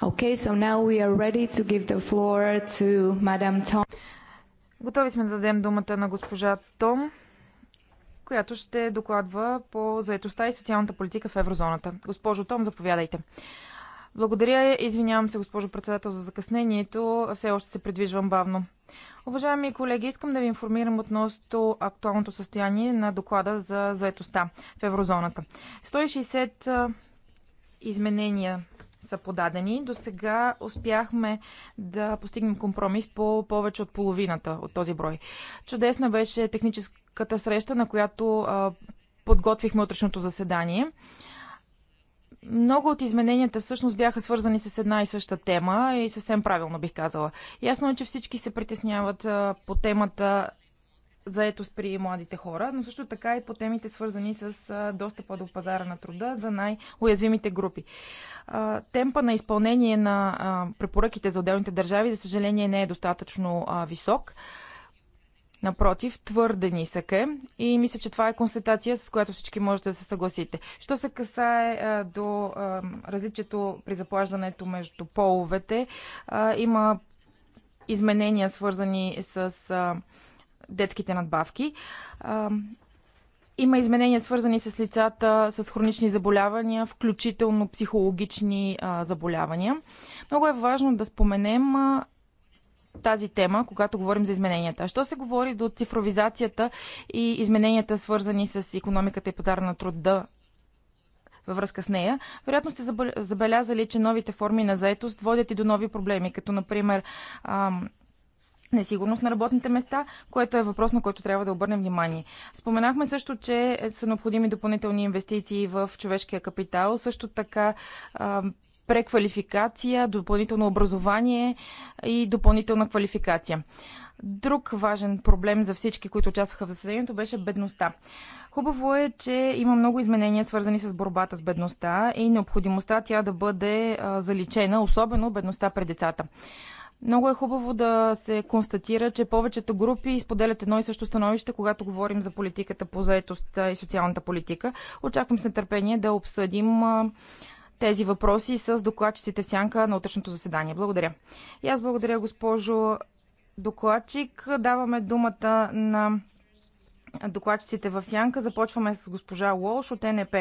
Okay, so now we are ready to give the floor to Tom. Готови сме да дадем думата на госпожа Том, която ще докладва по заетостта и социалната политика в еврозоната. Госпожо Том, заповядайте. Благодаря. Извинявам се, госпожо председател, за закъснението. Все още се придвижвам бавно. Уважаеми колеги, искам да ви информирам относно актуалното състояние на доклада за заетостта в еврозоната. 160 изменения са подадени. До сега успяхме да постигнем компромис по повече от половината от този брой. Чудесна беше техническата среща, на която а, подготвихме утрешното заседание. Много от измененията всъщност бяха свързани с една и съща тема и съвсем правилно бих казала. Ясно е, че всички се притесняват по темата заетост при младите хора, но също така и по темите свързани с достъпа до пазара на труда за най-уязвимите групи. Темпа на изпълнение на препоръките за отделните държави, за съжаление, не е достатъчно висок. Напротив, твърде нисък е и мисля, че това е констатация, с която всички можете да се съгласите. Що се касае а, до а, различието при заплаждането между половете, а, има изменения свързани с а, детските надбавки. Има изменения свързани с лицата с хронични заболявания, включително психологични заболявания. Много е важно да споменем тази тема, когато говорим за измененията. Що се говори до цифровизацията и измененията, свързани с економиката и пазара на труда във връзка с нея. Вероятно сте забелязали, че новите форми на заетост водят и до нови проблеми, като например ам, несигурност на работните места, което е въпрос, на който трябва да обърнем внимание. Споменахме също, че са необходими допълнителни инвестиции в човешкия капитал, също така преквалификация, допълнително образование и допълнителна квалификация. Друг важен проблем за всички, които участваха в заседанието, беше бедността. Хубаво е, че има много изменения, свързани с борбата с бедността и необходимостта тя да бъде заличена, особено бедността пред децата. Много е хубаво да се констатира, че повечето групи споделят едно и също становище, когато говорим за политиката по заетост и социалната политика. Очаквам с нетърпение да обсъдим тези въпроси с докладчиците в сянка на утрешното заседание. Благодаря. И аз благодаря, госпожо докладчик. Даваме думата на докладчиците в сянка. Започваме с госпожа Лош от НП.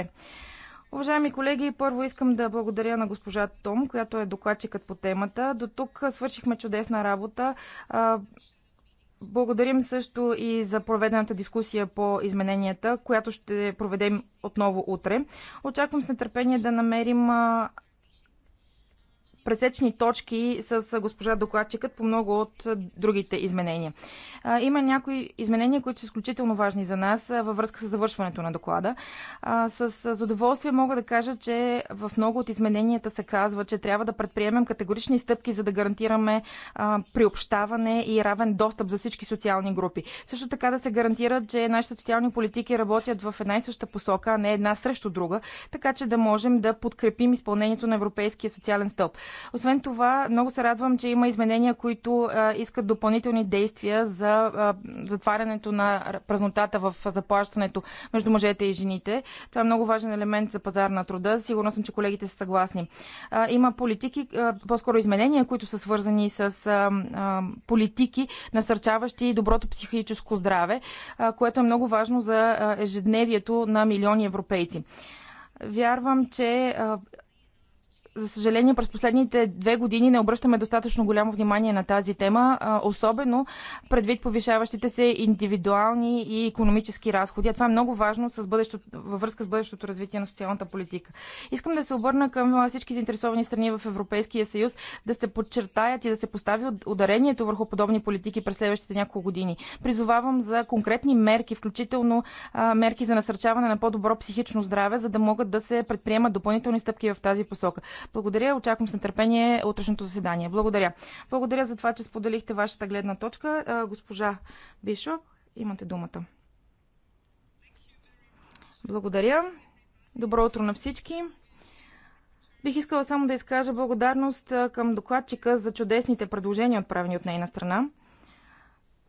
Уважаеми колеги, първо искам да благодаря на госпожа Том, която е докладчикът по темата. До тук свършихме чудесна работа. Благодарим също и за проведената дискусия по измененията, която ще проведем отново утре. Очаквам с нетърпение да намерим пресечни точки с госпожа докладчикът по много от другите изменения. Има някои изменения, които са изключително важни за нас във връзка с завършването на доклада. С задоволствие мога да кажа, че в много от измененията се казва, че трябва да предприемем категорични стъпки, за да гарантираме приобщаване и равен достъп за всички социални групи. Също така да се гарантира, че нашите социални политики работят в една и съща посока, а не една срещу друга, така че да можем да подкрепим изпълнението на Европейския социален стълб. Освен това, много се радвам, че има изменения, които искат допълнителни действия за затварянето на празнотата в заплащането между мъжете и жените. Това е много важен елемент за пазар на труда. Сигурно съм, че колегите са съгласни. Има политики, по-скоро изменения, които са свързани с политики, насърчаващи доброто психическо здраве, което е много важно за ежедневието на милиони европейци. Вярвам, че за съжаление, през последните две години не обръщаме достатъчно голямо внимание на тази тема, особено предвид повишаващите се индивидуални и економически разходи. А това е много важно с във връзка с бъдещото развитие на социалната политика. Искам да се обърна към всички заинтересовани страни в Европейския съюз да се подчертаят и да се постави ударението върху подобни политики през следващите няколко години. Призовавам за конкретни мерки, включително мерки за насърчаване на по-добро психично здраве, за да могат да се предприемат допълнителни стъпки в тази посока. Благодаря, очаквам с нетърпение утрешното заседание. Благодаря. Благодаря за това, че споделихте вашата гледна точка. Госпожа Бишоп, имате думата. Благодаря. Добро утро на всички. Бих искала само да изкажа благодарност към докладчика за чудесните предложения, отправени от нейна страна.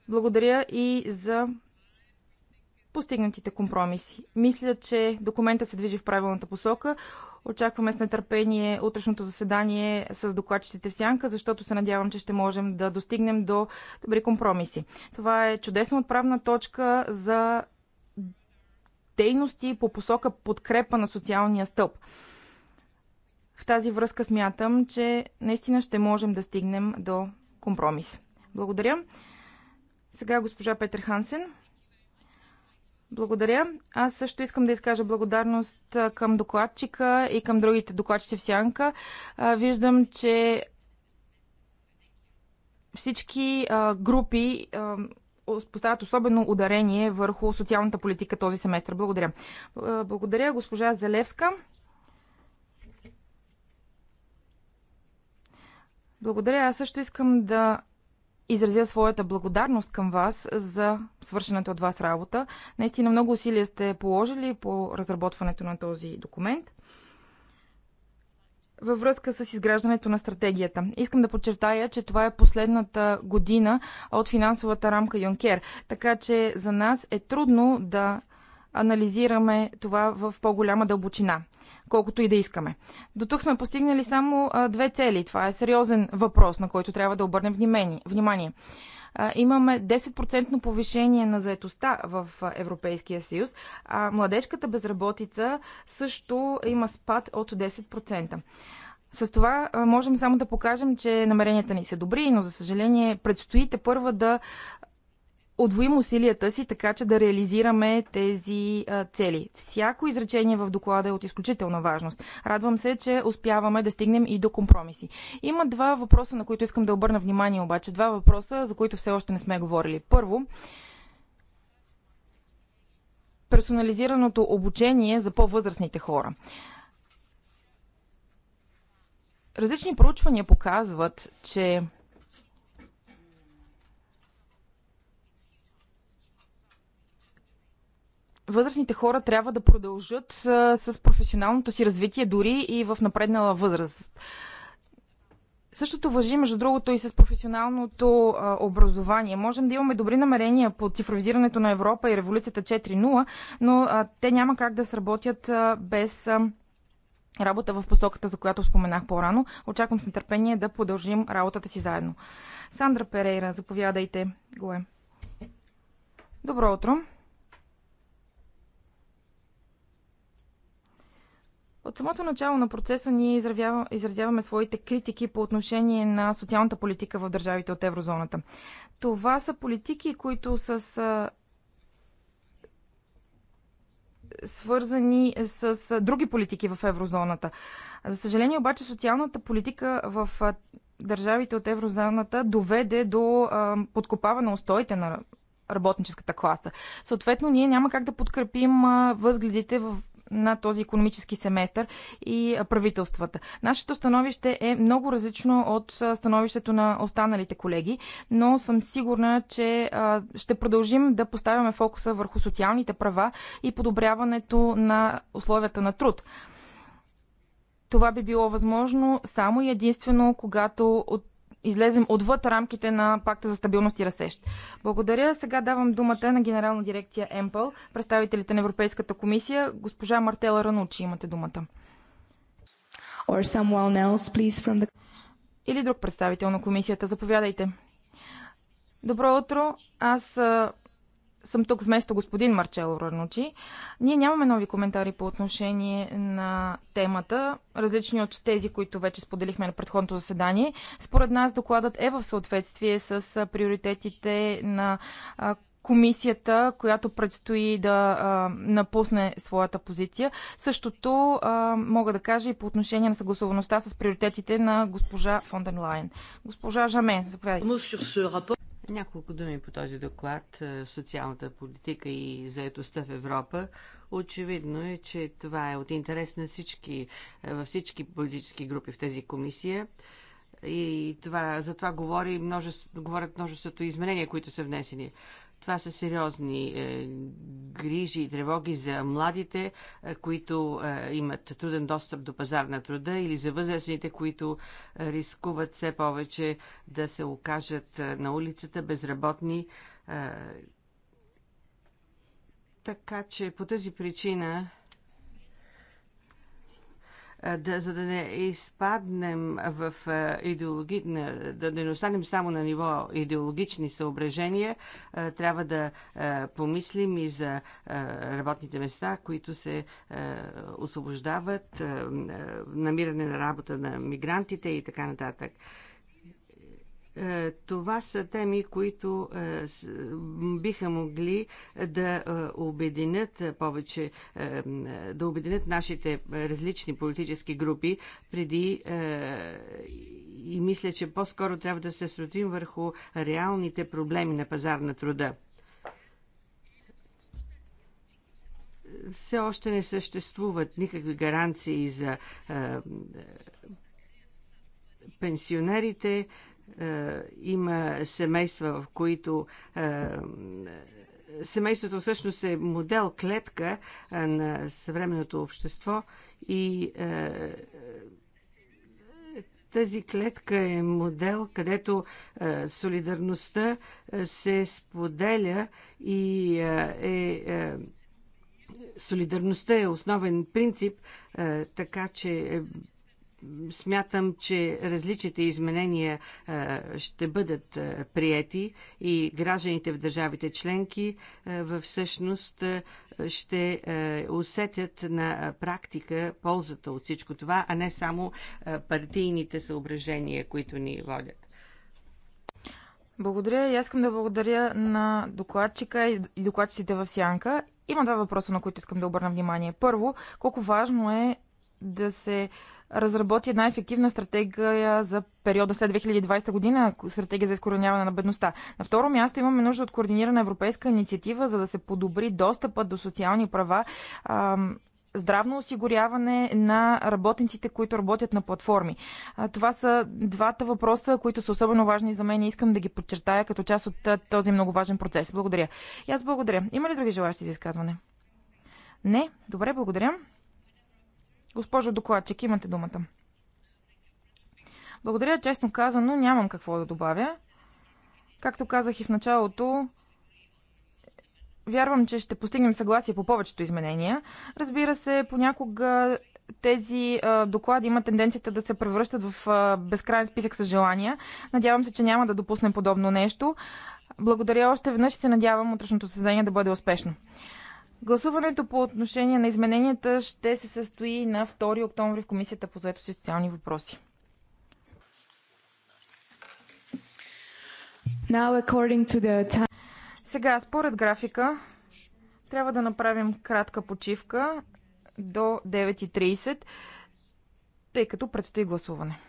Благодаря и за постигнатите компромиси. Мисля, че документа се движи в правилната посока. Очакваме с нетърпение утрешното заседание с докладчетите в Сянка, защото се надявам, че ще можем да достигнем до добри компромиси. Това е чудесна отправна точка за дейности по посока подкрепа на социалния стълб. В тази връзка смятам, че наистина ще можем да стигнем до компромис. Благодаря. Сега госпожа Петър Хансен. Благодаря. Аз също искам да изкажа благодарност към докладчика и към другите докладчици в Сянка. Виждам, че всички групи поставят особено ударение върху социалната политика този семестър. Благодаря. Благодаря, госпожа Зелевска. Благодаря. Аз също искам да изразя своята благодарност към вас за свършената от вас работа. Наистина много усилия сте положили по разработването на този документ във връзка с изграждането на стратегията. Искам да подчертая, че това е последната година от финансовата рамка Юнкер, така че за нас е трудно да анализираме това в по-голяма дълбочина, колкото и да искаме. До тук сме постигнали само две цели. Това е сериозен въпрос, на който трябва да обърнем внимание. Имаме 10% повишение на заетостта в Европейския съюз, а младежката безработица също има спад от 10%. С това можем само да покажем, че намеренията ни са добри, но за съжаление предстоите първа да отвоим усилията си, така че да реализираме тези а, цели. Всяко изречение в доклада е от изключителна важност. Радвам се, че успяваме да стигнем и до компромиси. Има два въпроса, на които искам да обърна внимание, обаче два въпроса, за които все още не сме говорили. Първо, персонализираното обучение за по-възрастните хора. Различни проучвания показват, че възрастните хора трябва да продължат с професионалното си развитие дори и в напреднала възраст. Същото въжи, между другото, и с професионалното а, образование. Можем да имаме добри намерения по цифровизирането на Европа и революцията 4.0, но а, те няма как да сработят а, без а, работа в посоката, за която споменах по-рано. Очаквам с нетърпение да продължим работата си заедно. Сандра Перейра, заповядайте. Го е. Добро утро. От самото начало на процеса ние изразяваме, изразяваме своите критики по отношение на социалната политика в държавите от еврозоната. Това са политики, които с свързани с други политики в еврозоната. За съжаление обаче социалната политика в държавите от еврозоната доведе до подкопаване устоите на работническата класа. Съответно, ние няма как да подкрепим възгледите в на този економически семестър и правителствата. Нашето становище е много различно от становището на останалите колеги, но съм сигурна, че ще продължим да поставяме фокуса върху социалните права и подобряването на условията на труд. Това би било възможно само и единствено, когато от излезем отвъд рамките на пакта за стабилност и разсещ. Благодаря. Сега давам думата на генерална дирекция ЕМПЛ, представителите на Европейската комисия. Госпожа Мартела Ранучи, имате думата. Or someone else, please, from the... Или друг представител на комисията. Заповядайте. Добро утро. Аз съм тук вместо господин Марчело Рърночи. Ние нямаме нови коментари по отношение на темата, различни от тези, които вече споделихме на предходното заседание. Според нас докладът е в съответствие с приоритетите на комисията, която предстои да а, напусне своята позиция. Същото а, мога да кажа и по отношение на съгласуваността с приоритетите на госпожа Фонден Лайен. Госпожа Жаме, заповядайте. Няколко думи по този доклад е, социалната политика и заедостта в Европа. Очевидно е, че това е от интерес на всички, е, във всички политически групи в тази комисия. И това, за това говори множество, говорят множеството изменения, които са внесени. Това са сериозни е, грижи и тревоги за младите, е, които е, имат труден достъп до пазар на труда или за възрастните, които рискуват все повече да се окажат на улицата безработни. Така че по тази причина да, за да не изпаднем в идеологи... да не останем само на ниво идеологични съображения, трябва да помислим и за работните места, които се освобождават, намиране на работа на мигрантите и така нататък. Е, това са теми, които е, биха могли да е, обединят повече, да обединят нашите различни политически групи преди и мисля, че по-скоро трябва да се срутим върху реалните проблеми на пазар на труда. Все още не съществуват никакви гаранции за пенсионерите, е, има семейства, в които е, семейството всъщност е модел, клетка е, на съвременното общество и тази клетка е модел, където солидарността се споделя и е, солидарността е основен принцип, така че смятам, че различните изменения ще бъдат приети и гражданите в държавите членки всъщност ще усетят на практика ползата от всичко това, а не само партийните съображения, които ни водят. Благодаря и аз искам да благодаря на докладчика и докладчиците в Сянка. Има два въпроса, на които искам да обърна внимание. Първо, колко важно е да се разработи една ефективна стратегия за периода след 2020 година, стратегия за изкореняване на бедността. На второ място имаме нужда от координирана европейска инициатива, за да се подобри достъпа до социални права, здравно осигуряване на работниците, които работят на платформи. Това са двата въпроса, които са особено важни за мен и искам да ги подчертая като част от този много важен процес. Благодаря. И аз благодаря. Има ли други желащи за изказване? Не? Добре, благодаря. Госпожо докладчик, имате думата. Благодаря, честно казано, нямам какво да добавя. Както казах и в началото, вярвам, че ще постигнем съгласие по повечето изменения. Разбира се, понякога тези а, доклади има тенденцията да се превръщат в а, безкрайен списък с желания. Надявам се, че няма да допуснем подобно нещо. Благодаря още веднъж и се надявам утрешното създание да бъде успешно. Гласуването по отношение на измененията ще се състои на 2 октомври в Комисията по заето и социални въпроси. Now, according to the time... Сега, според графика, трябва да направим кратка почивка до 9.30, тъй като предстои гласуване.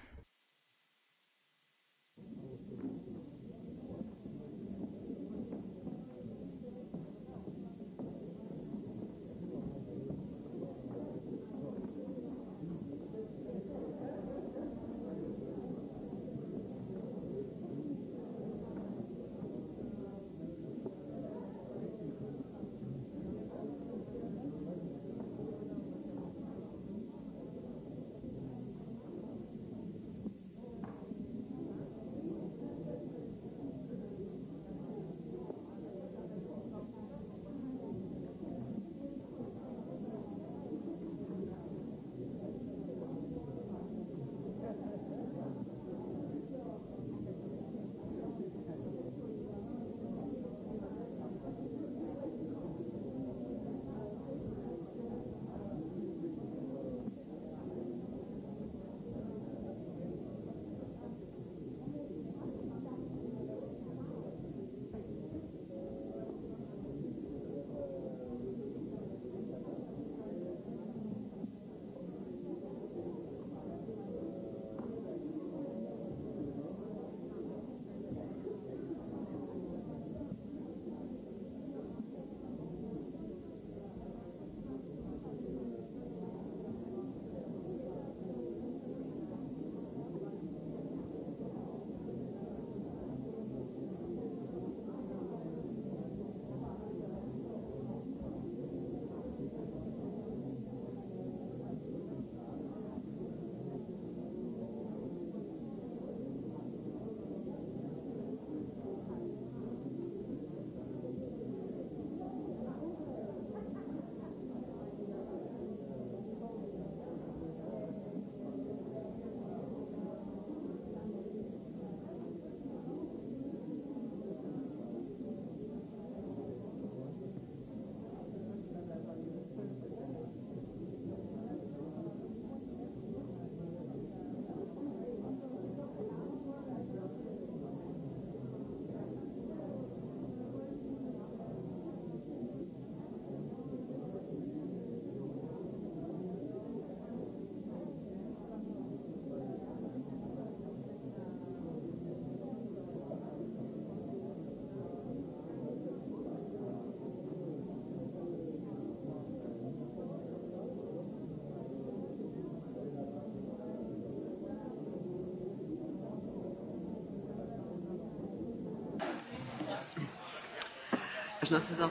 można sezon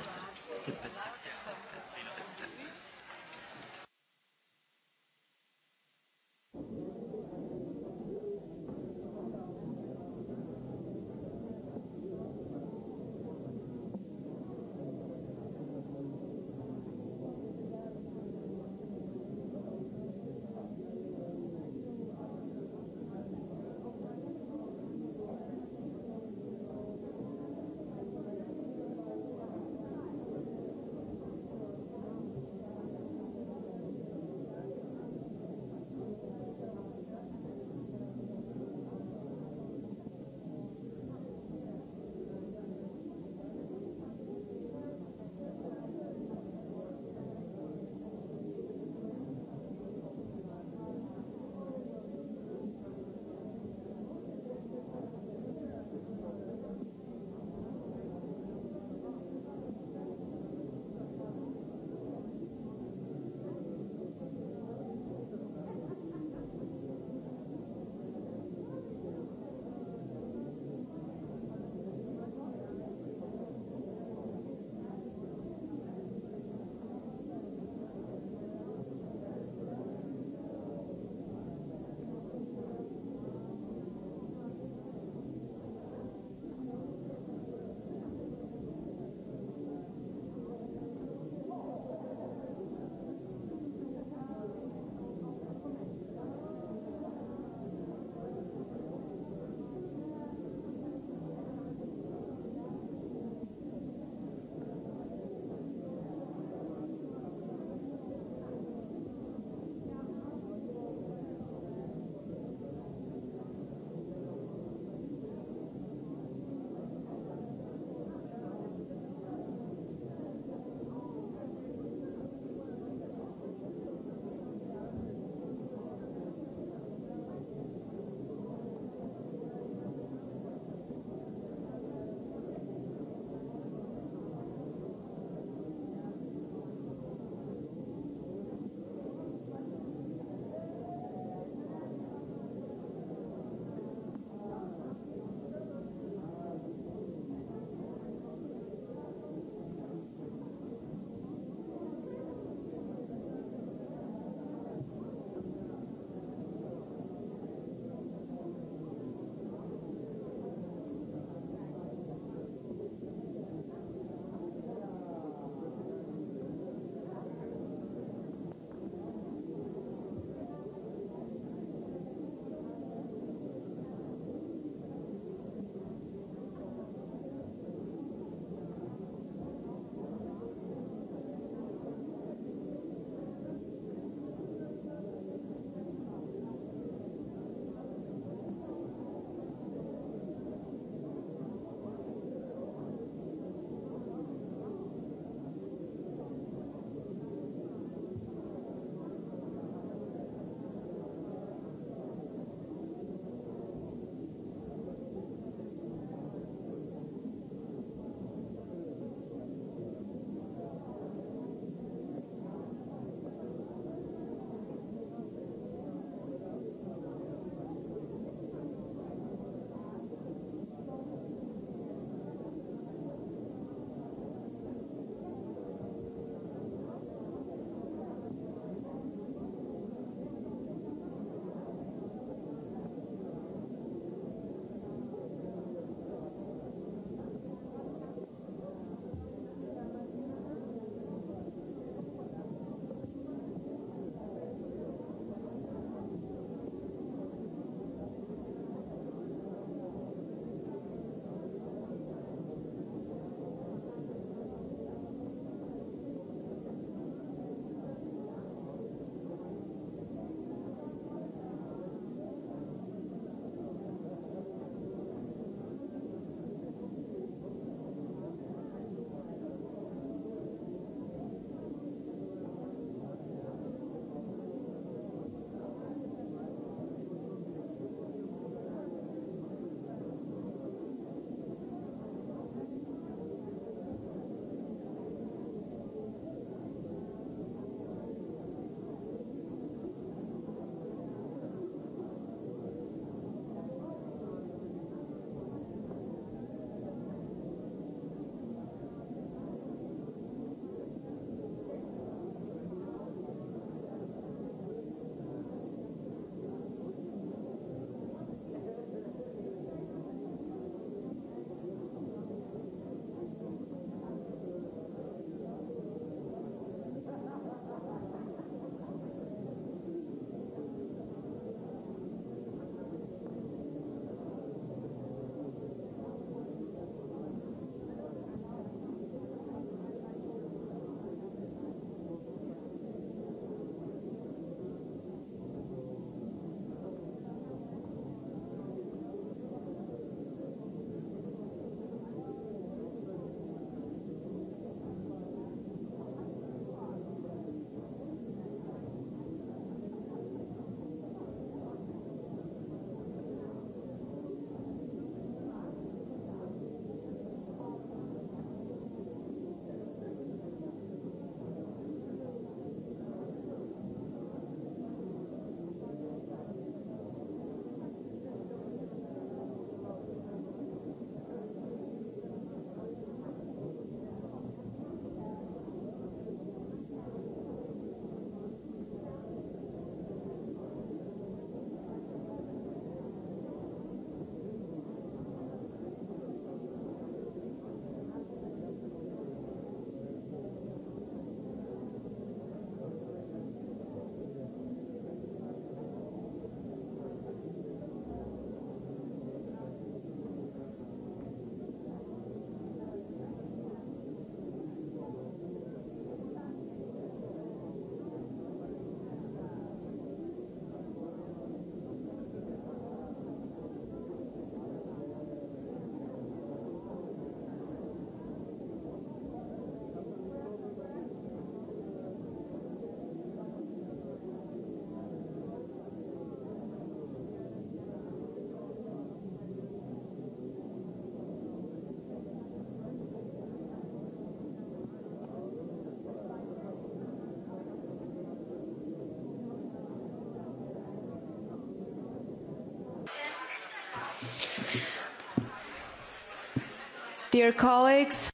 Dear colleagues.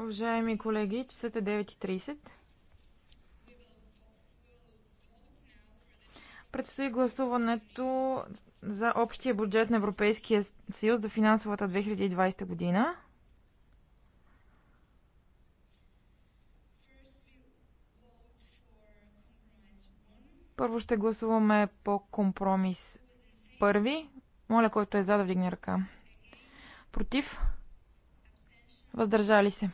Уважаеми колеги, часът е 9.30. Предстои гласуването за общия бюджет на Европейския съюз за финансовата 2020 година. Първо ще гласуваме по компромис първи. Моля, който е за да вдигне ръка. Против? Въздържали се.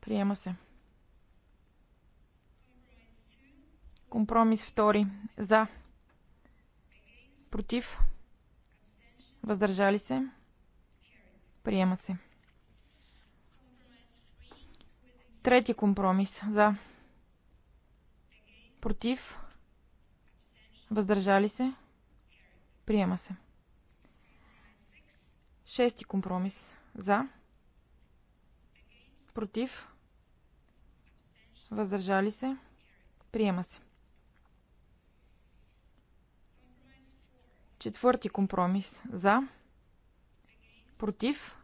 Приема се. Компромис втори. За. Против. Въздържали се. Приема се. Трети компромис. За. Против. Въздържали се. Приема се. Шести компромис. За. Против. Въздържали се. Приема се. Четвърти компромис. За. Против.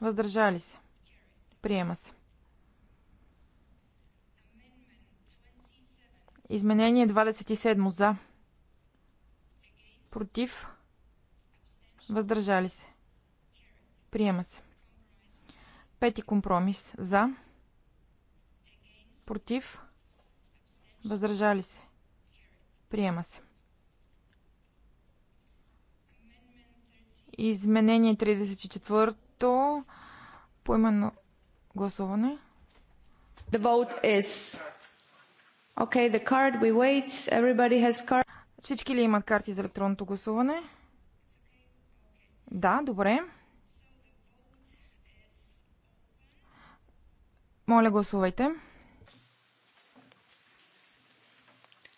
Въздържали се. Приема се. Изменение 27 за. Против. Въздържали се. Приема се. Пети компромис. За. Против. Въздържали се. Приема се. Изменение 34-то. Поименно гласуване. The vote is... Okay, the card, we wait. Everybody has card. Всички ли имат карти за електронното гласуване? Да, добре. Моля, гласувайте.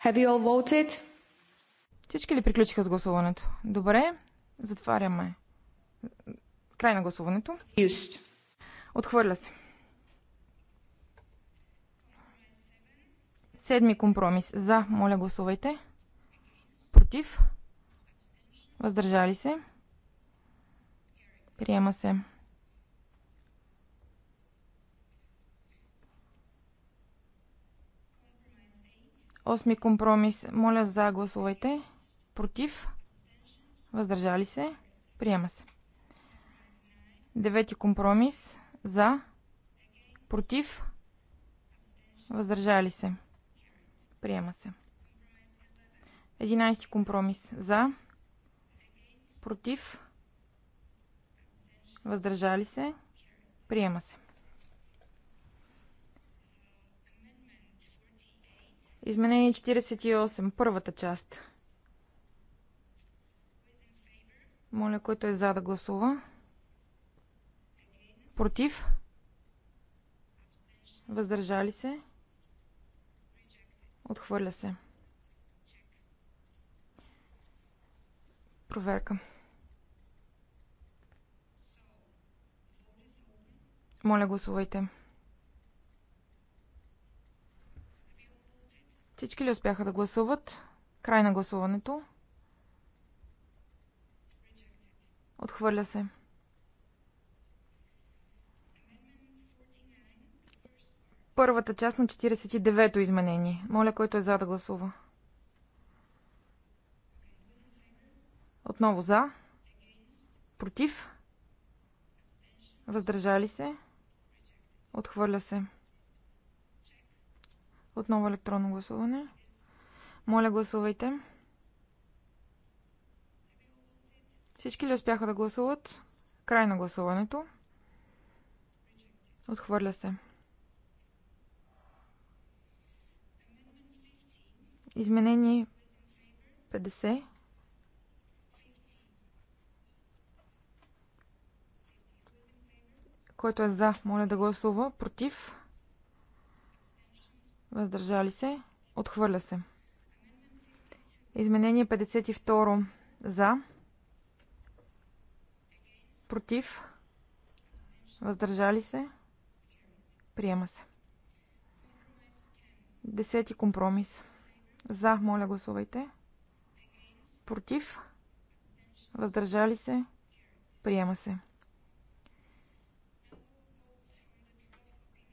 Have you all voted? Всички ли приключиха с гласуването? Добре, затваряме. Край на гласуването. Used. Отхвърля се. Седми компромис. За. Моля, гласувайте. Против. Въздържали се. Приема се. Осми компромис. Моля за гласувайте. Против. Въздържали се. Приема се. Девети компромис. За. Против. Въздържали се. Приема се. Единайсти компромис. За. Против. Въздържали се? Приема се. Изменение 48, първата част. Моля, който е за да гласува. Против? Въздържали се? Отхвърля се. Проверка. Моля, гласувайте. Всички ли успяха да гласуват? Край на гласуването. Отхвърля се. Първата част на 49-то изменение. Моля, който е за да гласува. Отново за. Против. Въздържали се. Отхвърля се. Отново електронно гласуване. Моля, гласувайте. Всички ли успяха да гласуват? Край на гласуването. Отхвърля се. Изменение 50. Който е за, моля да гласува. Против. Въздържали се. Отхвърля се. Изменение 52. За. Против. Въздържали се. Приема се. Десети компромис. За, моля гласувайте. Против. Въздържали се. Приема се.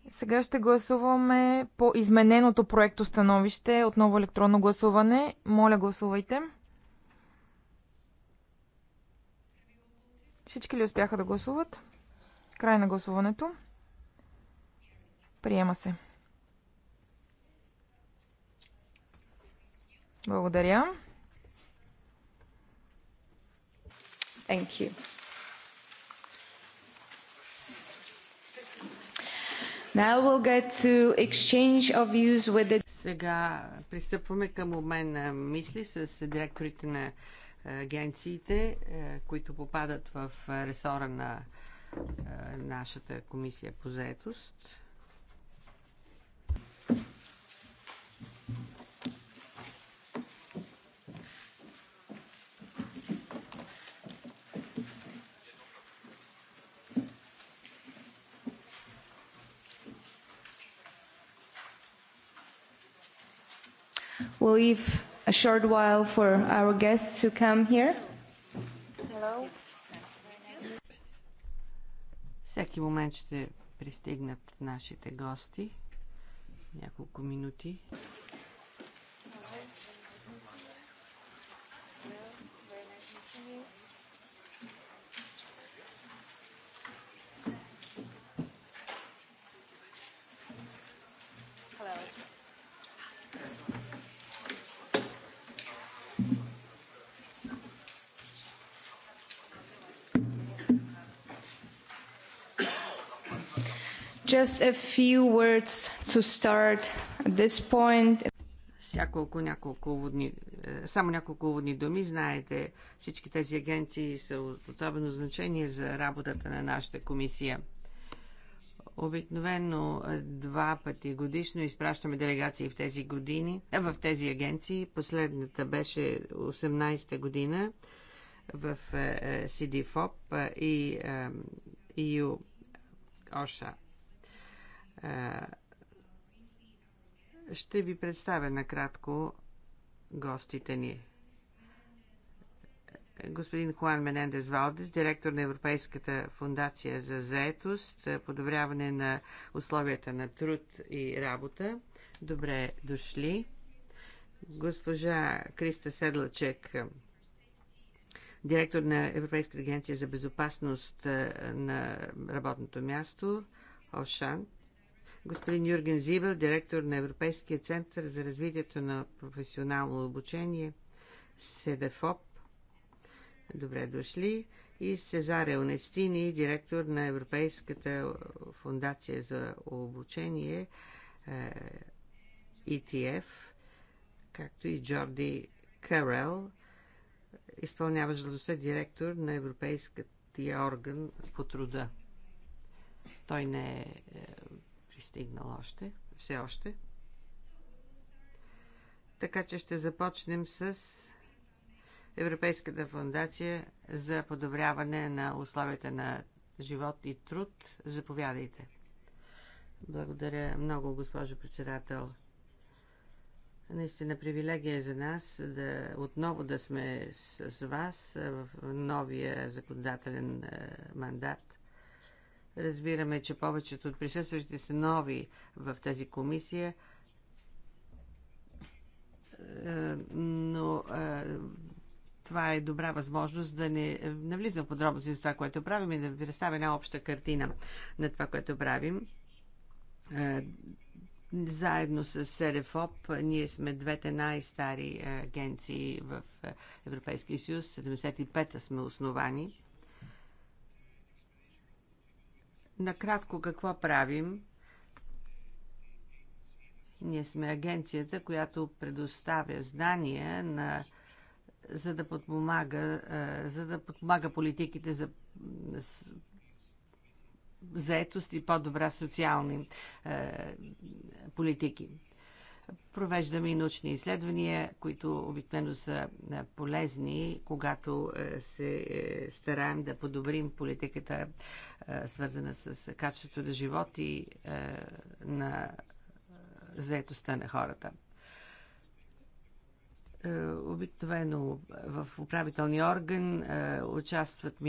Сега ще гласуваме по измененото проекто становище. Отново електронно гласуване. Моля, гласувайте. Всички ли успяха да гласуват? Край на гласуването. Приема се. Благодаря. Thank you. The... Сега пристъпваме към обмен на мисли с директорите на агенциите, е, които попадат в е, ресора на е, нашата комисия по заетост. leave a short while for our guests to come here. Hello. Всеки момент ще пристигнат нашите гости. Няколко минути. Just a few words to start at this point. Всяколко, няколко водни, е, само няколко водни думи. Знаете, всички тези агенции са от особено значение за работата на нашата комисия. Обикновено е, два пъти годишно изпращаме делегации в тези години, е, в тези агенции. Последната беше 18-та година в CDFOP и EU ОША. Ще ви представя накратко гостите ни. Господин Хуан Менендес Валдес, директор на Европейската фундация за заетост, подобряване на условията на труд и работа. Добре дошли. Госпожа Криста Седлачек, директор на Европейската агенция за безопасност на работното място, Ошант господин Юрген Зибел, директор на Европейския център за развитието на професионално обучение, СЕДЕФОП. Добре дошли. И Сезаре Онестини, директор на Европейската фундация за обучение, ETF, е, както и Джорди Карел, изпълняващ длъжността директор на Европейския орган по труда. Той не е, е Стигнал още, все още. Така че ще започнем с Европейската фундация за подобряване на условията на живот и труд. Заповядайте. Благодаря много, госпожо председател. Наистина привилегия е за нас да отново да сме с вас в новия законодателен е, мандат Разбираме, че повечето от присъстващите са нови в тази комисия, но това е добра възможност да не навлизам в подробности за това, което правим и да ви представя една обща картина на това, което правим. Заедно с РФОП, ние сме двете най-стари агенции в Европейския съюз. 75-та сме основани. Накратко какво правим? Ние сме агенцията, която предоставя знания на за да подпомага, за да подпомага политиките за заетост и по-добра социални политики. Провеждаме и научни изследвания, които обикновено са полезни, когато се е, стараем да подобрим политиката, свързана с качеството на живот и на заетостта на хората е, обикновено в управителния орган участват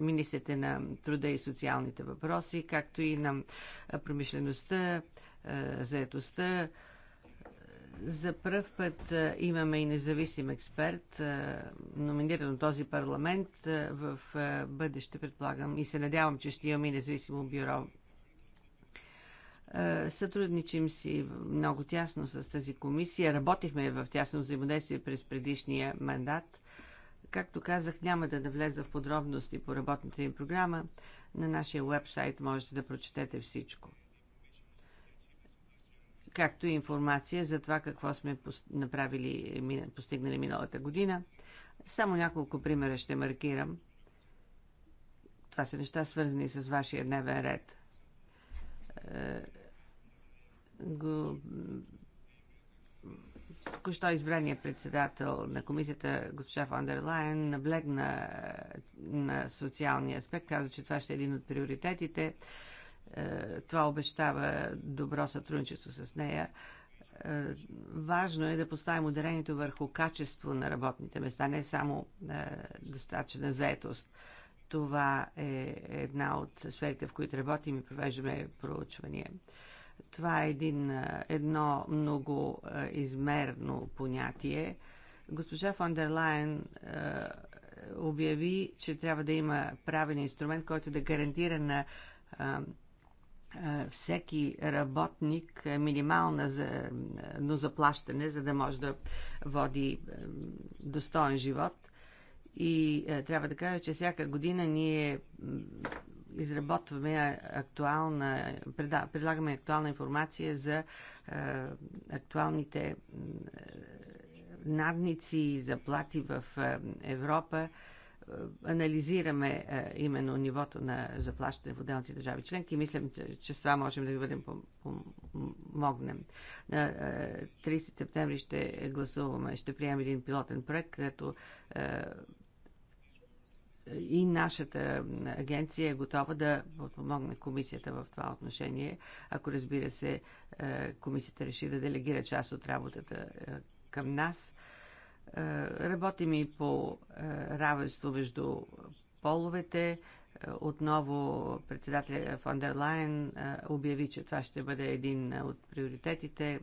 министрите на труда и социалните въпроси, както и на промишлеността, заетостта, за първ път имаме и независим експерт, номиниран от този парламент. В бъдеще, предполагам, и се надявам, че ще имаме и независимо бюро. Сътрудничим си много тясно с тази комисия. Работихме в тясно взаимодействие през предишния мандат. Както казах, няма да навлеза в подробности по работната им програма. На нашия вебсайт можете да прочетете всичко както и информация за това какво сме направили, постигнали миналата година. Само няколко примера ще маркирам. Това са неща свързани с вашия дневен ред. Е, го... Току-що избрания председател на комисията, госпожа Фондерлайн, наблегна е, на социалния аспект, каза, че това ще е един от приоритетите. Е, това обещава добро сътрудничество с нея. Е, важно е да поставим ударението върху качество на работните места, не само е, достатъчна заетост. Това е една от сферите, в които работим и провеждаме проучвания. Това е един, едно много измерно понятие. Госпожа фон дер Лайен обяви, че трябва да има правен инструмент, който да гарантира на всеки работник е минимална за, но заплащане, за да може да води достоен живот. И трябва да кажа, че всяка година ние изработваме актуална, предлагаме актуална информация за актуалните надници и заплати в Европа е, анализираме е, именно нивото на заплащане в отделните държави членки. Мислям, че с това можем да ви бъдем помогнем. На 30 е, септември ще гласуваме, ще приемем един пилотен проект, където и нашата агенция е готова да подпомогне комисията в това отношение, ако разбира се комисията реши да делегира част от работата към нас. Е, работим и по е, равенство между половете. Е, отново председателя Дер Лайен обяви, че това ще бъде един от приоритетите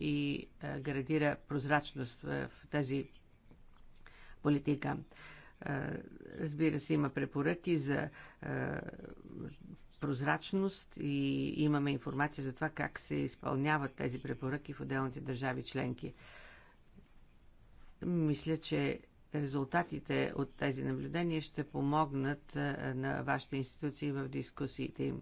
и гарантира прозрачност в тази политика. Разбира се, има препоръки за прозрачност и имаме информация за това как се изпълняват тези препоръки в отделните държави членки. Мисля, че резултатите от тези наблюдения ще помогнат на вашите институции в дискусиите им.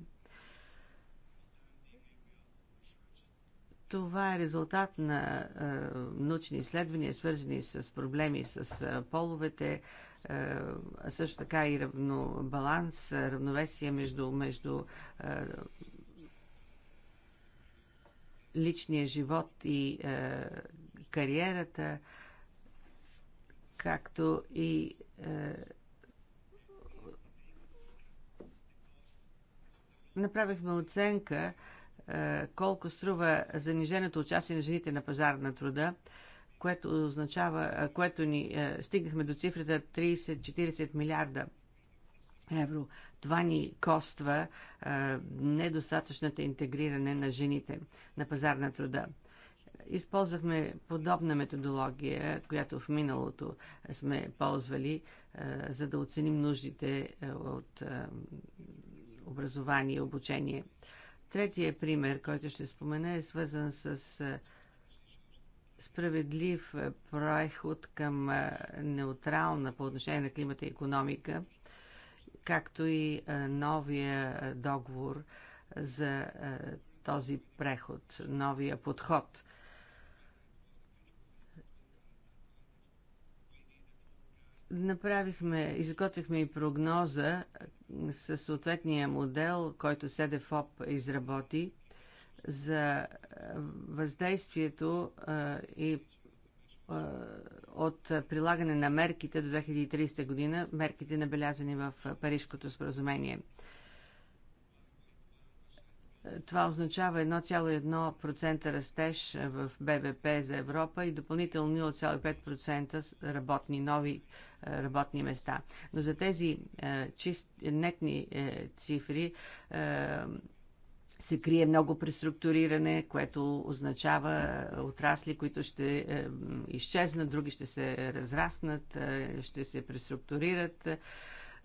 Това е резултат на е, научни изследвания, свързани с проблеми с е, половете, е, също така и равно, баланс, равновесие между, между е, личния живот и е, кариерата. Е, както и е, направихме оценка е, колко струва заниженото участие на жените на пазар на труда, което означава, е, което ни е, стигнахме до цифрата 30-40 милиарда евро. Това ни коства е, недостатъчната интегриране на жените на пазар на труда. Използвахме подобна методология, която в миналото сме ползвали, е, за да оценим нуждите е, от е, образование и обучение. Третия пример, който ще спомена, е свързан с справедлив преход към неутрална по отношение на климата и економика, както и новия договор за този преход, новия подход – Направихме, изготвихме и прогноза със съответния модел, който СДФОП изработи за въздействието а, и а, от прилагане на мерките до 2030 година, мерките набелязани в парижското споразумение. Това означава 1,1% растеж в БВП за Европа и допълнително 0,5% работни нови работни места. Но за тези чист, нетни е, цифри се крие много преструктуриране, което означава отрасли, които ще е, изчезнат, други ще се разраснат, е, ще се преструктурират.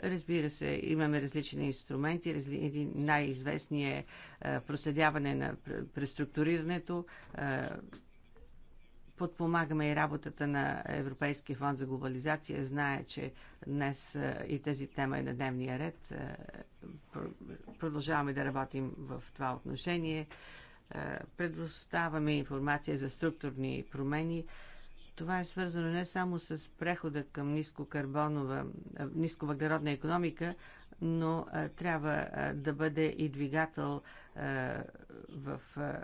Разбира се, имаме различни инструменти. Най-известният е, е проследяване на преструктурирането. Е, подпомагаме и работата на Европейския фонд за глобализация. Знае, че днес е, и тази тема е на дневния ред. Продължаваме да работим в това отношение. предоставаме информация за структурни промени това е свързано не само с прехода към нискокарбонова, нисковъглеродна економика, но а, трябва а, да бъде и двигател а, в а,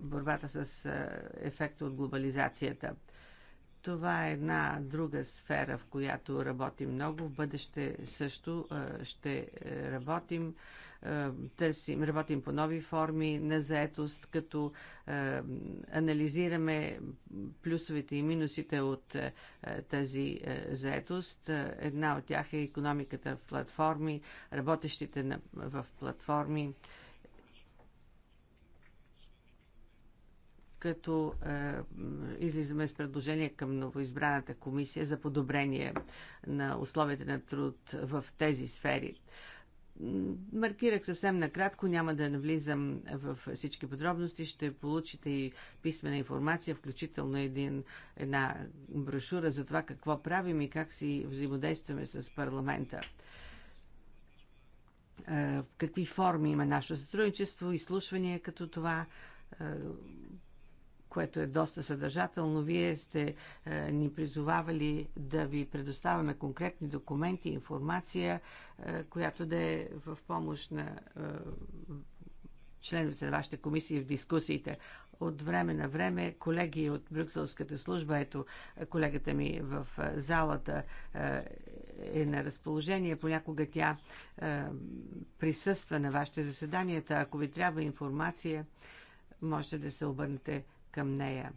борбата с а, ефекта от глобализацията. Това е една друга сфера, в която работим много. В бъдеще също а, ще е, работим. А, е, търсим, работим по нови форми на заетост, като е, анализираме плюсовете и минусите от е, тази заетост. Една от тях е економиката в платформи, работещите в платформи. като е, излизаме с предложение към новоизбраната комисия за подобрение на условията на труд в тези сфери. Е, Маркирах съвсем накратко, няма да навлизам в всички подробности. Ще получите и писмена информация, включително един, една брошура за това какво правим и как си взаимодействаме с парламента. Е, какви форми има нашето сътрудничество, изслушвания като това, е, което е доста съдържателно. Вие сте е, ни призовавали да ви предоставяме конкретни документи, информация, е, която да е в помощ на е, членовете на вашите комисии в дискусиите. От време на време колеги от Брюкселската служба, ето колегата ми в е, залата е, е на разположение. Понякога тя е, присъства на вашите заседанията. Ако ви трябва информация, можете да се обърнете към нея.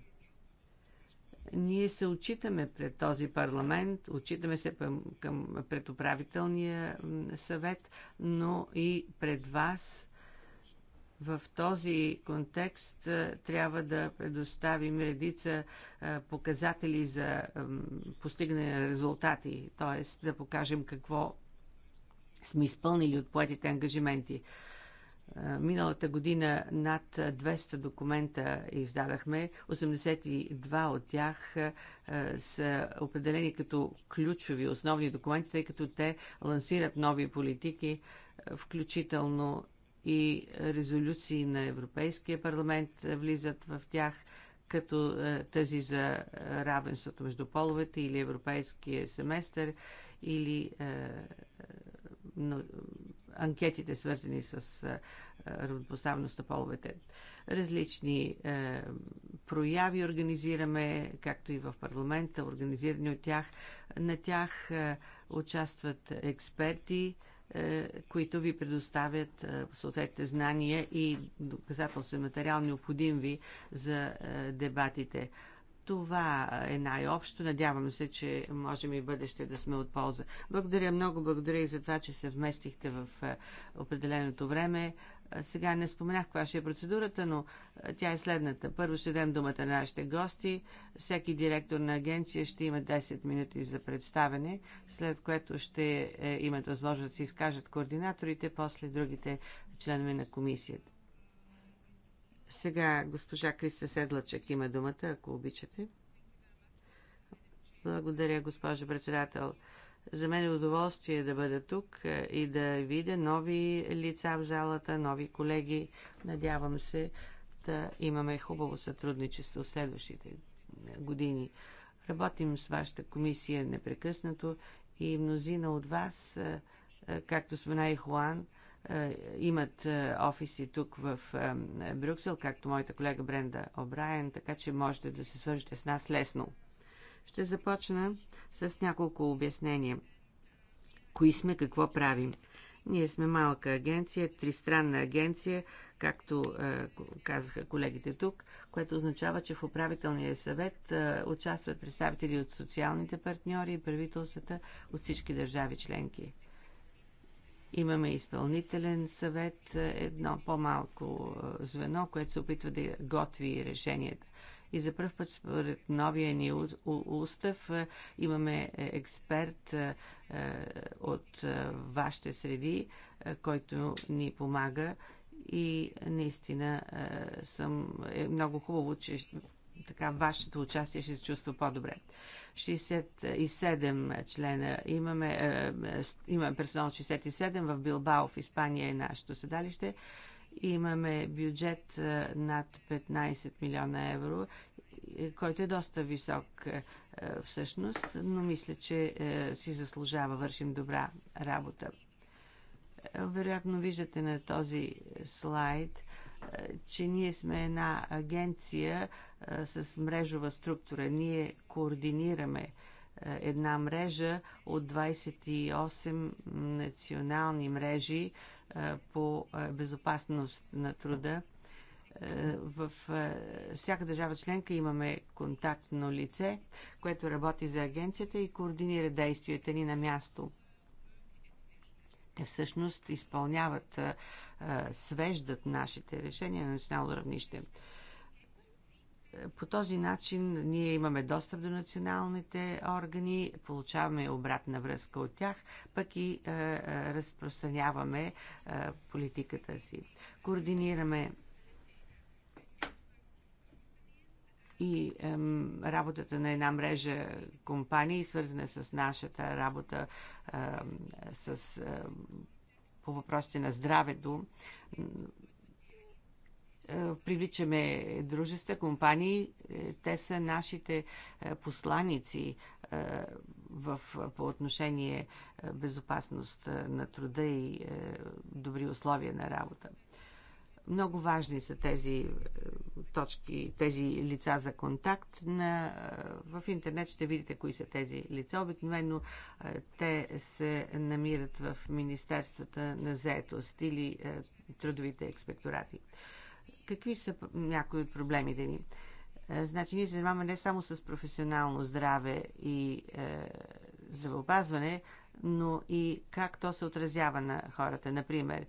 Ние се отчитаме пред този парламент, отчитаме се към, към, пред управителния съвет, но и пред вас. В този контекст трябва да предоставим редица показатели за постигане на резултати, т.е. да покажем какво сме изпълнили от поетите ангажименти. Миналата година над 200 документа издадахме. 82 от тях са определени като ключови, основни документи, тъй като те лансират нови политики, включително и резолюции на Европейския парламент влизат в тях като тази за равенството между половете или Европейския семестър или анкетите, свързани с равнопоставност на половете. Различни е, прояви организираме, както и в парламента, организирани от тях. На тях е, участват експерти, е, които ви предоставят е, съответните знания и доказателствен материал, необходим ви за е, дебатите. Това е най-общо. Надявам се, че можем и бъдеще да сме от полза. Благодаря много, благодаря и за това, че се вместихте в е, определеното време. Е, сега не споменах каква ще е процедурата, но е, тя е следната. Първо ще дадем думата на нашите гости. Всеки директор на агенция ще има 10 минути за представене, след което ще имат възможност да се изкажат координаторите, после другите членове на комисията. Сега госпожа Криста Седлачек има думата, ако обичате. Благодаря, госпожо председател. За мен е удоволствие да бъда тук е, и да видя нови лица в залата, нови колеги. Надявам се да имаме хубаво сътрудничество в следващите е, години. Работим с вашата комисия непрекъснато и мнозина от вас, е, както спомена и Хуан, е, имат е, офиси тук в е, Брюксел, както моята колега Бренда Обрайен, така че можете да се свържете с нас лесно. Ще започна с няколко обяснения. Кои сме, какво правим? Ние сме малка агенция, тристранна агенция, както казаха колегите тук, което означава, че в управителния съвет участват представители от социалните партньори и правителствата от всички държави членки. Имаме изпълнителен съвет, едно по-малко звено, което се опитва да готви решенията. И за първ път според новия ни устав имаме е, експерт от вашите среди, който ни помага и наистина съм, е много хубаво, че така вашето участие ще се чувства по-добре. 67 члена. Имаме, е, е, имаме персонал 67 в Билбао в Испания е нашето седалище. Имаме бюджет е, над 15 милиона евро, който е доста висок всъщност, но мисля, че си заслужава. Вършим добра работа. Вероятно виждате на този слайд, че ние сме една агенция, с мрежова структура. Ние координираме е, една мрежа от 28 национални мрежи е, по е, безопасност на труда. В всяка държава членка имаме контактно лице, което работи за агенцията и координира действията ни на място. Те всъщност изпълняват, свеждат нашите решения на национално равнище. По този начин ние имаме достъп до националните органи, получаваме обратна връзка от тях, пък и е, е разпространяваме е, политиката си. Координираме и е, работата на една мрежа компании, свързана с нашата работа е, с, е, по въпросите на здравето е, привличаме дружества, компании. Е, те са нашите е, посланици в, по отношение безопасност на труда и добри условия на работа. Много важни са тези точки, тези лица за контакт. На, в интернет ще видите кои са тези лица. Обикновено те се намират в Министерствата на заетост или трудовите експекторати. Какви са някои от проблемите ни? Е, значи ние се занимаваме не само с професионално здраве и е, здравеопазване, но и как то се отразява на хората. Например, е,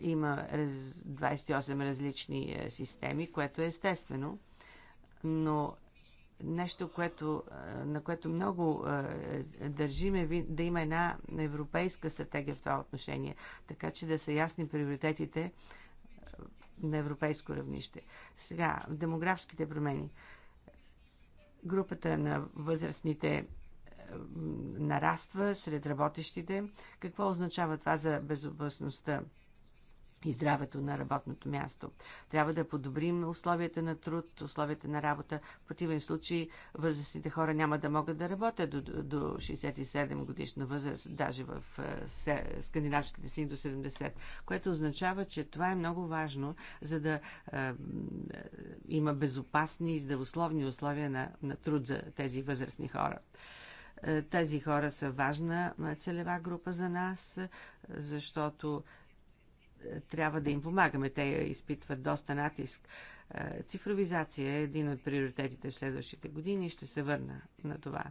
има 28 различни е, системи, което е естествено, но нещо, което, на което много държиме, да има една европейска стратегия в това отношение, така че да са ясни приоритетите на европейско равнище. Сега, демографските промени. Групата на възрастните нараства сред работещите. Какво означава това за безопасността и здравето на работното място. Трябва да подобрим условията на труд, условията на работа. В противен случай възрастните хора няма да могат да работят до, до 67 годишна възраст, даже в е, се, скандинавските си до 70, което означава, че това е много важно, за да е, е, има безопасни и здравословни условия на, на труд за тези възрастни хора. Е, тези хора са важна целева група за нас, е, защото трябва да им помагаме. Те изпитват доста натиск. Е, цифровизация е един от приоритетите в следващите години и ще се върна на това.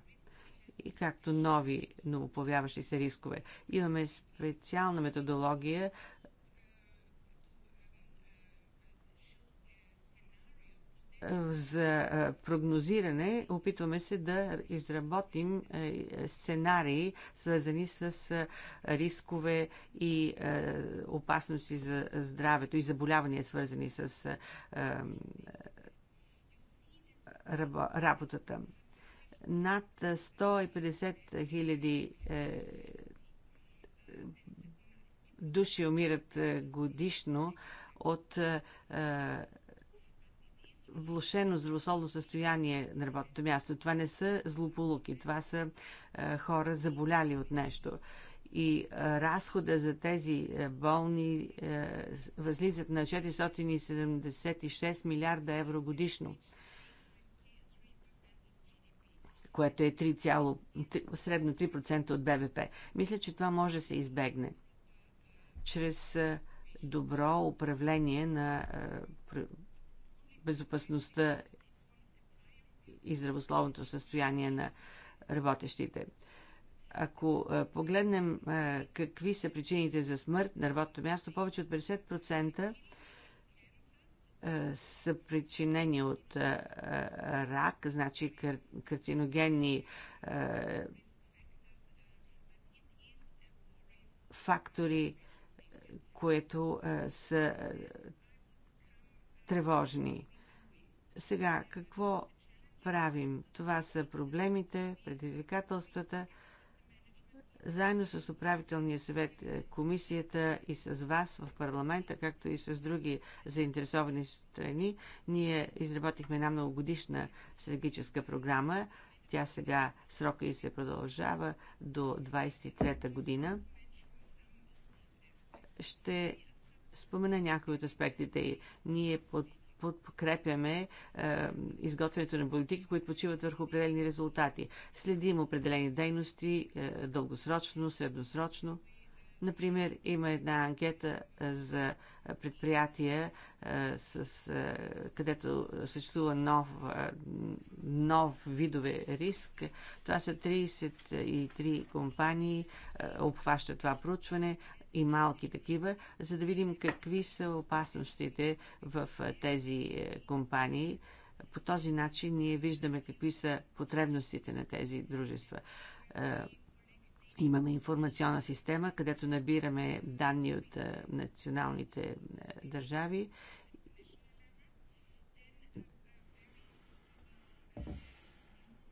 И както нови, новоповяващи се рискове. Имаме специална методология за прогнозиране опитваме се да изработим сценарии, свързани с рискове и опасности за здравето и заболявания, свързани с работата. Над 150 хиляди е, души умират е, годишно от е, влошено здравословно състояние на работното място. Това не са злополуки, това са е, хора заболяли от нещо. И е, разхода за тези е, болни е, възлизат на 476 милиарда евро годишно което е 3, средно 3% от БВП. Мисля, че това може да се избегне чрез е, добро управление на е, безопасността и здравословното състояние на работещите. Ако погледнем какви са причините за смърт на работното място, повече от 50% са причинени от рак, значи кар, карциногенни фактори, които са тревожни. Сега, какво правим? Това са проблемите, предизвикателствата. Заедно с управителния съвет, е, комисията и с вас в парламента, както и с други заинтересовани страни, ние изработихме една многогодишна стратегическа програма. Тя сега срока и се продължава до 23-та година. Ще спомена някои от аспектите. Ние под подкрепяме е, изготвянето на политики, които почиват върху определени резултати. Следим определени дейности е, дългосрочно, средносрочно. Например, има една анкета е, за предприятия, е, с, е, където съществува нов, нов видове риск. Това са 33 компании, обхваща това проучване и малки такива, за да видим какви са опасностите в тези е, компании. По този начин ние виждаме какви са потребностите на тези дружества. Е, имаме информационна система, където набираме данни от националните е, държави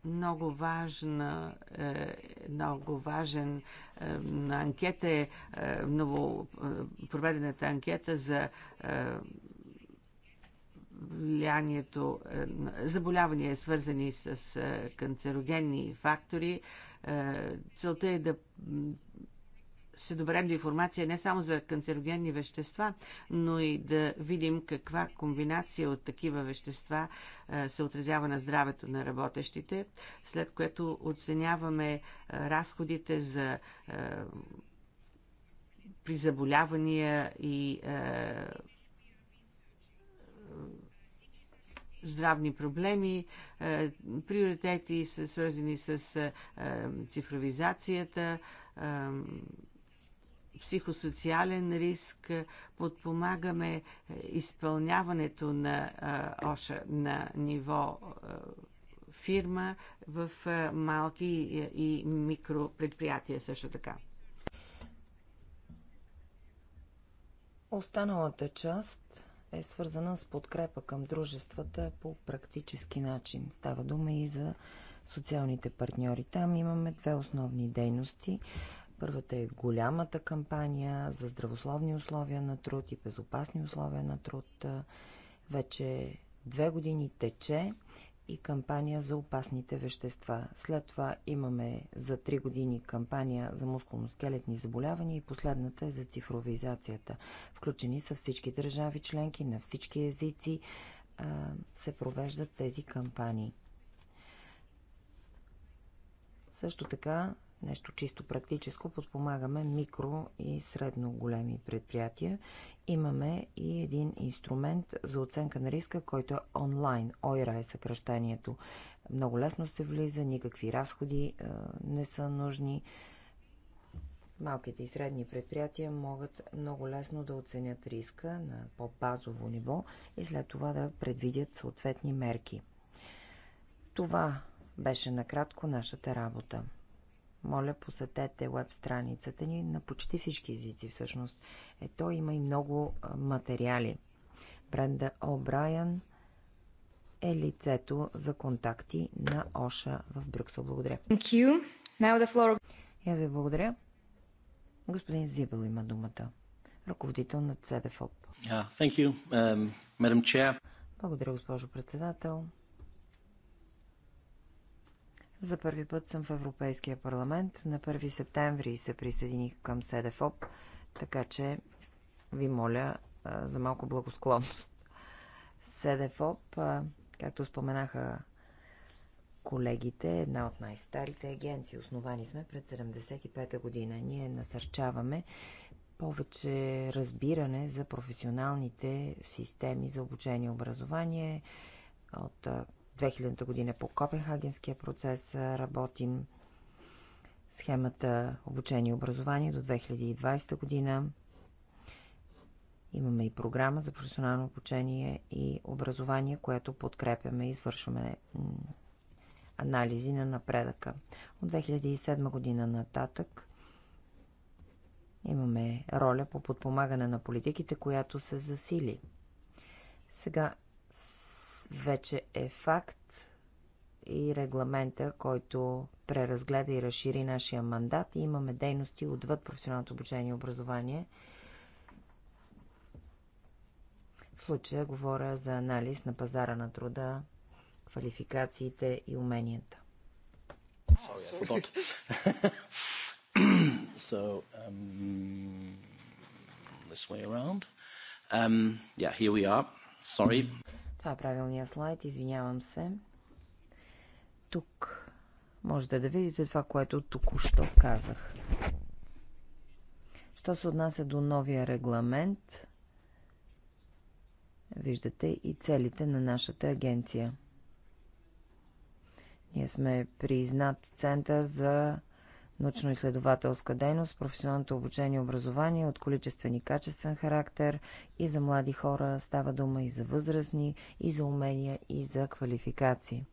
много важна, е, много важен е, на анкета е, е ново проведената анкета за влиянието, заболявания свързани с канцерогенни фактори. Целта е да се доберем до информация не само за канцерогенни вещества, но и да видим каква комбинация от такива вещества се отразява на здравето на работещите, след което оценяваме разходите за при заболявания и здравни проблеми, приоритети са свързани с цифровизацията, психосоциален риск, е, подпомагаме е, изпълняването на е, ОША на ниво фирма в малки и микропредприятия също така. Останалата част е свързана с подкрепа към дружествата по практически начин. Става дума и за социалните партньори. Там имаме две основни дейности. Първата е голямата кампания за здравословни условия на труд и безопасни условия на труд. Вече две години тече и кампания за опасните вещества. След това имаме за три години кампания за мускулно-скелетни заболявания и последната е за цифровизацията. Включени са всички държави членки, на всички езици се провеждат тези кампании. Също така нещо чисто практическо, подпомагаме микро и средно големи предприятия. Имаме и един инструмент за оценка на риска, който е онлайн. ОИРА е съкръщението. Много лесно се влиза, никакви разходи е, не са нужни. Малките и средни предприятия могат много лесно да оценят риска на по-базово ниво и след това да предвидят съответни мерки. Това беше накратко нашата работа. Моля, посетете веб страницата ни на почти всички езици всъщност. Ето има и много материали. Бренда О'Брайан е лицето за контакти на Оша в Брюксел. Благодаря. Thank И аз ви благодаря. Господин Зибел има думата. Ръководител на ЦДФОП. Yeah, um, Благодаря, госпожо председател. За първи път съм в Европейския парламент. На 1 септември се присъединих към СДФОП, така че ви моля за малко благосклонност. СДФОП, както споменаха колегите, една от най-старите агенции. Основани сме пред 75-та година. Ние насърчаваме повече разбиране за професионалните системи за обучение и образование от 2000 година по Копенхагенския процес работим. Схемата обучение и образование до 2020 година. Имаме и програма за професионално обучение и образование, което подкрепяме и извършваме анализи на напредъка. От 2007 година нататък имаме роля по подпомагане на политиките, която се засили. Сега вече е факт и регламента, който преразгледа и разшири нашия мандат. И имаме дейности отвъд професионалното обучение и образование. В случая говоря за анализ на пазара на труда, квалификациите и уменията. Um, um, Sorry, yeah, това е правилния слайд, извинявам се. Тук можете да видите това, което току-що казах. Що се отнася до новия регламент, виждате и целите на нашата агенция. Ние сме признат център за научно-изследователска дейност, професионалното обучение и образование от количествен и качествен характер и за млади хора става дума и за възрастни, и за умения, и за квалификации.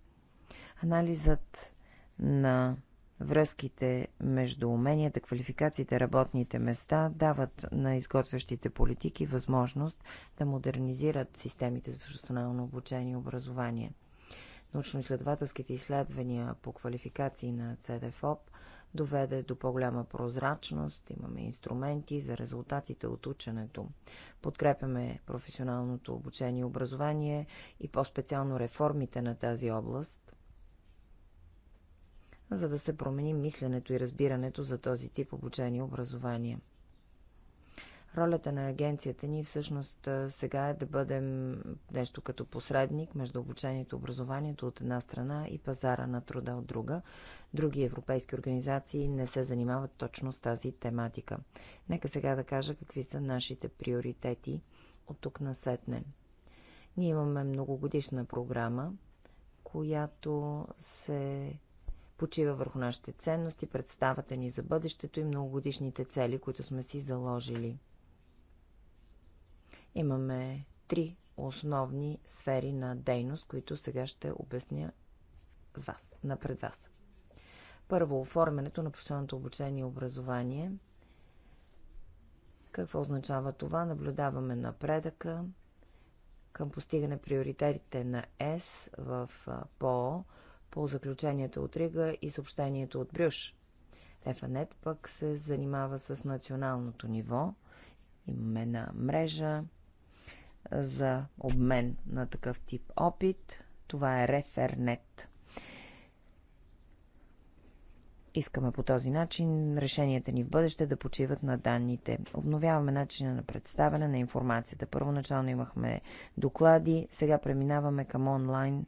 Анализът на връзките между уменията, квалификациите, работните места дават на изготвящите политики възможност да модернизират системите за професионално обучение и образование научно-изследователските изследвания по квалификации на ЦДФОП доведе до по-голяма прозрачност, имаме инструменти за резултатите от ученето. Подкрепяме професионалното обучение и образование и по-специално реформите на тази област, за да се промени мисленето и разбирането за този тип обучение и образование – Ролята на агенцията ни всъщност сега е да бъдем нещо като посредник между обучението и образованието от една страна и пазара на труда от друга. Други европейски организации не се занимават точно с тази тематика. Нека сега да кажа какви са нашите приоритети от тук на сетне. Ние имаме многогодишна програма, която се почива върху нашите ценности, представата ни за бъдещето и многогодишните цели, които сме си заложили – Имаме три основни сфери на дейност, които сега ще обясня с вас, напред вас. Първо, оформянето на професионалното обучение и образование. Какво означава това? Наблюдаваме напредъка към постигане приоритетите на С в ПО по заключението от Рига и съобщението от Брюш. Ефанет пък се занимава с националното ниво. Имаме една мрежа за обмен на такъв тип опит. Това е Рефернет. Искаме по този начин решенията ни в бъдеще да почиват на данните. Обновяваме начина на представяне на информацията. Първоначално имахме доклади, сега преминаваме към онлайн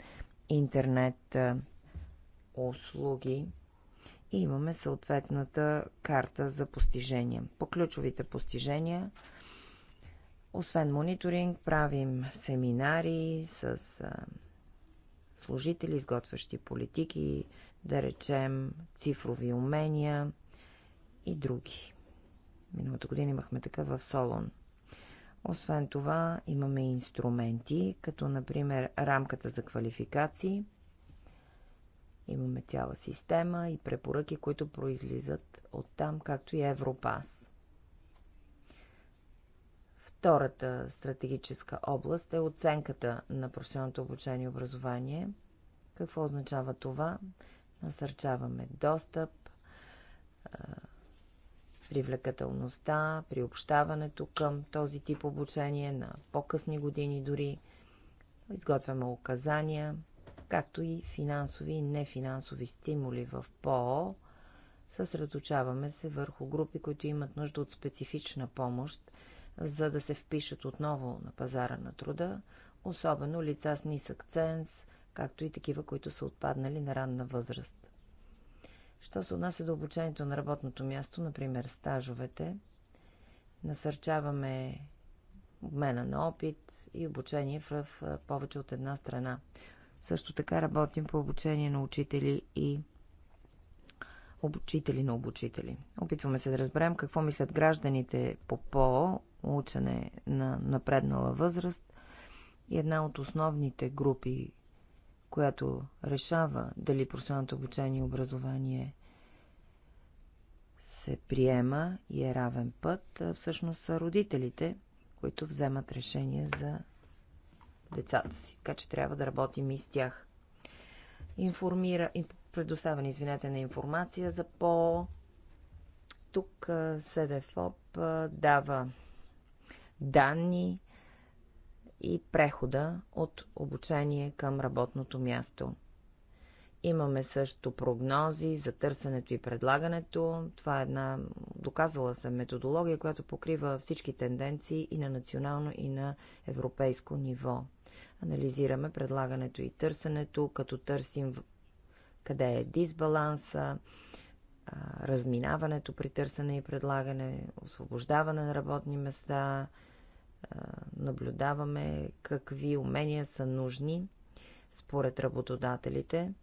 интернет услуги и имаме съответната карта за постижения. По ключовите постижения – освен мониторинг, правим семинари с служители, изготвящи политики, да речем цифрови умения и други. Миналата година имахме така в Солон. Освен това, имаме инструменти, като например рамката за квалификации. Имаме цяла система и препоръки, които произлизат от там, както и Европас. Втората стратегическа област е оценката на професионалното обучение и образование. Какво означава това? Насърчаваме достъп, привлекателността, приобщаването към този тип обучение на по-късни години дори. Изготвяме указания, както и финансови и нефинансови стимули в ПОО. Съсредоточаваме се върху групи, които имат нужда от специфична помощ – за да се впишат отново на пазара на труда, особено лица с нисък ценз, както и такива, които са отпаднали на ранна възраст. Що се отнася до обучението на работното място, например стажовете, насърчаваме обмена на опит и обучение в повече от една страна. Също така работим по обучение на учители и обучители на обучители. Опитваме се да разберем какво мислят гражданите по ПО учене на напреднала възраст и една от основните групи, която решава дали професионалното обучение и образование се приема и е равен път, всъщност са родителите, които вземат решение за децата си. Така че трябва да работим и с тях. Информира, предоставяне, извинете, на информация за по... Тук СДФОП дава данни и прехода от обучение към работното място. Имаме също прогнози за търсенето и предлагането. Това е една доказала се методология, която покрива всички тенденции и на национално, и на европейско ниво. Анализираме предлагането и търсенето, като търсим къде е дисбаланса, разминаването при търсене и предлагане, освобождаване на работни места, наблюдаваме какви умения са нужни според работодателите,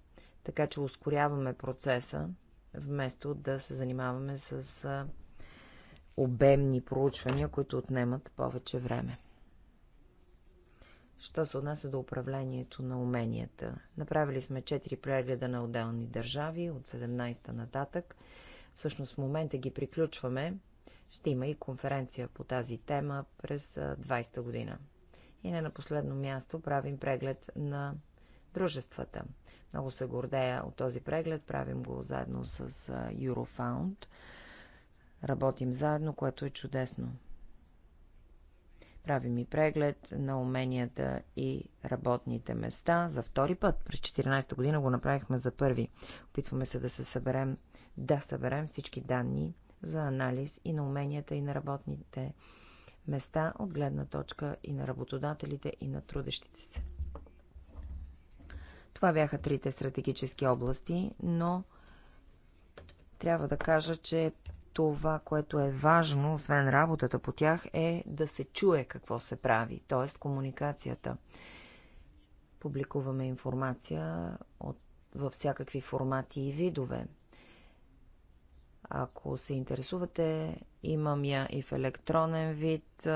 така че ускоряваме процеса, вместо да се занимаваме с обемни проучвания, които отнемат повече време. Що се отнася до управлението на уменията? Направили сме 4 прегледа на отделни държави от 17-та нататък. Всъщност в момента ги приключваме ще има и конференция по тази тема през 20-та година. И не на последно място правим преглед на дружествата. Много се гордея от този преглед. Правим го заедно с Eurofound. Работим заедно, което е чудесно. Правим и преглед на уменията и работните места за втори път. През 14-та година го направихме за първи. Опитваме се да се съберем, да съберем всички данни за анализ и на уменията и на работните места от гледна точка и на работодателите и на трудещите се. Това бяха трите стратегически области, но трябва да кажа, че това, което е важно, освен работата по тях, е да се чуе какво се прави, т.е. комуникацията. Публикуваме информация от, във всякакви формати и видове. Ако се интересувате, имам я и в електронен вид.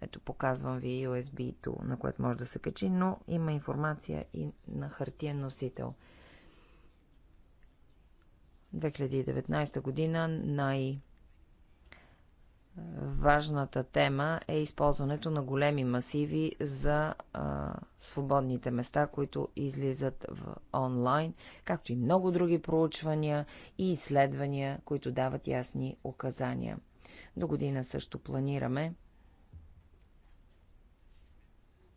Ето, показвам ви USB-то, на което може да се качи, но има информация и на хартиен носител. 2019 година най- важната тема е използването на големи масиви за а, свободните места, които излизат в онлайн, както и много други проучвания и изследвания, които дават ясни указания. До година също планираме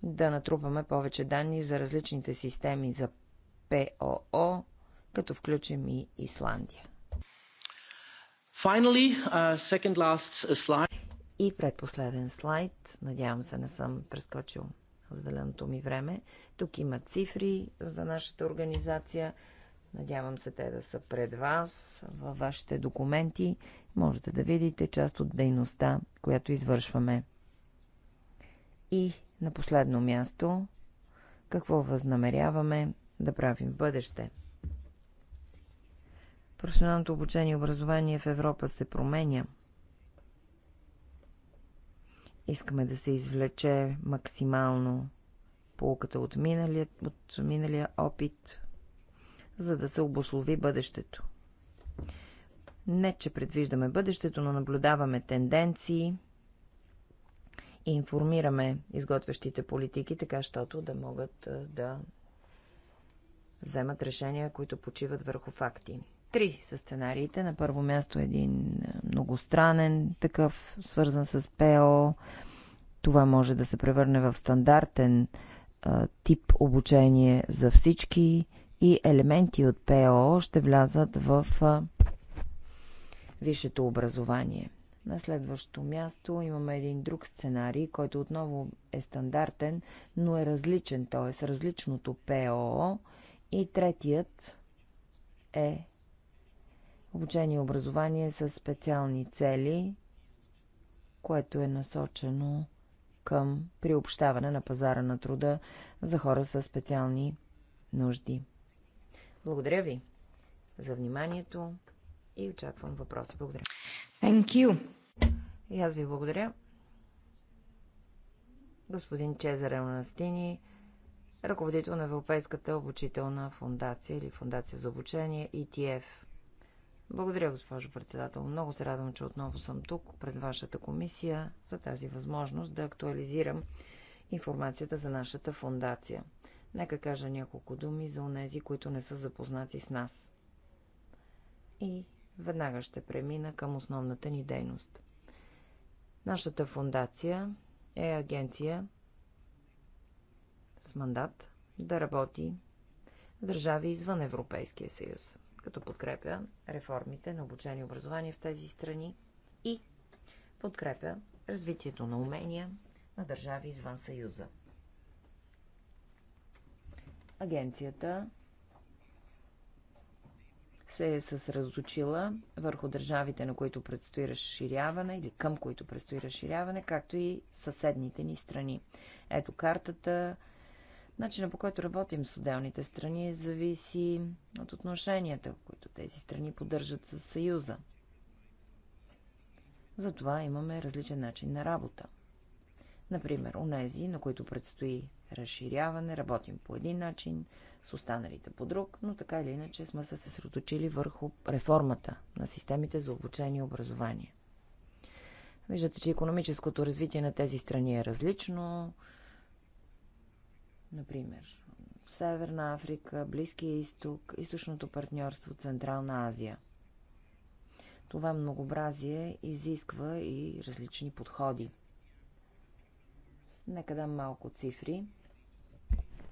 да натрупаме повече данни за различните системи за ПОО, като включим и Исландия. Finally, uh, second last uh, slide. И предпоследен слайд. Надявам се, не съм прескочил заделеното ми време. Тук има цифри за нашата организация. Надявам се те да са пред вас, във вашите документи. Можете да видите част от дейността, която извършваме. И на последно място, какво възнамеряваме да правим в бъдеще – Професионалното обучение и образование в Европа се променя. Искаме да се извлече максимално полуката от миналия, от миналия опит, за да се обослови бъдещето. Не, че предвиждаме бъдещето, но наблюдаваме тенденции и информираме изготвящите политики, така щото да могат да вземат решения, които почиват върху факти три са сценариите. На първо място един е, многостранен такъв, свързан с ПО. Това може да се превърне в стандартен а, е, тип обучение за всички и елементи от ПО ще влязат в а, е, висшето образование. На следващото място имаме един друг сценарий, който отново е стандартен, но е различен, т.е. различното ПО. И третият е обучение и образование с специални цели, което е насочено към приобщаване на пазара на труда за хора с специални нужди. Благодаря ви за вниманието и очаквам въпроси. Благодаря. Thank you. И аз ви благодаря. Господин Чезаре Монастини, ръководител на Европейската обучителна фундация или фундация за обучение ETF. Благодаря, госпожо председател. Много се радвам, че отново съм тук пред вашата комисия за тази възможност да актуализирам информацията за нашата фундация. Нека кажа няколко думи за онези, които не са запознати с нас. И веднага ще премина към основната ни дейност. Нашата фундация е агенция с мандат да работи в държави извън Европейския съюз като подкрепя реформите на обучение и образование в тези страни и подкрепя развитието на умения на държави извън Съюза. Агенцията се е съсредоточила върху държавите, на които предстои разширяване или към които предстои разширяване, както и съседните ни страни. Ето картата Начина по който работим с отделните страни зависи от отношенията, които тези страни поддържат с Съюза. Затова имаме различен начин на работа. Например, онези, на които предстои разширяване, работим по един начин, с останалите по друг, но така или иначе сме се съсредоточили върху реформата на системите за обучение и образование. Виждате, че економическото развитие на тези страни е различно, Например, Северна Африка, Близкия изток, източното партньорство, Централна Азия. Това многообразие изисква и различни подходи. Нека дам малко цифри.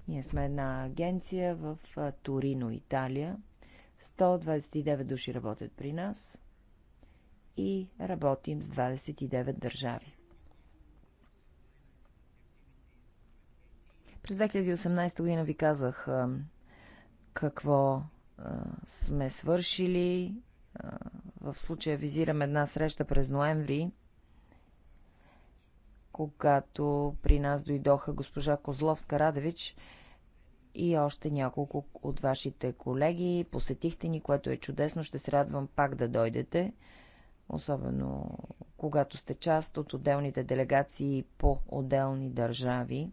Ние сме една агенция в Торино, Италия. 129 души работят при нас и работим с 29 държави. През 2018 година ви казах какво сме свършили. В случая визирам една среща през ноември, когато при нас дойдоха госпожа Козловска Радевич и още няколко от вашите колеги. Посетихте ни, което е чудесно. Ще се радвам пак да дойдете, особено когато сте част от отделните делегации по отделни държави.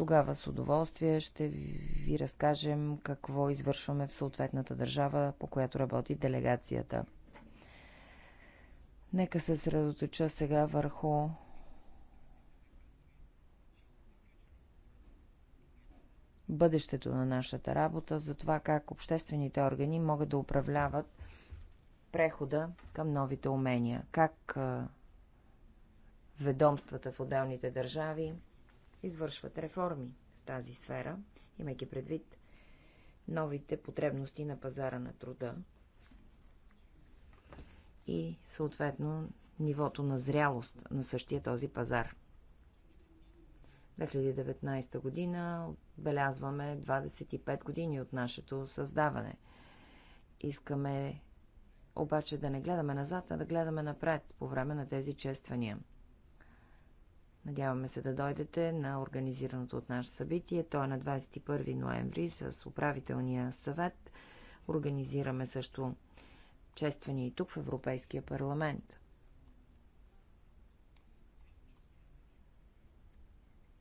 Тогава с удоволствие ще ви разкажем какво извършваме в съответната държава, по която работи делегацията. Нека се средоточа сега върху бъдещето на нашата работа, за това как обществените органи могат да управляват прехода към новите умения, как ведомствата в отделните държави извършват реформи в тази сфера, имайки предвид новите потребности на пазара на труда и съответно нивото на зрялост на същия този пазар. 2019 година отбелязваме 25 години от нашето създаване. Искаме обаче да не гледаме назад, а да гледаме напред по време на тези чествания – Надяваме се да дойдете на организираното от наше събитие. То е на 21 ноември с управителния съвет. Организираме също чествени и тук в Европейския парламент.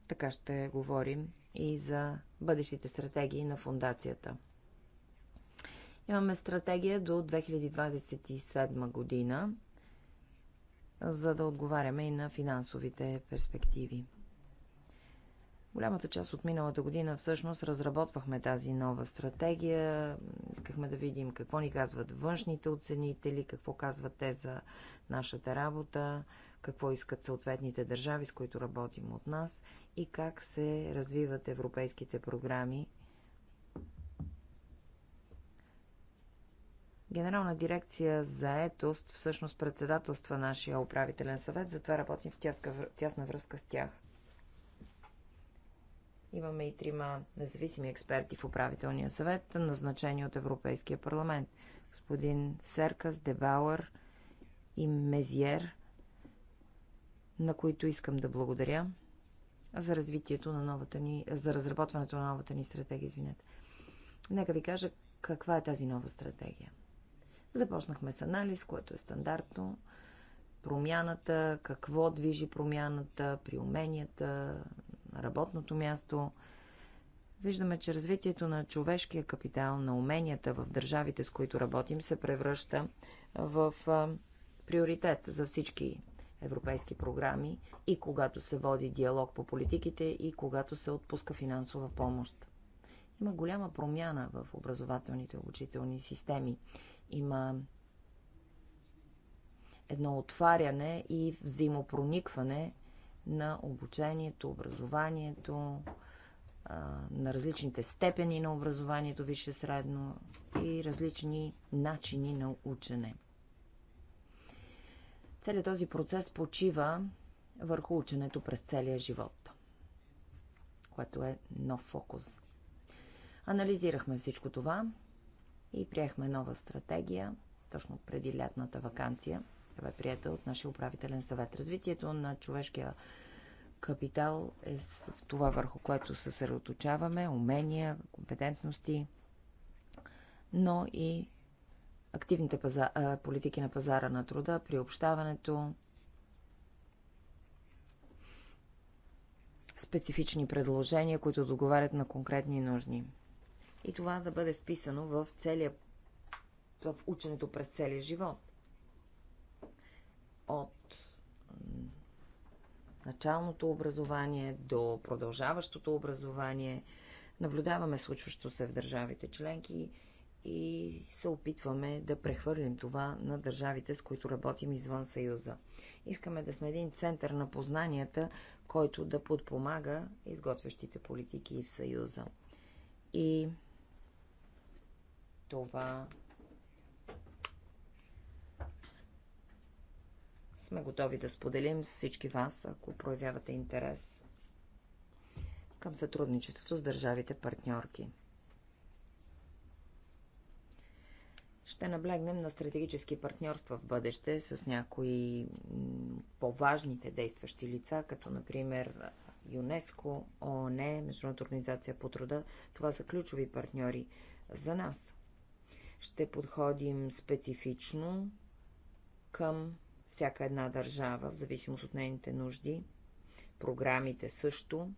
Така ще говорим и за бъдещите стратегии на фундацията. Имаме стратегия до 2027 година за да отговаряме и на финансовите перспективи. Голямата част от миналата година всъщност разработвахме тази нова стратегия. Искахме да видим какво ни казват външните оценители, какво казват те за нашата работа, какво искат съответните държави, с които работим от нас и как се развиват европейските програми Генерална дирекция за етост всъщност председателства нашия управителен съвет, затова работим в тясна, тясна връзка с тях. Имаме и трима независими експерти в управителния съвет, назначени от Европейския парламент. Господин Серкас, Дебауър и Мезиер, на които искам да благодаря за развитието на новата ни, за разработването на новата ни стратегия, извинете. Нека ви кажа каква е тази нова стратегия. Започнахме с анализ, което е стандартно. Промяната, какво движи промяната, при уменията, работното място. Виждаме, че развитието на човешкия капитал, на уменията в държавите, с които работим, се превръща в приоритет за всички европейски програми и когато се води диалог по политиките и когато се отпуска финансова помощ. Има голяма промяна в образователните обучителни системи има едно отваряне и взаимопроникване на обучението, образованието, на различните степени на образованието, висше средно и различни начини на учене. Целият този процес почива върху ученето през целия живот, което е нов фокус. Анализирахме всичко това и приехме нова стратегия, точно преди лятната вакансия. Тя бе прията от нашия управителен съвет. Развитието на човешкия капитал е това върху което се съсредоточаваме, умения, компетентности, но и активните паза... политики на пазара на труда, приобщаването, специфични предложения, които договарят на конкретни нужни и това да бъде вписано в целия, в ученето през целия живот. От началното образование до продължаващото образование наблюдаваме случващо се в държавите членки и се опитваме да прехвърлим това на държавите, с които работим извън Съюза. Искаме да сме един център на познанията, който да подпомага изготвящите политики в Съюза. И това сме готови да споделим с всички вас, ако проявявате интерес към сътрудничеството с държавите партньорки. Ще наблегнем на стратегически партньорства в бъдеще с някои по-важните действащи лица, като например ЮНЕСКО, ООН, Международната организация по труда. Това са ключови партньори за нас. Ще подходим специфично към всяка една държава, в зависимост от нейните нужди. Програмите също,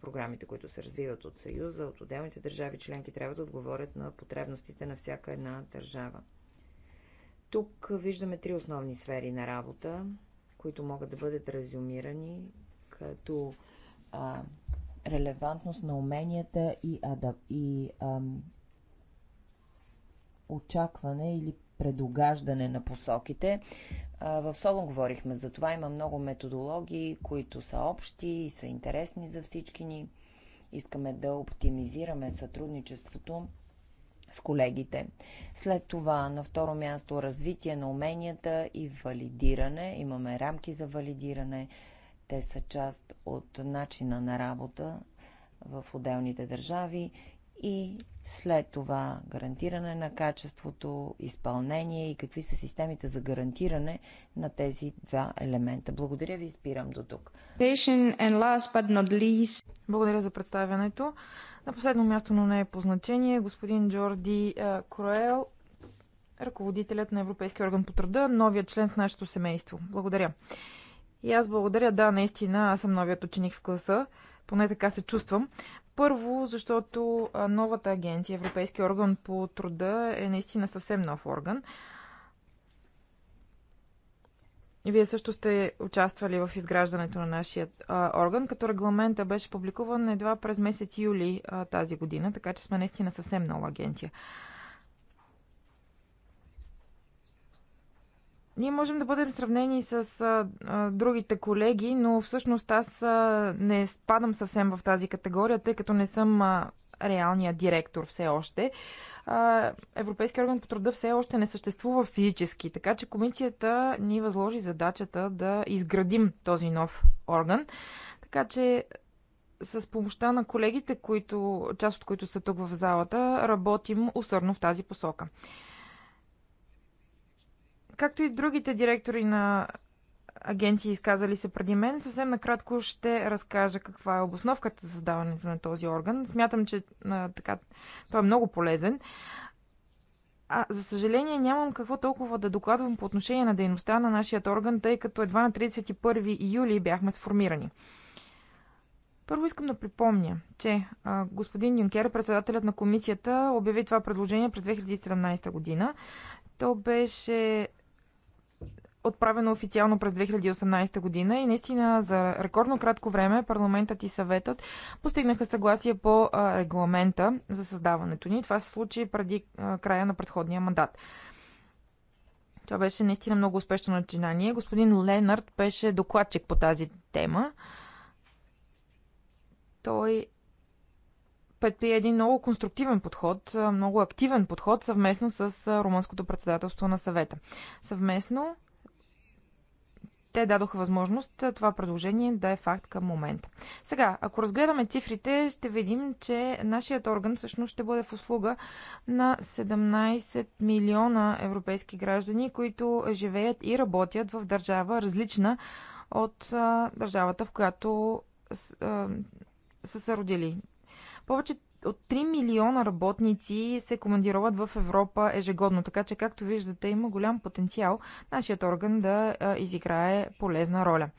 програмите, които се развиват от Съюза, от отделните държави членки, трябва да отговорят на потребностите на всяка една държава. Тук виждаме три основни сфери на работа, които могат да бъдат резюмирани като а, релевантност на уменията и, адап... и ам, очакване или предогаждане на посоките. В Солон говорихме за това. Има много методологии, които са общи и са интересни за всички ни. Искаме да оптимизираме сътрудничеството с колегите. След това на второ място развитие на уменията и валидиране. Имаме рамки за валидиране. Те са част от начина на работа в отделните държави и след това гарантиране на качеството, изпълнение и какви са системите за гарантиране на тези два елемента. Благодаря ви, спирам до тук. Благодаря за представянето. На последно място, но не е по значение, господин Джорди е, Кроел, ръководителят на Европейския орган по труда, новият член в нашето семейство. Благодаря. И аз благодаря, да, наистина, аз съм новият ученик в класа, поне така се чувствам. Първо, защото новата агенция, Европейски орган по труда, е наистина съвсем нов орган. Вие също сте участвали в изграждането на нашия а, орган, като регламента беше публикуван едва през месец юли а, тази година, така че сме наистина съвсем нова агенция. Ние можем да бъдем сравнени с а, а, другите колеги, но всъщност аз а, не спадам съвсем в тази категория, тъй като не съм а, реалния директор все още. А, Европейския орган по труда все още не съществува физически, така че комисията ни възложи задачата да изградим този нов орган. Така че с помощта на колегите, които, част от които са тук в залата, работим усърдно в тази посока. Както и другите директори на агенции, изказали се преди мен, съвсем накратко ще разкажа каква е обосновката за създаването на този орган. Смятам, че а, така, той е много полезен. А, за съжаление, нямам какво толкова да докладвам по отношение на дейността на нашия орган, тъй като едва на 31 юли бяхме сформирани. Първо искам да припомня, че а, господин Юнкер, председателят на комисията, обяви това предложение през 2017 година. То беше отправено официално през 2018 година и наистина за рекордно кратко време парламентът и съветът постигнаха съгласие по регламента за създаването ни. Това се случи преди края на предходния мандат. Това беше наистина много успешно начинание. Господин Ленард беше докладчик по тази тема. Той предприе един много конструктивен подход, много активен подход съвместно с румънското председателство на съвета. Съвместно те дадоха възможност това предложение да е факт към момента. Сега, ако разгледаме цифрите, ще видим, че нашият орган всъщност ще бъде в услуга на 17 милиона европейски граждани, които живеят и работят в държава различна от а, държавата, в която а, са се родили. Повече от 3 милиона работници се командироват в Европа ежегодно, така че както виждате има голям потенциал нашият орган да изиграе полезна роля.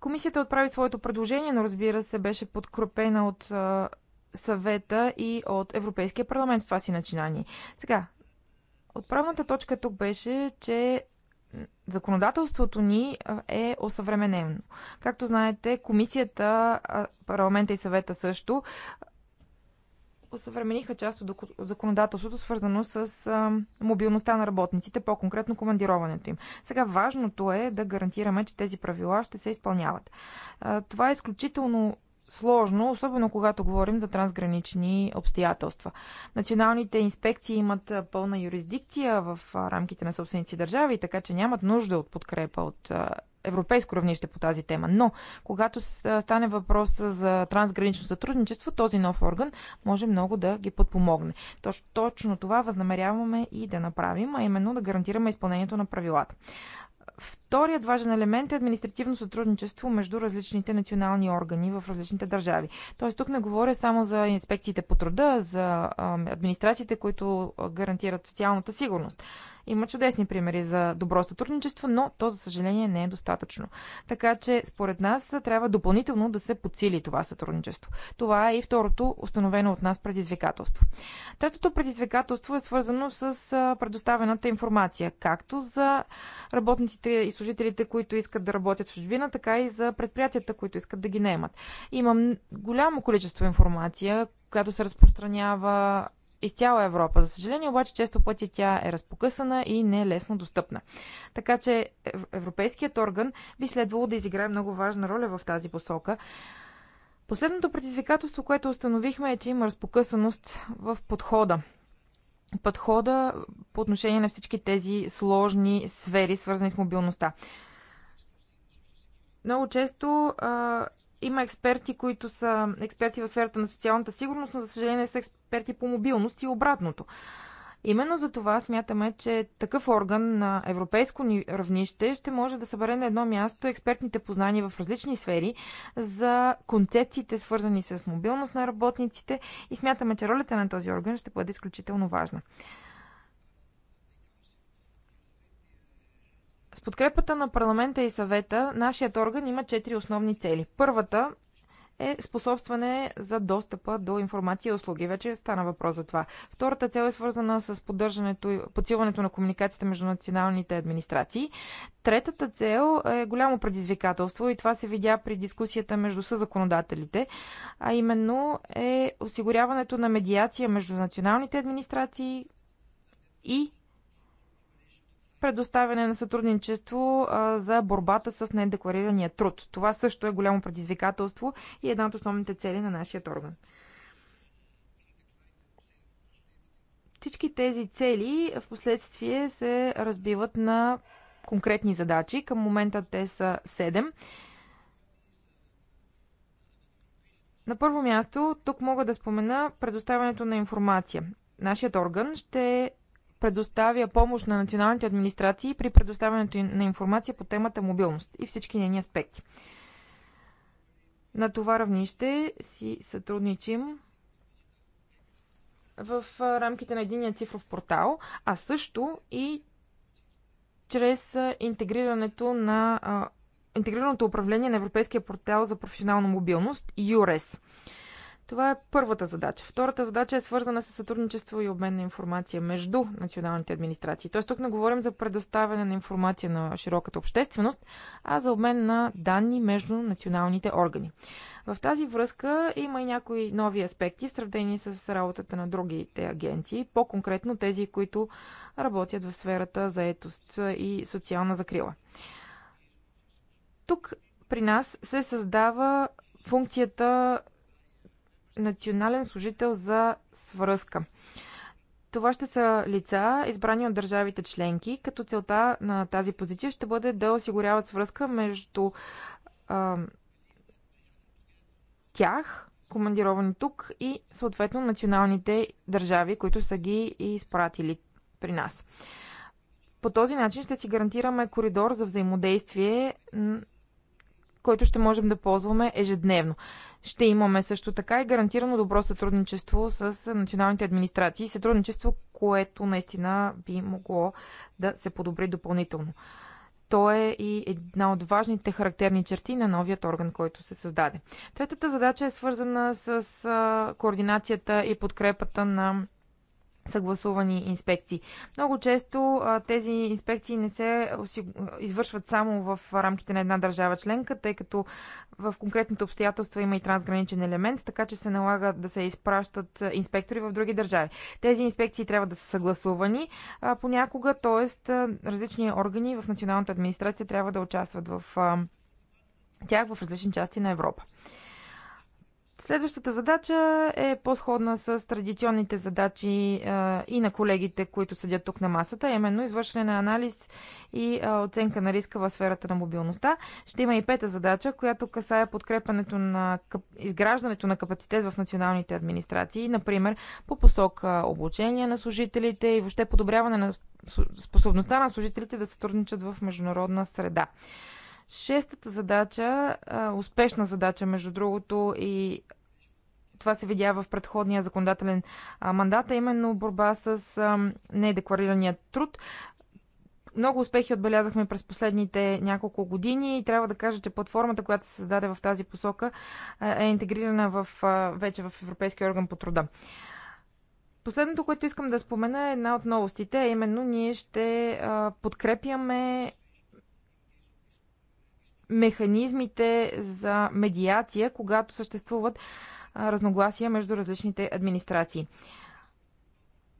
Комисията отправи своето предложение, но разбира се беше подкрепена от съвета и от Европейския парламент в това си начинание. Сега, отправната точка тук беше, че законодателството ни е осъвременено. Както знаете, комисията, парламента и съвета също осъвремениха част от законодателството, свързано с мобилността на работниците, по-конкретно командироването им. Сега важното е да гарантираме, че тези правила ще се изпълняват. това е изключително сложно, особено когато говорим за трансгранични обстоятелства. Националните инспекции имат пълна юрисдикция в рамките на собственици държави, така че нямат нужда от подкрепа от европейско равнище по тази тема. Но, когато стане въпрос за трансгранично сътрудничество, този нов орган може много да ги подпомогне. Точно, точно това възнамеряваме и да направим, а именно да гарантираме изпълнението на правилата. Вторият важен елемент е административно сътрудничество между различните национални органи в различните държави. Тоест тук не говоря само за инспекциите по труда, за администрациите, които гарантират социалната сигурност. Има чудесни примери за добро сътрудничество, но то, за съжаление, не е достатъчно. Така че, според нас, трябва допълнително да се подсили това сътрудничество. Това е и второто установено от нас предизвикателство. Третото предизвикателство е свързано с предоставената информация, както за работниците и служителите, които искат да работят в чужбина, така и за предприятията, които искат да ги наемат. Имам голямо количество информация, която се разпространява из цяла Европа. За съжаление обаче често пъти тя е разпокъсана и не е лесно достъпна. Така че Европейският орган би следвало да изиграе много важна роля в тази посока. Последното предизвикателство, което установихме е, че има разпокъсаност в подхода подхода по отношение на всички тези сложни сфери, свързани с мобилността. Много често а, има експерти, които са експерти в сферата на социалната сигурност, но за съжаление са експерти по мобилност и обратното. Именно за това смятаме, че такъв орган на европейско равнище ще може да събере на едно място експертните познания в различни сфери за концепциите, свързани с мобилност на работниците и смятаме, че ролята на този орган ще бъде изключително важна. С подкрепата на парламента и съвета, нашият орган има четири основни цели. Първата е способстване за достъпа до информация и услуги. Вече стана въпрос за това. Втората цел е свързана с поддържането и подсилването на комуникацията между националните администрации. Третата цел е голямо предизвикателство и това се видя при дискусията между съзаконодателите, а именно е осигуряването на медиация между националните администрации и предоставяне на сътрудничество за борбата с недекларирания труд. Това също е голямо предизвикателство и е една от основните цели на нашия орган. Всички тези цели в последствие се разбиват на конкретни задачи. Към момента те са 7. На първо място, тук мога да спомена предоставянето на информация. Нашият орган ще предоставя помощ на националните администрации при предоставянето на информация по темата мобилност и всички нейни аспекти. На това равнище си сътрудничим в рамките на единия цифров портал, а също и чрез интегрирането на интегрираното управление на Европейския портал за професионална мобилност, ЮРЕС. Това е първата задача. Втората задача е свързана с сътрудничество и обмен на информация между националните администрации. Тоест тук не говорим за предоставяне на информация на широката общественост, а за обмен на данни между националните органи. В тази връзка има и някои нови аспекти в сравнение с работата на другите агенции, по-конкретно тези, които работят в сферата за етост и социална закрила. Тук при нас се създава функцията национален служител за свръзка. Това ще са лица, избрани от държавите членки, като целта на тази позиция ще бъде да осигуряват свръзка между а, тях, командировани тук, и съответно националните държави, които са ги изпратили при нас. По този начин ще си гарантираме коридор за взаимодействие който ще можем да ползваме ежедневно. Ще имаме също така и гарантирано добро сътрудничество с националните администрации, сътрудничество, което наистина би могло да се подобри допълнително. То е и една от важните характерни черти на новият орган, който се създаде. Третата задача е свързана с координацията и подкрепата на съгласувани инспекции. Много често тези инспекции не се извършват само в рамките на една държава членка, тъй като в конкретните обстоятелства има и трансграничен елемент, така че се налага да се изпращат инспектори в други държави. Тези инспекции трябва да са съгласувани понякога, т.е. различни органи в националната администрация трябва да участват в тях в различни части на Европа. Следващата задача е по-сходна с традиционните задачи а, и на колегите, които седят тук на масата, именно извършване на анализ и а, оценка на риска в сферата на мобилността. Ще има и пета задача, която касае подкрепането на къп... изграждането на капацитет в националните администрации, например по посока обучение на служителите и въобще подобряване на способността на служителите да сътрудничат в международна среда. Шестата задача, успешна задача, между другото, и това се видя в предходния законодателен мандат, а именно борба с недекларирания труд. Много успехи отбелязахме през последните няколко години и трябва да кажа, че платформата, която се създаде в тази посока, е интегрирана в, вече в Европейския орган по труда. Последното, което искам да спомена е една от новостите, а именно ние ще подкрепяме механизмите за медиация, когато съществуват разногласия между различните администрации.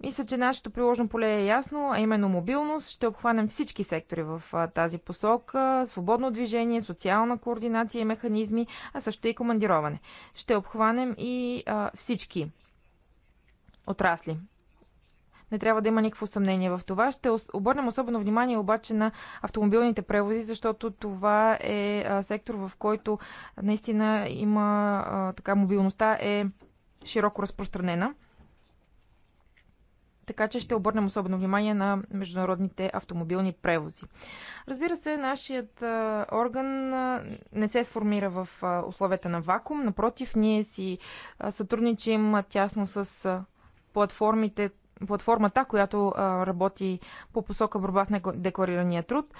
Мисля, че нашето приложно поле е ясно, а именно мобилност. Ще обхванем всички сектори в тази посока. Свободно движение, социална координация и механизми, а също и командироване. Ще обхванем и а, всички отрасли. Не трябва да има никакво съмнение в това. Ще обърнем особено внимание обаче на автомобилните превози, защото това е сектор, в който наистина има така мобилността е широко разпространена. Така че ще обърнем особено внимание на международните автомобилни превози. Разбира се, нашият орган не се сформира в условията на вакуум. Напротив, ние си сътрудничим тясно с платформите платформата, която работи по посока борба с декларирания труд.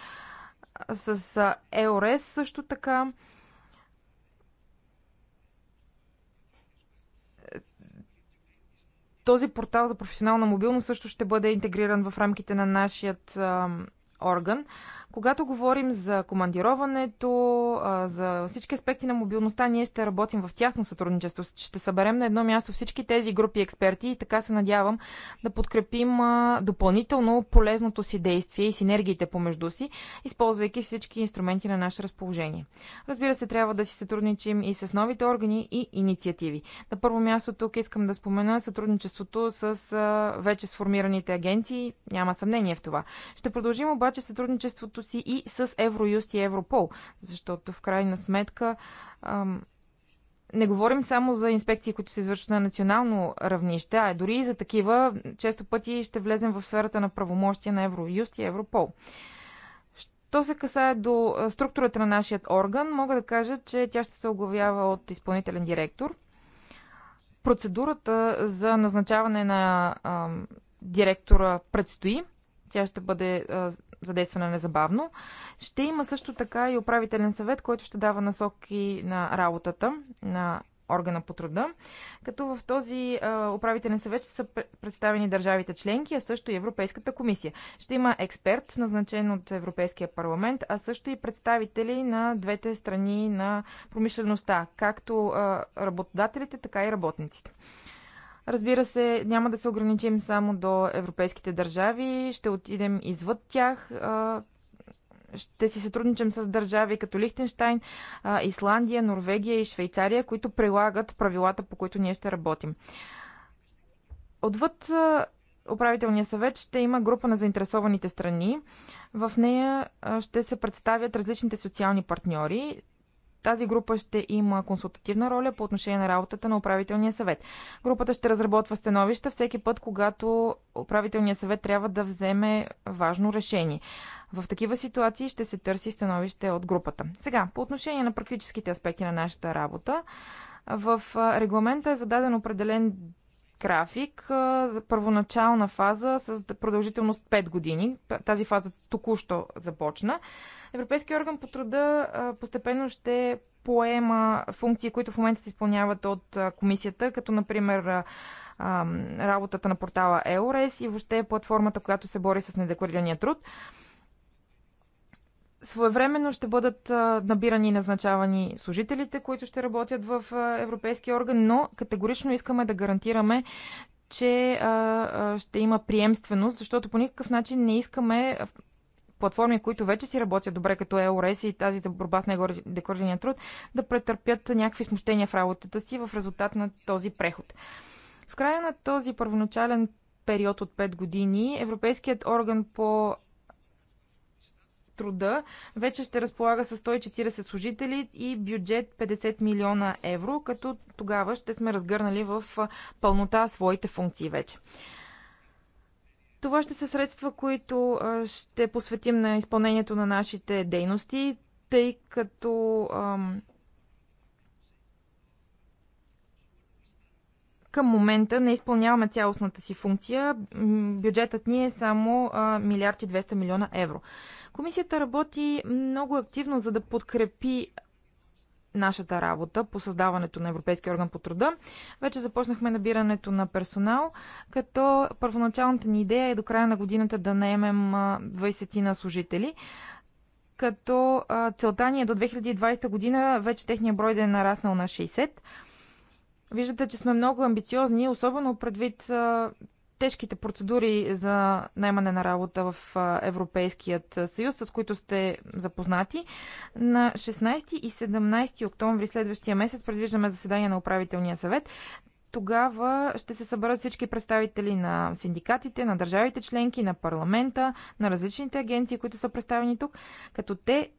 С ЕОРЕС също така. Този портал за професионална мобилност също ще бъде интегриран в рамките на нашият орган. Когато говорим за командироването, за всички аспекти на мобилността, ние ще работим в тясно сътрудничество. Ще съберем на едно място всички тези групи експерти и така се надявам да подкрепим допълнително полезното си действие и синергиите помежду си, използвайки всички инструменти на наше разположение. Разбира се, трябва да си сътрудничим и с новите органи и инициативи. На първо място тук искам да спомена сътрудничеството с вече сформираните агенции. Няма съмнение в това. Ще продължим обаче сътрудничеството си и с Евроюст и Европол. Защото в крайна сметка не говорим само за инспекции, които се извършват на национално равнище, а дори и за такива, често пъти ще влезем в сферата на правомощия на Евроюст и Европол. Що се касае до структурата на нашия орган, мога да кажа, че тя ще се оглавява от изпълнителен директор. Процедурата за назначаване на а, директора предстои. Тя ще бъде задействана незабавно. Ще има също така и управителен съвет, който ще дава насоки на работата на органа по труда, като в този а, управителен съвет ще са представени държавите членки, а също и Европейската комисия. Ще има експерт, назначен от Европейския парламент, а също и представители на двете страни на промишлеността, както а, работодателите, така и работниците. Разбира се, няма да се ограничим само до европейските държави, ще отидем извъд тях. Ще си сътрудничам с държави като Лихтенштайн, Исландия, Норвегия и Швейцария, които прилагат правилата, по които ние ще работим. Отвъд управителния съвет ще има група на заинтересованите страни. В нея ще се представят различните социални партньори. Тази група ще има консултативна роля по отношение на работата на управителния съвет. Групата ще разработва становища всеки път, когато управителният съвет трябва да вземе важно решение. В такива ситуации ще се търси становище от групата. Сега, по отношение на практическите аспекти на нашата работа, в регламента е зададен определен график за първоначална фаза с продължителност 5 години. Тази фаза току-що започна. Европейския орган по труда постепенно ще поема функции, които в момента се изпълняват от комисията, като например работата на портала EURES и въобще платформата, която се бори с недекларирания труд. Своевременно ще бъдат набирани и назначавани служителите, които ще работят в Европейския орган, но категорично искаме да гарантираме, че ще има приемственост, защото по никакъв начин не искаме платформи, които вече си работят добре, като ЕОРЕС и тази за борба с декоративния труд, да претърпят някакви смущения в работата си в резултат на този преход. В края на този първоначален период от 5 години Европейският орган по труда вече ще разполага с 140 служители и бюджет 50 милиона евро, като тогава ще сме разгърнали в пълнота своите функции вече. Това ще са средства, които ще посветим на изпълнението на нашите дейности, тъй като ам, към момента не изпълняваме цялостната си функция. Бюджетът ни е само милиард и 200 милиона евро. Комисията работи много активно, за да подкрепи нашата работа по създаването на Европейския орган по труда. Вече започнахме набирането на персонал, като първоначалната ни идея е до края на годината да наемем 20 на служители като целта ни е до 2020 година вече техния брой да е нараснал на 60. Виждате, че сме много амбициозни, особено предвид тежките процедури за наймане на работа в Европейският съюз, с които сте запознати. На 16 и 17 октомври следващия месец предвиждаме заседание на управителния съвет. Тогава ще се съберат всички представители на синдикатите, на държавите членки, на парламента, на различните агенции, които са представени тук, като те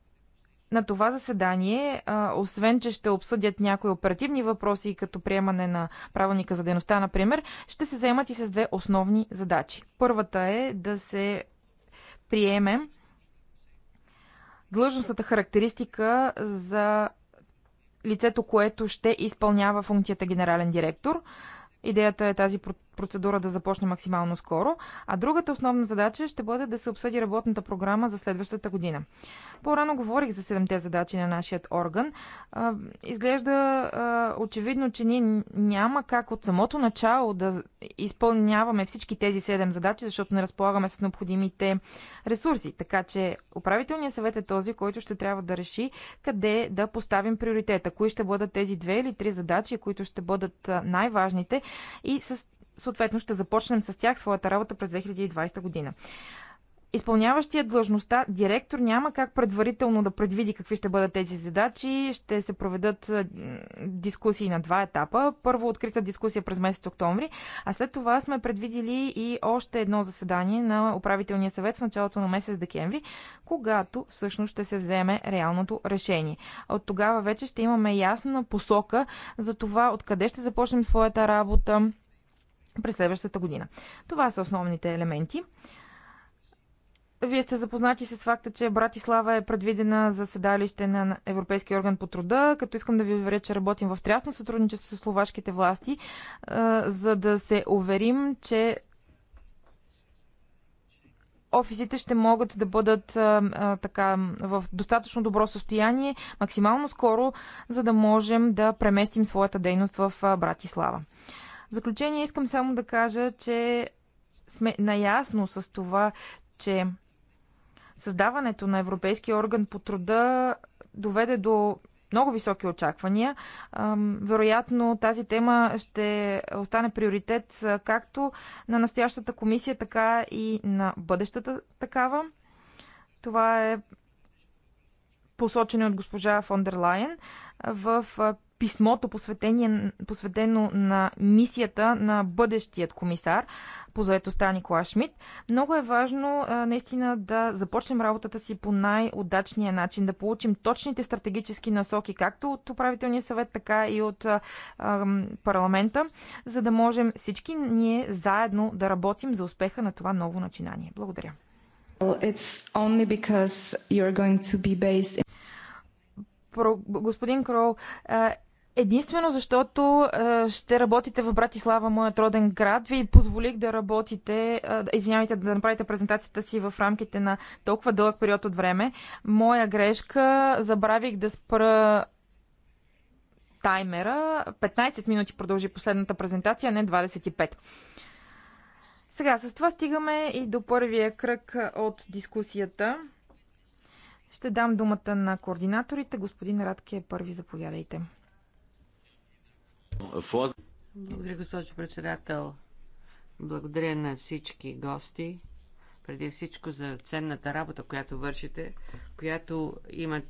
на това заседание, освен че ще обсъдят някои оперативни въпроси, като приемане на правилника за дейността, например, ще се заемат и с две основни задачи. Първата е да се приеме длъжностната характеристика за лицето, което ще изпълнява функцията генерален директор. Идеята е тази процедура да започне максимално скоро, а другата основна задача ще бъде да се обсъди работната програма за следващата година. По-рано говорих за седемте задачи на нашият орган. Изглежда очевидно, че ние няма как от самото начало да изпълняваме всички тези седем задачи, защото не разполагаме с необходимите ресурси. Така че управителният съвет е този, който ще трябва да реши къде да поставим приоритета, кои ще бъдат тези две или три задачи, които ще бъдат най-важните и с съответно ще започнем с тях своята работа през 2020 година. Изпълняващият длъжността директор няма как предварително да предвиди какви ще бъдат тези задачи. Ще се проведат дискусии на два етапа. Първо открита дискусия през месец октомври, а след това сме предвидили и още едно заседание на управителния съвет в началото на месец декември, когато всъщност ще се вземе реалното решение. От тогава вече ще имаме ясна посока за това откъде ще започнем своята работа, през следващата година. Това са основните елементи. Вие сте запознати с факта, че Братислава е предвидена за седалище на Европейския орган по труда, като искам да ви уверя, че работим в трясно сътрудничество с словашките власти, за да се уверим, че офисите ще могат да бъдат така в достатъчно добро състояние максимално скоро, за да можем да преместим своята дейност в Братислава. В заключение искам само да кажа, че сме наясно с това, че създаването на Европейския орган по труда доведе до много високи очаквания. Вероятно тази тема ще остане приоритет както на настоящата комисия, така и на бъдещата такава. Това е посочено от госпожа фон Лайен в писмото, посветено на мисията на бъдещият комисар по заедостта Никола Шмидт. Много е важно наистина да започнем работата си по най-удачния начин, да получим точните стратегически насоки, както от управителния съвет, така и от парламента, за да можем всички ние заедно да работим за успеха на това ново начинание. Благодаря. Well, in... Про... Господин Кроу, единствено защото а, е, ще работите в Братислава, моят роден град. Ви позволих да работите, е, а, извинявайте, да направите презентацията си в рамките на толкова дълъг период от време. Моя грешка, забравих да спра таймера. 15 минути продължи последната презентация, не 25. Сега, с това стигаме и до първия кръг от дискусията. Ще дам думата на координаторите. Господин Радке е първи, заповядайте. Благодаря, госпожо председател. Благодаря на всички гости преди всичко за ценната работа, която вършите, която има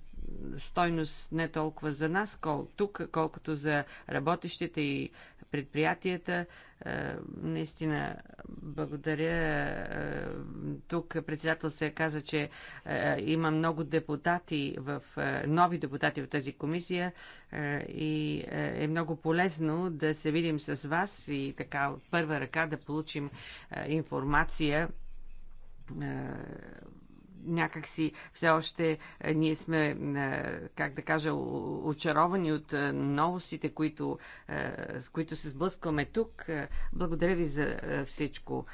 стойност не толкова за нас кол, тук, колкото за работещите и предприятията. Е, наистина, благодаря. Е, тук председател се каза, че е, има много депутати, в, нови депутати в тази комисия и е много полезно да се видим с вас и така от първа ръка да получим информация е, някакси все още е, ние сме, е, как да кажа, очаровани от новостите, които, с които се сблъскваме тук. Благодаря ви за всичко.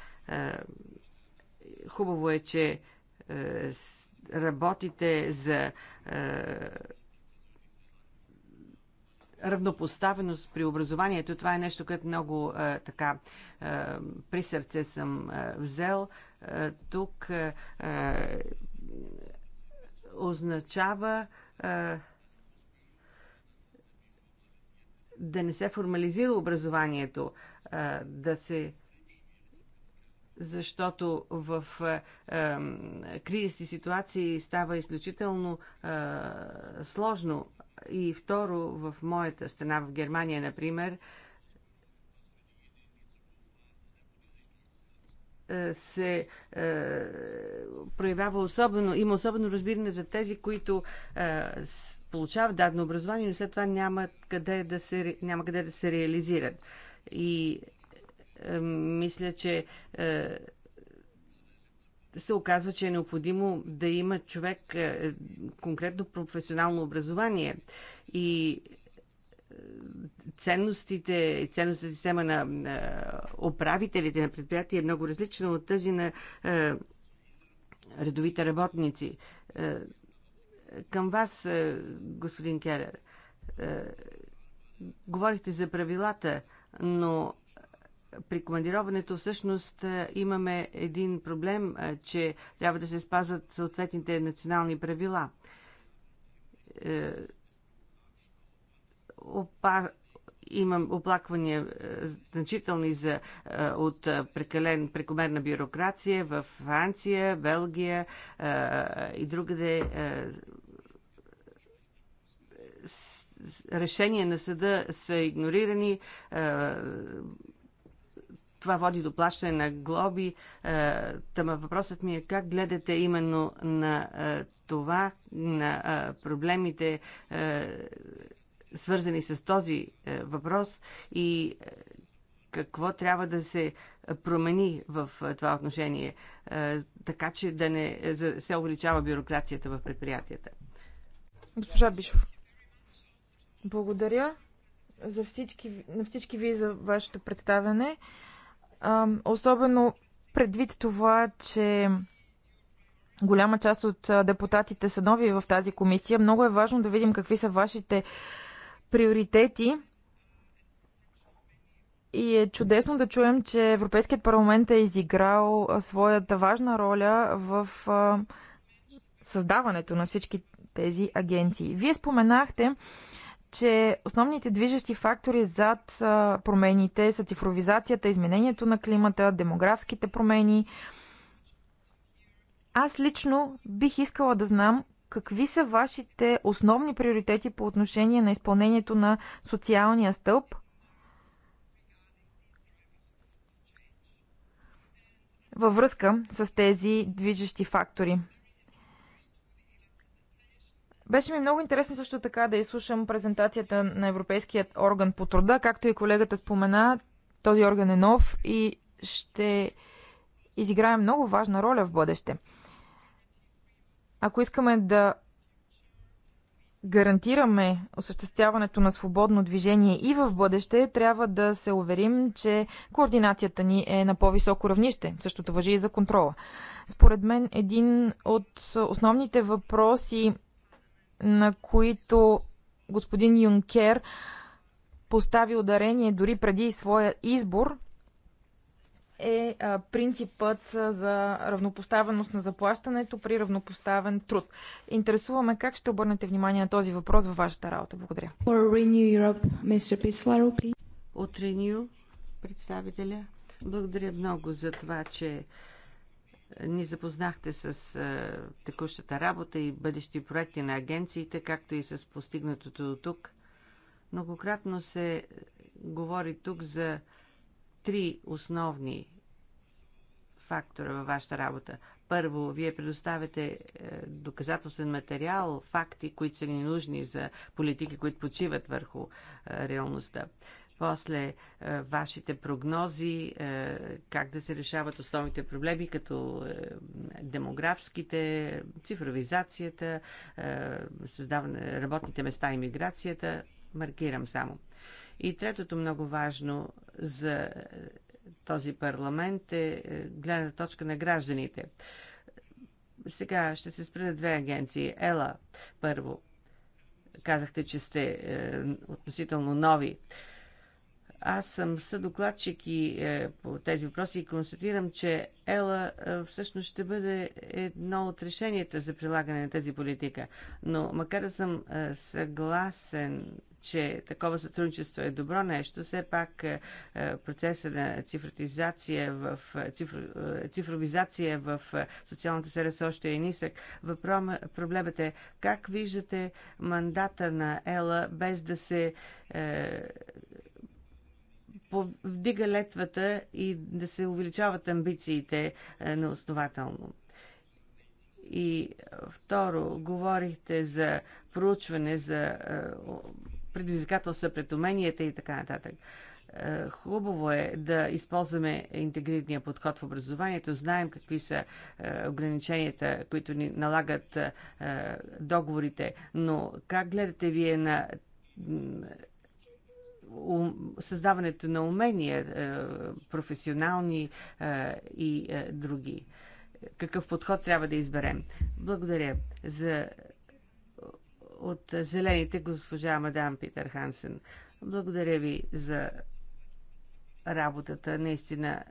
Хубаво е, че работите за равнопоставеност при образованието. Това е нещо, което много е, така е, при сърце съм е, взел. Е, тук е, е, означава е, да не се формализира образованието, е, да се защото в е, е, кризисни ситуации става изключително е, сложно и второ, в моята страна, в Германия, например, е, се е, проявява особено, има особено разбиране за тези, които е, получават дадено образование, но след това няма къде да се, няма къде да се реализират. И е, мисля, че е, се оказва, че е необходимо да има човек е, конкретно професионално образование и е, ценностите, ценностната система на управителите на предприятия е много различна от тази на е, редовите работници. Към вас, господин Келер, говорихте за правилата, но при командироването всъщност е, имаме един проблем, е, че трябва да се спазват съответните национални правила. Е, опа... Имам оплаквания значителни за, от прекален, прекомерна бюрокрация в Франция, Белгия и другаде решения на съда са игнорирани, това води до плащане на глоби. Е, Тама въпросът ми е как гледате именно на е, това, на е, проблемите, свързани с този въпрос и какво трябва да се промени в това отношение, така че да не се увеличава бюрокрацията в предприятията. Госпожа Бишов, благодаря за всички, на всички ви за вашето представяне особено предвид това, че голяма част от депутатите са нови в тази комисия, много е важно да видим какви са вашите приоритети. И е чудесно да чуем, че Европейският парламент е изиграл своята важна роля в създаването на всички тези агенции. Вие споменахте че основните движещи фактори зад промените са цифровизацията, изменението на климата, демографските промени. Аз лично бих искала да знам какви са вашите основни приоритети по отношение на изпълнението на социалния стълб във връзка с тези движещи фактори. Беше ми много интересно също така да изслушам презентацията на Европейският орган по труда. Както и колегата спомена, този орган е нов и ще изиграе много важна роля в бъдеще. Ако искаме да гарантираме осъществяването на свободно движение и в бъдеще, трябва да се уверим, че координацията ни е на по-високо равнище. Същото въжи и за контрола. Според мен един от основните въпроси на които господин Юнкер постави ударение дори преди своя избор, е принципът за равнопоставеност на заплащането при равнопоставен труд. Интересуваме как ще обърнете внимание на този въпрос във вашата работа. Благодаря. От Renew представителя. Благодаря много за това, че ни запознахте с текущата работа и бъдещи проекти на агенциите, както и с постигнатото до тук. Многократно се говори тук за три основни фактора във вашата работа. Първо, вие предоставяте е, доказателствен материал, факти, които са ни нужни за политики, които почиват върху е, реалността после е, вашите прогнози, е, как да се решават основните проблеми, като е, демографските, цифровизацията, е, създаване работните места и миграцията. Маркирам само. И третото много важно за този парламент е, е гледната точка на гражданите. Сега ще се спра на две агенции. Ела, първо, казахте, че сте е, относително нови. Е, аз съм съдокладчик и е, по тези въпроси и констатирам, че ЕЛА е, всъщност ще бъде едно от решенията за прилагане на тази политика. Но макар да съм е, съгласен, че такова сътрудничество е добро нещо, все пак е, е процеса на цифровизация в, е, цифро, е, цифровизация в е, социалната сфера все още е нисък. Въпром, проблемът е как виждате мандата на ЕЛА без да се е, повдига летвата и да се увеличават амбициите е, неоснователно. И е, второ, говорихте за проучване, за е, предизвикателство пред уменията и така нататък. Хубаво е да използваме интегрирания подход в образованието. Знаем какви са ограниченията, които ни налагат договорите, но как гледате вие на създаването на умения, е, професионални е, и е, други. Какъв подход трябва да изберем? Благодаря за от зелените госпожа Мадам Питър Хансен. Благодаря ви за работата. Наистина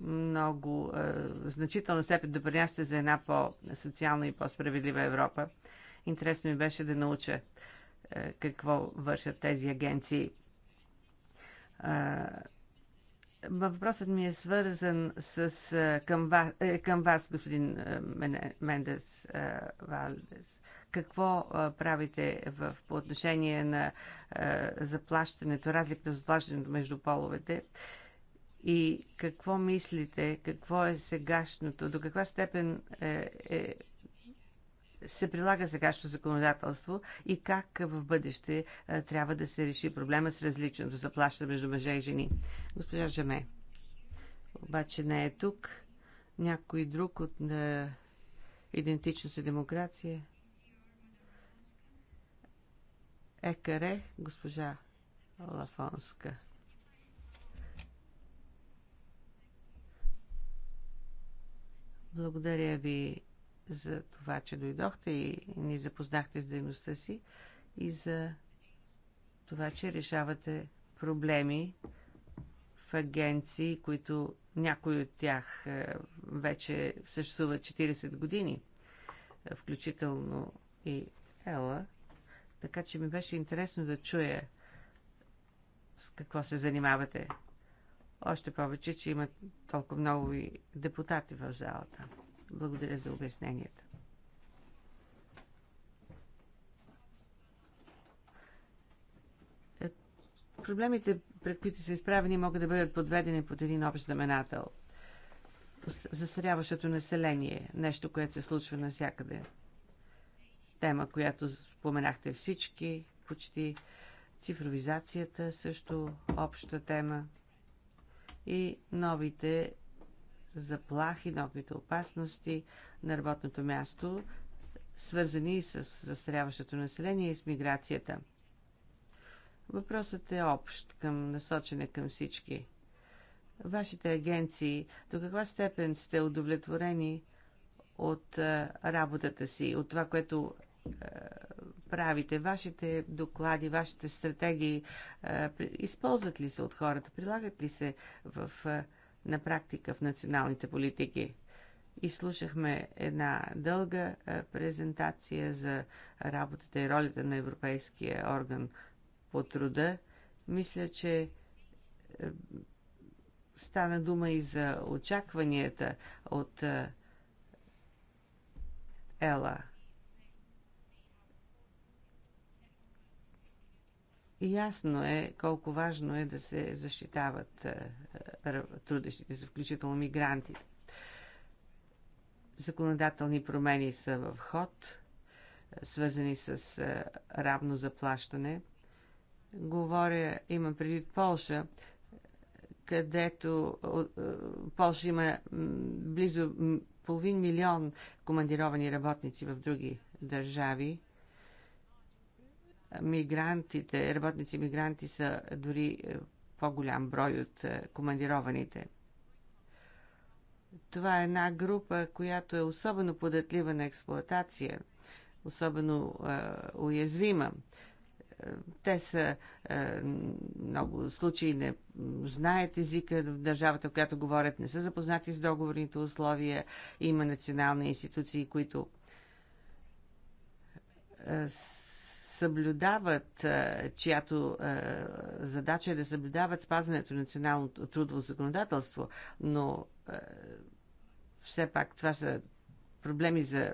много е, значителна степен допринасяте за една по-социална и по-справедлива Европа. Интересно ми беше да науча е, какво вършат тези агенции. Въпросът ми е свързан с, към, вас, е, към вас, господин Мендес Валдес. Какво правите в, по отношение на заплащането, разликата в заплащането между половете? И какво мислите, какво е сегашното, до каква степен е, е се прилага сегашното законодателство и как в бъдеще е, трябва да се реши проблема с различното заплащане между мъже и жени. Госпожа Жаме, обаче не е тук. Някой друг от на е, идентичност и демокрация. Екаре, госпожа Лафонска. Благодаря ви, за това, че дойдохте и ни запознахте с дейността си и за това, че решавате проблеми в агенции, които някои от тях е, вече съществуват 40 години, е, включително и Ела. Така че ми беше интересно да чуя с какво се занимавате. Още повече, че има толкова много и депутати в залата. Благодаря за обясненията. Е, проблемите, пред които са изправени, могат да бъдат подведени под един общ знаменател. Засаряващото население, нещо, което се случва навсякъде. Тема, която споменахте всички, почти цифровизацията също обща тема и новите заплахи, новите опасности на работното място, свързани с застаряващото население и с миграцията. Въпросът е общ, към, насочене към всички. Вашите агенции, до каква степен сте удовлетворени от работата си, от това, което правите, вашите доклади, вашите стратегии, използват ли се от хората, прилагат ли се в на практика в националните политики. Изслушахме една дълга презентация за работата и ролята на Европейския орган по труда. Мисля, че стана дума и за очакванията от Ела. Ясно е колко важно е да се защитават е, е, трудещите включително мигрантите. Законодателни промени са в ход, е, свързани с равно заплащане. Говоря, имам предвид Полша, където Полша има близо половин милион командировани работници в други държави мигрантите, работници мигранти са дори е, по-голям брой от е, командированите. Това е една група, която е особено податлива на експлоатация, особено е, уязвима. Те са е, много случаи не знаят езика в държавата, в която говорят, не са запознати с договорните условия. Има национални институции, които е, съблюдават, чиято задача е да съблюдават спазването на националното трудово законодателство, но все пак това са проблеми за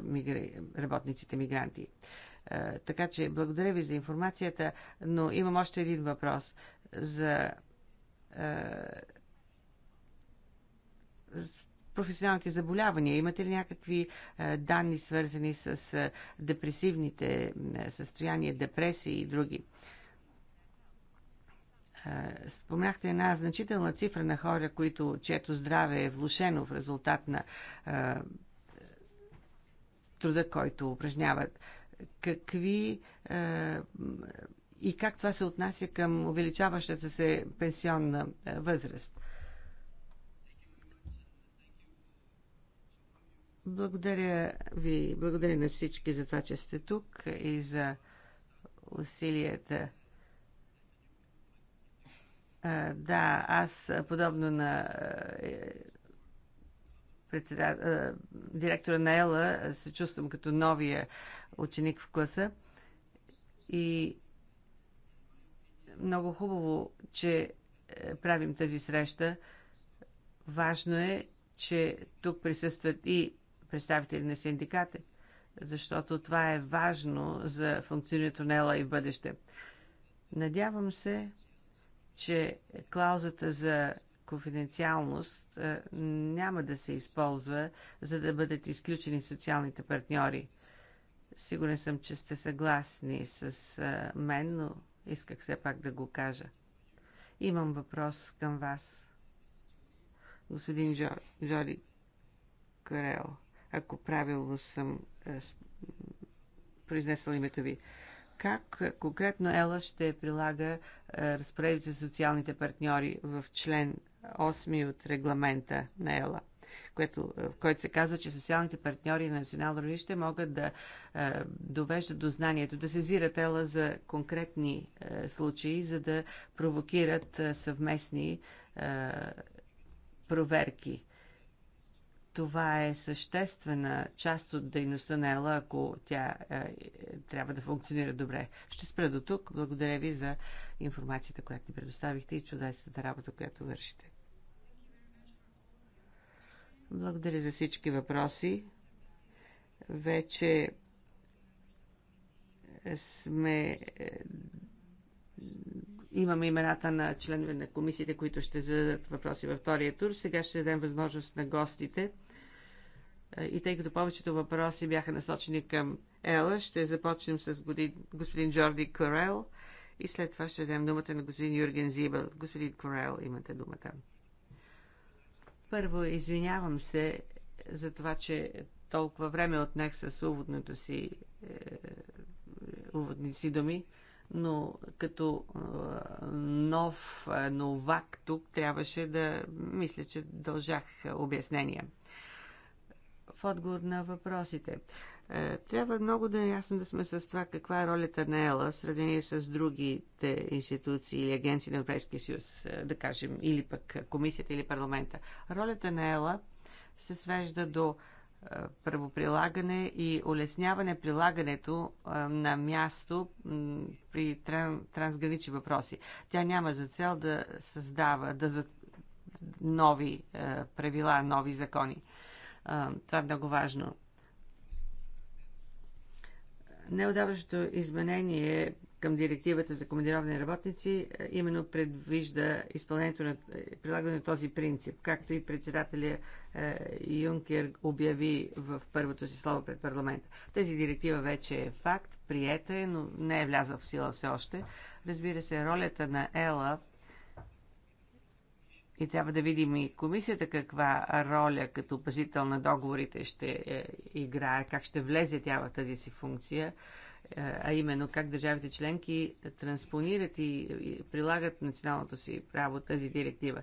работниците мигранти. Така че благодаря ви за информацията, но имам още един въпрос за професионалните заболявания? Имате ли някакви е, данни свързани с е, депресивните е, състояния, депресии и други? Спомняхте една значителна цифра на хора, които, чието здраве е влушено в резултат на е, труда, който упражняват. Какви е, и как това се отнася към увеличаващата се пенсионна възраст? Благодаря ви, благодаря на всички за това, че сте тук и за усилията. Да, аз подобно на е, а, е, директора на Ела се чувствам като новия ученик в класа и много хубаво, че е, правим тази среща. Важно е, че тук присъстват и представители на синдиката, защото това е важно за функционирането на ЕЛА и в бъдеще. Надявам се, че клаузата за конфиденциалност е, няма да се използва, за да бъдат изключени социалните партньори. Сигурен съм, че сте съгласни с е, мен, но исках все пак да го кажа. Имам въпрос към вас, господин Джори Карел ако правилно съм е, произнесла името ви. Как е, конкретно Ела ще прилага е, разпоредбите за социалните партньори в член 8 от регламента на Ела? което, в който се казва, че социалните партньори на национално равнище могат да е, довеждат до знанието, да сезират ела за конкретни е, случаи, за да провокират е, съвместни е, проверки. Това е съществена част от дейността на ЕЛА, ако тя е, трябва да функционира добре. Ще спра до тук. Благодаря ви за информацията, която ни предоставихте и чудесната работа, която вършите. Благодаря за всички въпроси. Вече сме е, имаме имената на членове на комисиите, които ще зададат въпроси във втория тур. Сега ще дадем възможност на гостите е, и тъй като повечето въпроси бяха насочени към Ела, ще започнем с господин Джорди Корел и след това ще дадем думата на господин Юрген Зибел. Господин Корел, имате думата. Първо, извинявам се за това, че толкова време отнех с уводното си, е, уводни си думи, но като е, нов е, новак тук трябваше да мисля, че дължах обяснения в отговор на въпросите. Е, трябва много да е ясно да сме с това каква е ролята на ЕЛА в сравнение с другите институции или агенции на Европейския съюз, е, да кажем, или пък комисията или парламента. Ролята на ЕЛА се свежда до е, правоприлагане и улесняване прилагането на място при трансгранични въпроси. Тя няма за цел да създава да за... нови правила, нови закони. Това е много важно. Неодаващото изменение към директивата за командировни работници е, именно предвижда изпълнението на прилагане на този принцип, както и председателя е, Юнкер обяви в първото си слово пред парламента. Тази директива вече е факт, приета е, но не е влязла в сила все още. Разбира се, ролята на ЕЛА и трябва да видим и комисията каква роля като пазител на договорите ще е, играе, как ще влезе тя в тази си функция е, а именно как държавите членки транспонират и прилагат националното си право тази директива.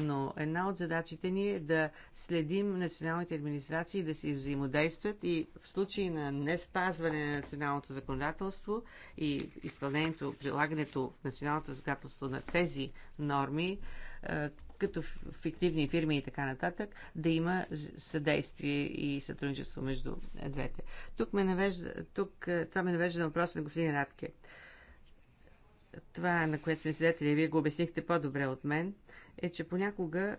Но една от задачите ни е да следим националните администрации да си взаимодействат и в случай на не спазване на националното законодателство и изпълнението, прилагането в националното законодателство на тези норми, е, като фиктивни фирми и така нататък, да има съдействие и сътрудничество между двете. Тук, ме навежда, тук е, това ме навежда на въпроса на господин Радке. Това, на което сме свидетели, вие го обяснихте по-добре от мен, е, че понякога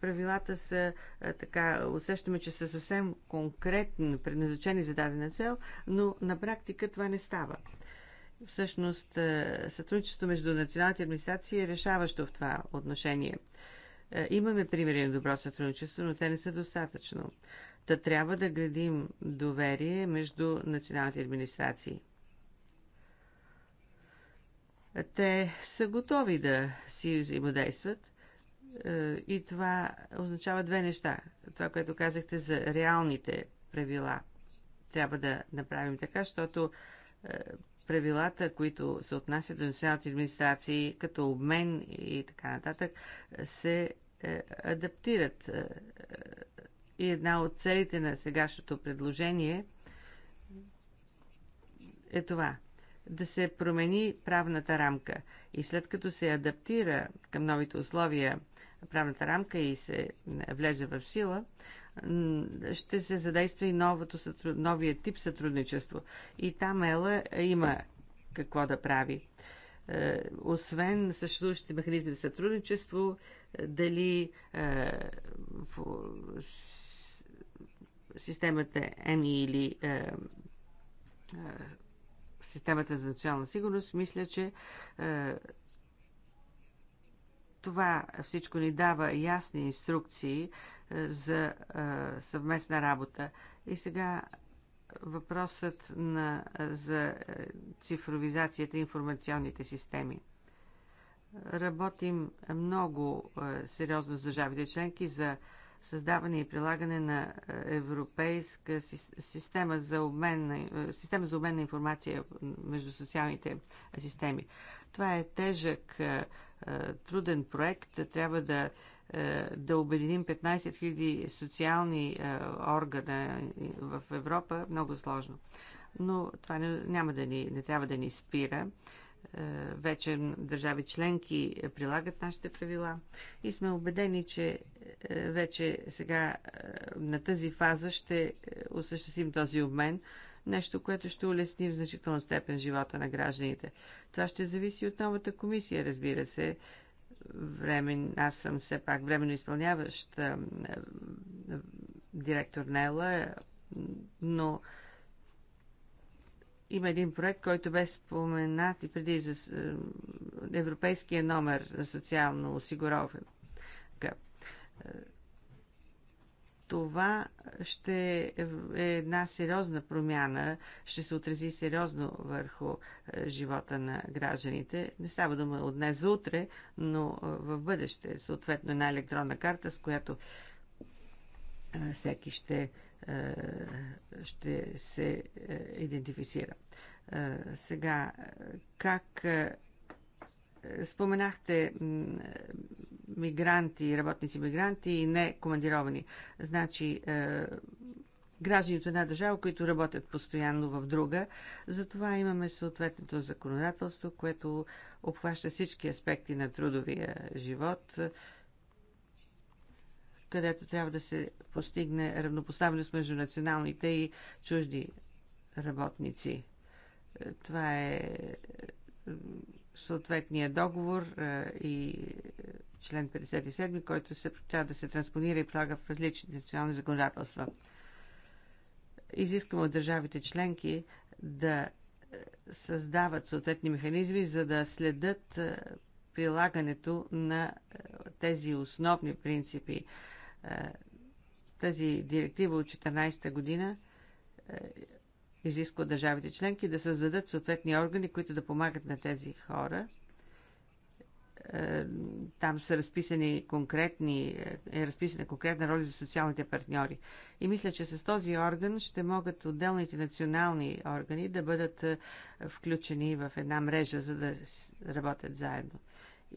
правилата са е, така, усещаме, че са съвсем конкретни, предназначени за дадена цел, но на практика това не става. Всъщност, е, сътрудничество между националните администрации е решаващо в това отношение. Е, имаме примери на добро сътрудничество, но те не са достатъчно. Та трябва да градим доверие между националните администрации. Те са готови да си взаимодействат е, и това означава две неща. Това, което казахте за реалните правила. Трябва да направим така, защото правилата, които се отнасят до националните администрации, като обмен и така нататък, се е, адаптират. Е, е, и една от целите на сегашното предложение е това да се промени правната рамка. И след като се адаптира към новите условия правната рамка и се влезе в сила, ще се задейства и новото, новия тип сътрудничество. И там Ела има какво да прави. Е, освен съществуващите механизми за сътрудничество, е, дали е, системата ЕМИ или системата за национална сигурност, мисля, че е, това всичко ни дава ясни инструкции за съвместна работа. И сега въпросът на, за цифровизацията и информационните системи. Работим много сериозно с държавите членки за създаване и прилагане на европейска система за обмен на, система за обмен на информация между социалните системи. Това е тежък, труден проект. Трябва да е, да обединим 15 000 социални е, органа в Европа, много сложно. Но това не, няма да ни, не трябва да ни спира. Е, вече държави членки прилагат нашите правила и сме убедени, че вече сега на тази фаза ще осъществим този обмен нещо, което ще улесни в значителна степен живота на гражданите. Това ще зависи от новата комисия, разбира се, времен, аз съм все пак временно изпълняващ директор Нела, но има един проект, който бе споменат и преди за европейския номер на социално осигуровка това ще е една сериозна промяна, ще се отрази сериозно върху е, живота на гражданите. Не става дума от днес за утре, но е, в бъдеще, съответно една електронна карта, с която е, всеки ще, ще се идентифицира. Сега, как споменахте мигранти, работници мигранти и не командировани. Значи, е, граждани от една държава, които работят постоянно в друга. Затова имаме съответното законодателство, което обхваща всички аспекти на трудовия живот, където трябва да се постигне равнопоставеност между националните и чужди работници. Това е съответния договор е, и член 57, който се трябва да се транспонира и прилага в различни национални законодателства. Изискваме от държавите членки да е, създават съответни механизми, за да следят е, прилагането на е, тези основни принципи. Тази директива от 14-та година изисква от държавите членки да създадат съответни органи, които да помагат на тези хора е, там са разписани конкретни, е, е разписана конкретна роля за социалните партньори. И мисля, че с този орган ще могат отделните национални органи да бъдат е, включени в една мрежа, за да работят заедно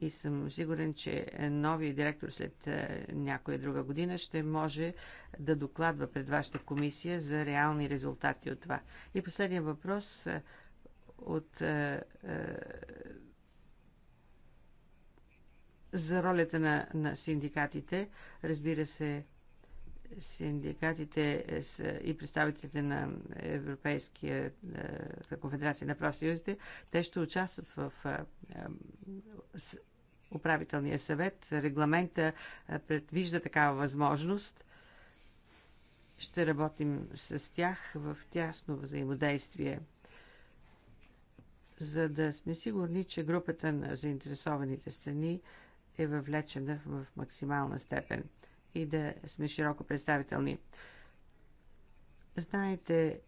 и съм сигурен, че новият директор след някоя друга година ще може да докладва пред вашата комисия за реални резултати от това. И последния въпрос от за ролята на, на синдикатите. Разбира се, синдикатите и представителите на Европейския е, конфедерация на профсъюзите, те ще участват в е, е, управителния съвет. Регламента предвижда такава възможност. Ще работим с тях в тясно взаимодействие, за да сме сигурни, че групата на заинтересованите страни е въвлечена в максимална степен и да сме широко представителни. Знаете,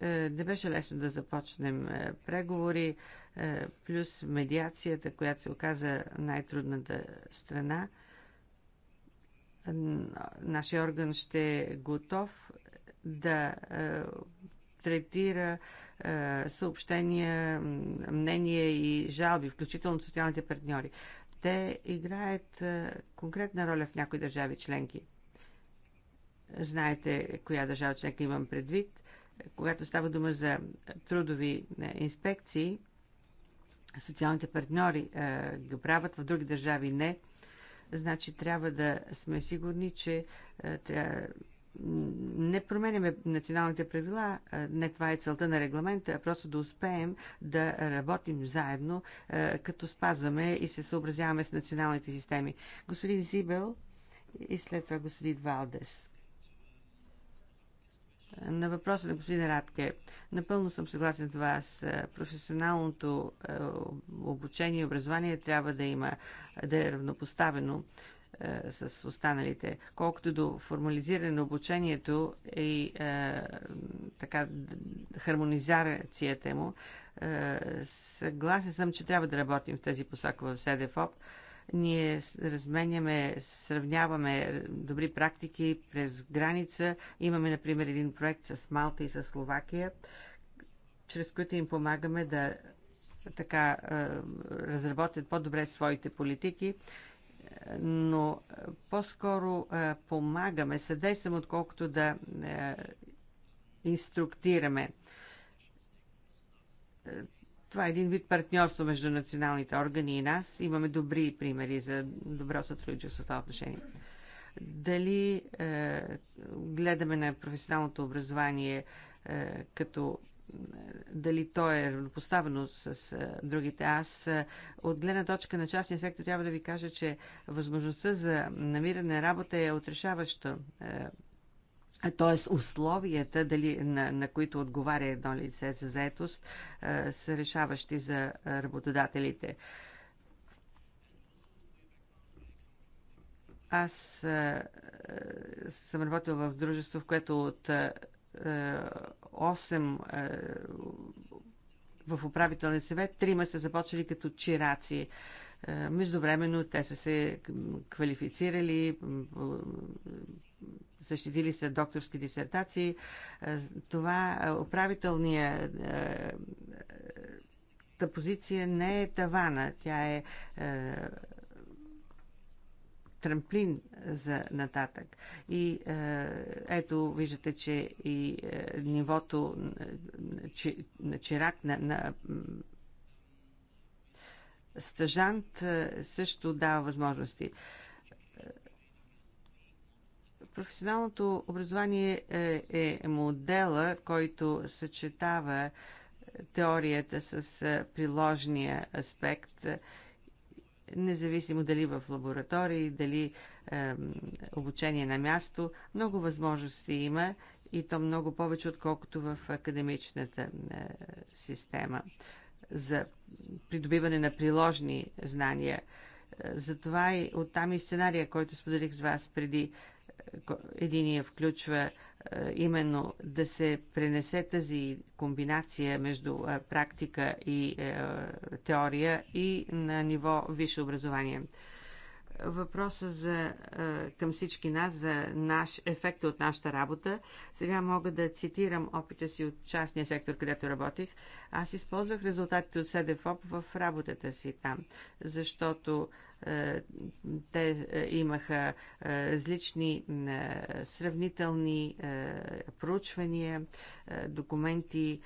е, не беше лесно да започнем е, преговори, е, плюс медиацията, която се оказа най-трудната страна. Нашия орган ще е готов да третира е, съобщения, мнения и жалби, включително социалните партньори. Те играят е, конкретна роля в някои държави членки. Знаете коя държава членка имам предвид. Когато става дума за трудови е, инспекции, социалните партньори го правят, в други държави не. Значи трябва да сме сигурни, че трябва не променяме националните правила, не това е целта на регламента, а просто да успеем да работим заедно, като спазваме и се съобразяваме с националните системи. Господин Зибел и след това господин Валдес. На въпроса на господин Радке, напълно съм съгласен с вас. Професионалното е, обучение и образование трябва да има да е равнопоставено а, е, с останалите. Колкото до формализиране на обучението и а, е, така хармонизацията му, е, съгласен съм, че трябва да работим в тази посока в СДФОП. Ние разменяме, сравняваме добри практики през граница. Имаме, например, един проект с Малта и с Словакия, чрез които им помагаме да така разработят по-добре своите политики но е, по-скоро е, помагаме, съдействаме, отколкото да е, инструктираме. Това е един вид партньорство между националните органи и нас. Имаме добри примери за добро сътрудничество в това отношение. Дали е, гледаме на професионалното образование е, като дали то е равнопоставено с другите. Аз от гледна точка на частния сектор трябва да ви кажа, че възможността за намиране на работа е отрешаваща т.е. условията, дали, на, на които отговаря едно лице за заетост, са решаващи за работодателите. Аз съм работил в дружество, в което от 8 е, в управителния съвет, трима са започнали като чираци. Е, междувременно те са се квалифицирали, защитили са докторски дисертации. Е, това управителния позиция не е тавана, тя е трамплин за нататък. И е, ето, виждате, че и е, нивото е, на черак на, на стъжант е, също дава възможности. Е, професионалното образование е, е модела, който съчетава теорията с приложния аспект независимо дали в лаборатории, дали е, обучение на място. Много възможности има и то много повече, отколкото в академичната е, система за придобиване на приложни знания. Е, затова и оттам и сценария, който споделих с вас преди, е, единия включва е, именно да се пренесе тази комбинация между е, практика и е, теория и на ниво висше образование въпроса за, към всички нас за наш, ефекта от нашата работа. Сега мога да цитирам опита си от частния сектор, където работих. Аз използвах резултатите от СДФОП в работата си там, защото е, те имаха е, различни е, сравнителни проучвания, документи,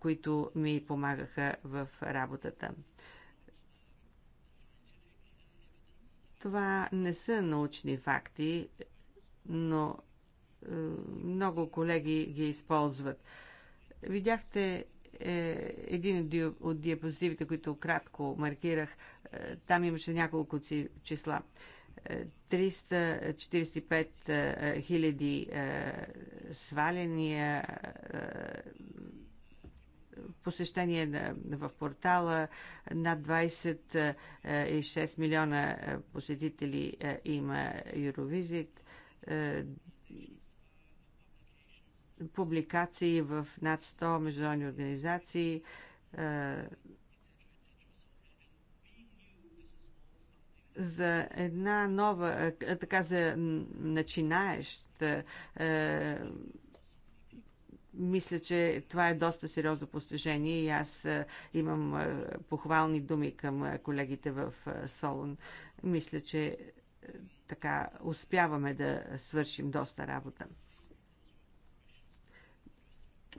които ми помагаха в работата. Това не са научни факти, но е, много колеги ги използват. Видяхте е, един от диапозитивите, които кратко маркирах, е, там имаше няколко числа. 345 е, е, хиляди сваления посещение на, в портала, над 26 е, милиона е, посетители е, има Eurovizit публикации в над 100 международни организации. За една нова, така за начинаещ мисля, че това е доста сериозно постижение и аз имам похвални думи към колегите в Солон. Мисля, че така успяваме да свършим доста работа.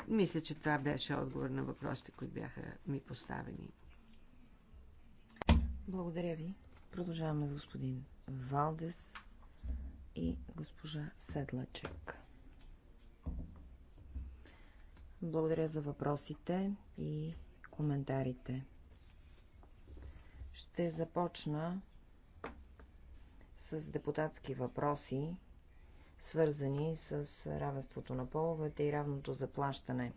Мисля, че това беше отговор на въпросите, които бяха ми поставени. Благодаря ви. Продължаваме с господин Валдес и госпожа Седлачек. Благодаря за въпросите и коментарите. Ще започна с депутатски въпроси, свързани с равенството на половете и равното заплащане.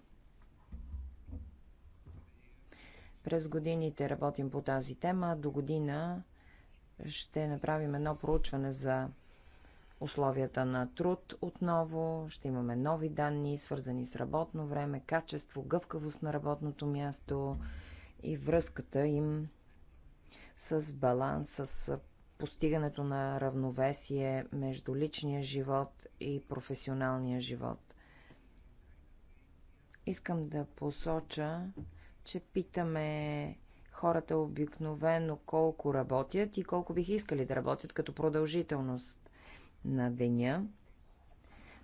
През годините работим по тази тема. До година ще направим едно проучване за условията на труд отново, ще имаме нови данни, свързани с работно време, качество, гъвкавост на работното място и връзката им с баланс, с постигането на равновесие между личния живот и професионалния живот. Искам да посоча, че питаме хората обикновено колко работят и колко бих искали да работят като продължителност на деня.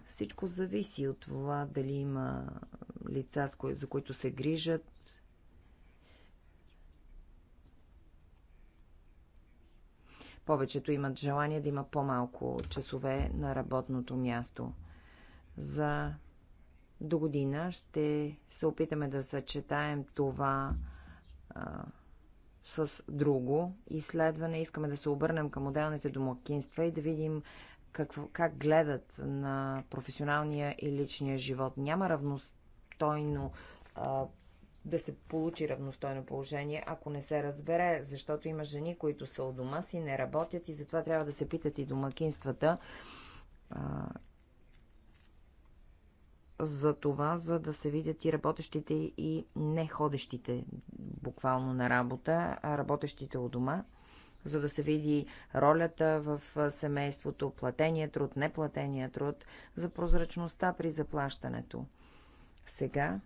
Всичко зависи от това дали има лица, за които се грижат. Повечето имат желание да има по-малко часове на работното място. За до година ще се опитаме да съчетаем това а, с друго изследване. Искаме да се обърнем към отделните домакинства и да видим какво, как гледат на професионалния и личния живот. Няма равностойно а, да се получи равностойно положение, ако не се разбере, защото има жени, които са у дома си, не работят и затова трябва да се питат и домакинствата а, за това, за да се видят и работещите и не ходещите буквално на работа, а работещите у дома – за да се види ролята в семейството, платения труд, неплатения труд, за прозрачността при заплащането. Сега,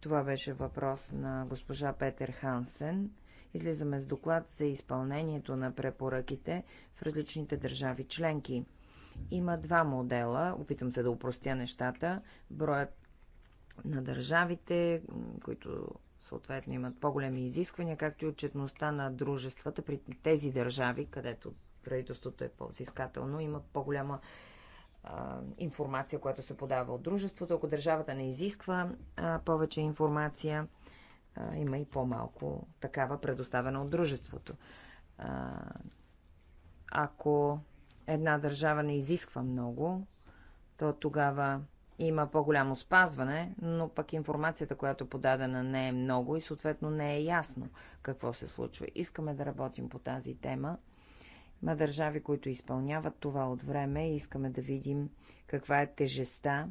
това беше въпрос на госпожа Петер Хансен, излизаме с доклад за изпълнението на препоръките в различните държави членки. Има два модела, опитам се да упростя нещата, броят на държавите, които съответно имат по-големи изисквания, както и отчетността на дружествата при тези държави, където правителството е по-взискателно, има по-голяма информация, която се подава от дружеството. Ако държавата не изисква а, повече информация, а, има и по-малко такава предоставена от дружеството. А, ако една държава не изисква много, то тогава има по-голямо спазване, но пък информацията, която е подадена не е много и съответно не е ясно какво се случва. Искаме да работим по тази тема. Има държави, които изпълняват това от време и искаме да видим каква е тежестта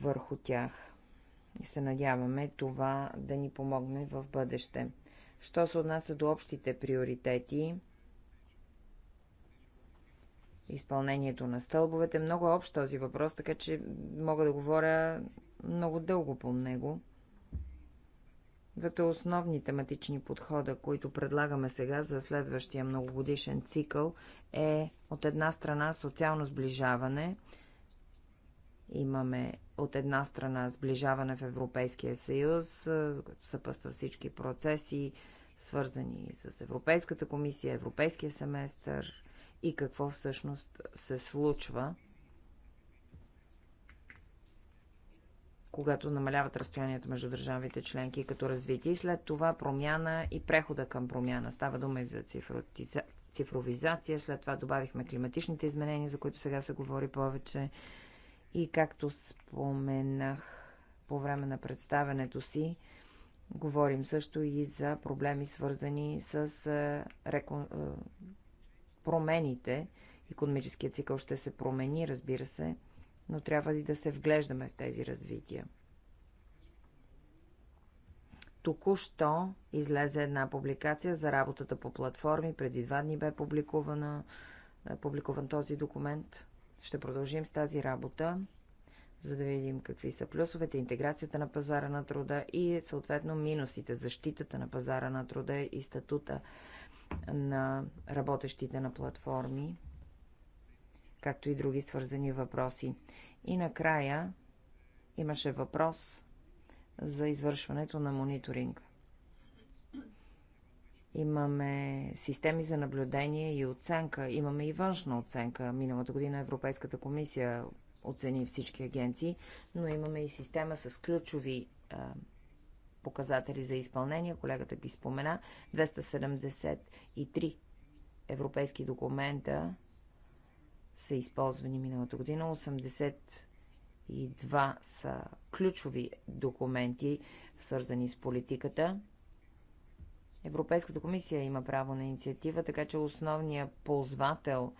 върху тях. И се надяваме това да ни помогне в бъдеще. Що се отнася до общите приоритети, изпълнението на стълбовете. Много Е общ този въпрос, така че мога да говоря много дълго по него. Двата основни тематични подхода, които предлагаме сега за следващия многогодишен цикъл е от една страна социално сближаване. Имаме от една страна сближаване в Европейския съюз, съпъства всички процеси, свързани с Европейската комисия, Европейския семестър, и какво всъщност се случва, когато намаляват разстоянията между държавите членки като развитие и след това промяна и прехода към промяна. Става дума и за цифротиза... цифровизация, след това добавихме климатичните изменения, за които сега се говори повече. И както споменах по време на представенето си, говорим също и за проблеми свързани с е, реко... Е, промените. Економическият цикъл ще се промени, разбира се, но трябва и да се вглеждаме в тези развития. Току-що излезе една публикация за работата по платформи. Преди два дни бе публикувана, е, публикуван този документ. Ще продължим с тази работа, за да видим какви са плюсовете, интеграцията на пазара на труда и съответно минусите, защитата на пазара на труда и статута на работещите на платформи, както и други свързани въпроси. И накрая имаше въпрос за извършването на мониторинг. Имаме системи за наблюдение и оценка. Имаме и външна оценка. Миналата година Европейската комисия оцени всички агенции, но имаме и система с ключови а, показатели за изпълнение, колегата ги спомена, 273 европейски документа са използвани миналата година, 82 са ключови документи, свързани с политиката. Европейската комисия има право на инициатива, така че основният ползвател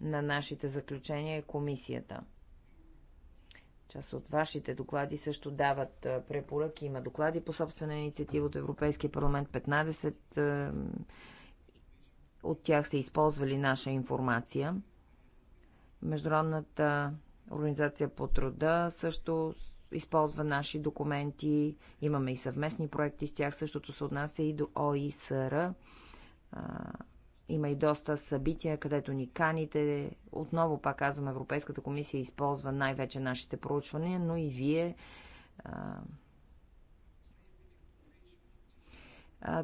на нашите заключения е комисията. Част от вашите доклади също дават препоръки. Има доклади по собствена инициатива от Европейския парламент. 15 от тях са използвали наша информация. Международната организация по труда също използва наши документи. Имаме и съвместни проекти с тях. Същото се отнася и до ОИСР има и доста събития, където ни каните. Отново, пак казвам, Европейската комисия използва най-вече нашите проучвания, но и вие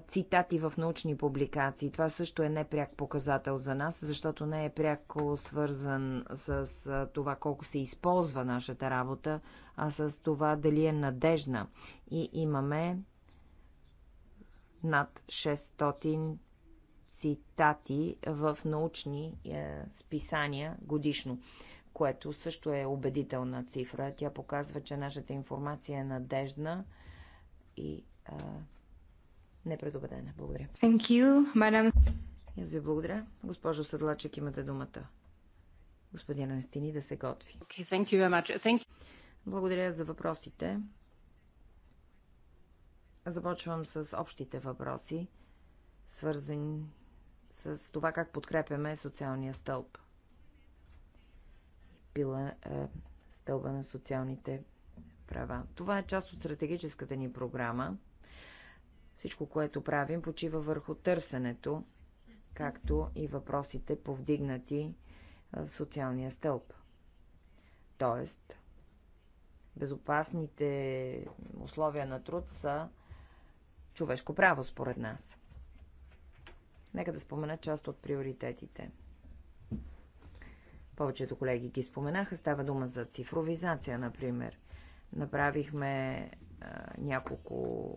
цитати в научни публикации. Това също е непряк показател за нас, защото не е пряко свързан с това колко се използва нашата работа, а с това дали е надежна. И имаме над 600 цитати в научни е, списания годишно, което също е убедителна цифра. Тя показва, че нашата информация е надежна и е, непредобедена. Благодаря. Thank you, madam. Аз ви благодаря. Госпожо Съдлачек, имате думата. Господин Анастини, да се готви. Okay, thank you very much. Thank you. Благодаря за въпросите. Започвам с общите въпроси, свързани с това как подкрепяме социалния стълб. Пила е, стълба на социалните права. Това е част от стратегическата ни програма. Всичко, което правим, почива върху търсенето, както и въпросите повдигнати е, в социалния стълб. Тоест, безопасните условия на труд са човешко право, според нас. Нека да спомена част от приоритетите. Повечето колеги ги споменаха. Става дума за цифровизация, например. Направихме а, няколко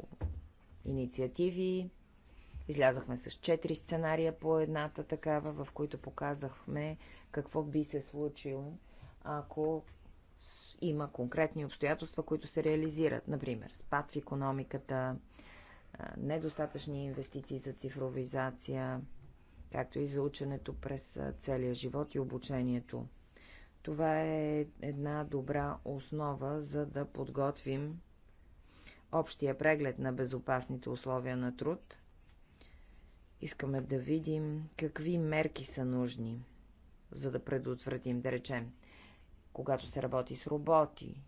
инициативи. Излязахме с четири сценария по едната такава, в които показахме какво би се случило, ако има конкретни обстоятелства, които се реализират. Например, спад в економиката, недостатъчни инвестиции за цифровизация, както и за ученето през целия живот и обучението. Това е една добра основа, за да подготвим общия преглед на безопасните условия на труд. Искаме да видим какви мерки са нужни, за да предотвратим, да речем, когато се работи с роботи,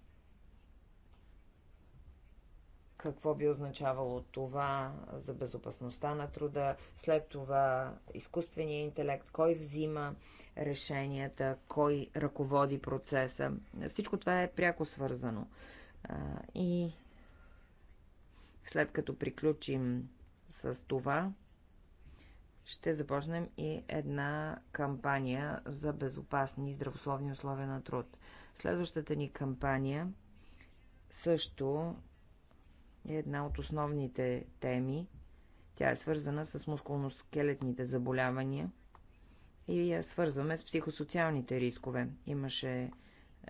какво би означавало това за безопасността на труда, след това изкуствения интелект, кой взима решенията, кой ръководи процеса. Всичко това е пряко свързано. И след като приключим с това, ще започнем и една кампания за безопасни и здравословни условия на труд. Следващата ни кампания също е една от основните теми. Тя е свързана с мускулно-скелетните заболявания и я свързваме с психосоциалните рискове. Имаше е,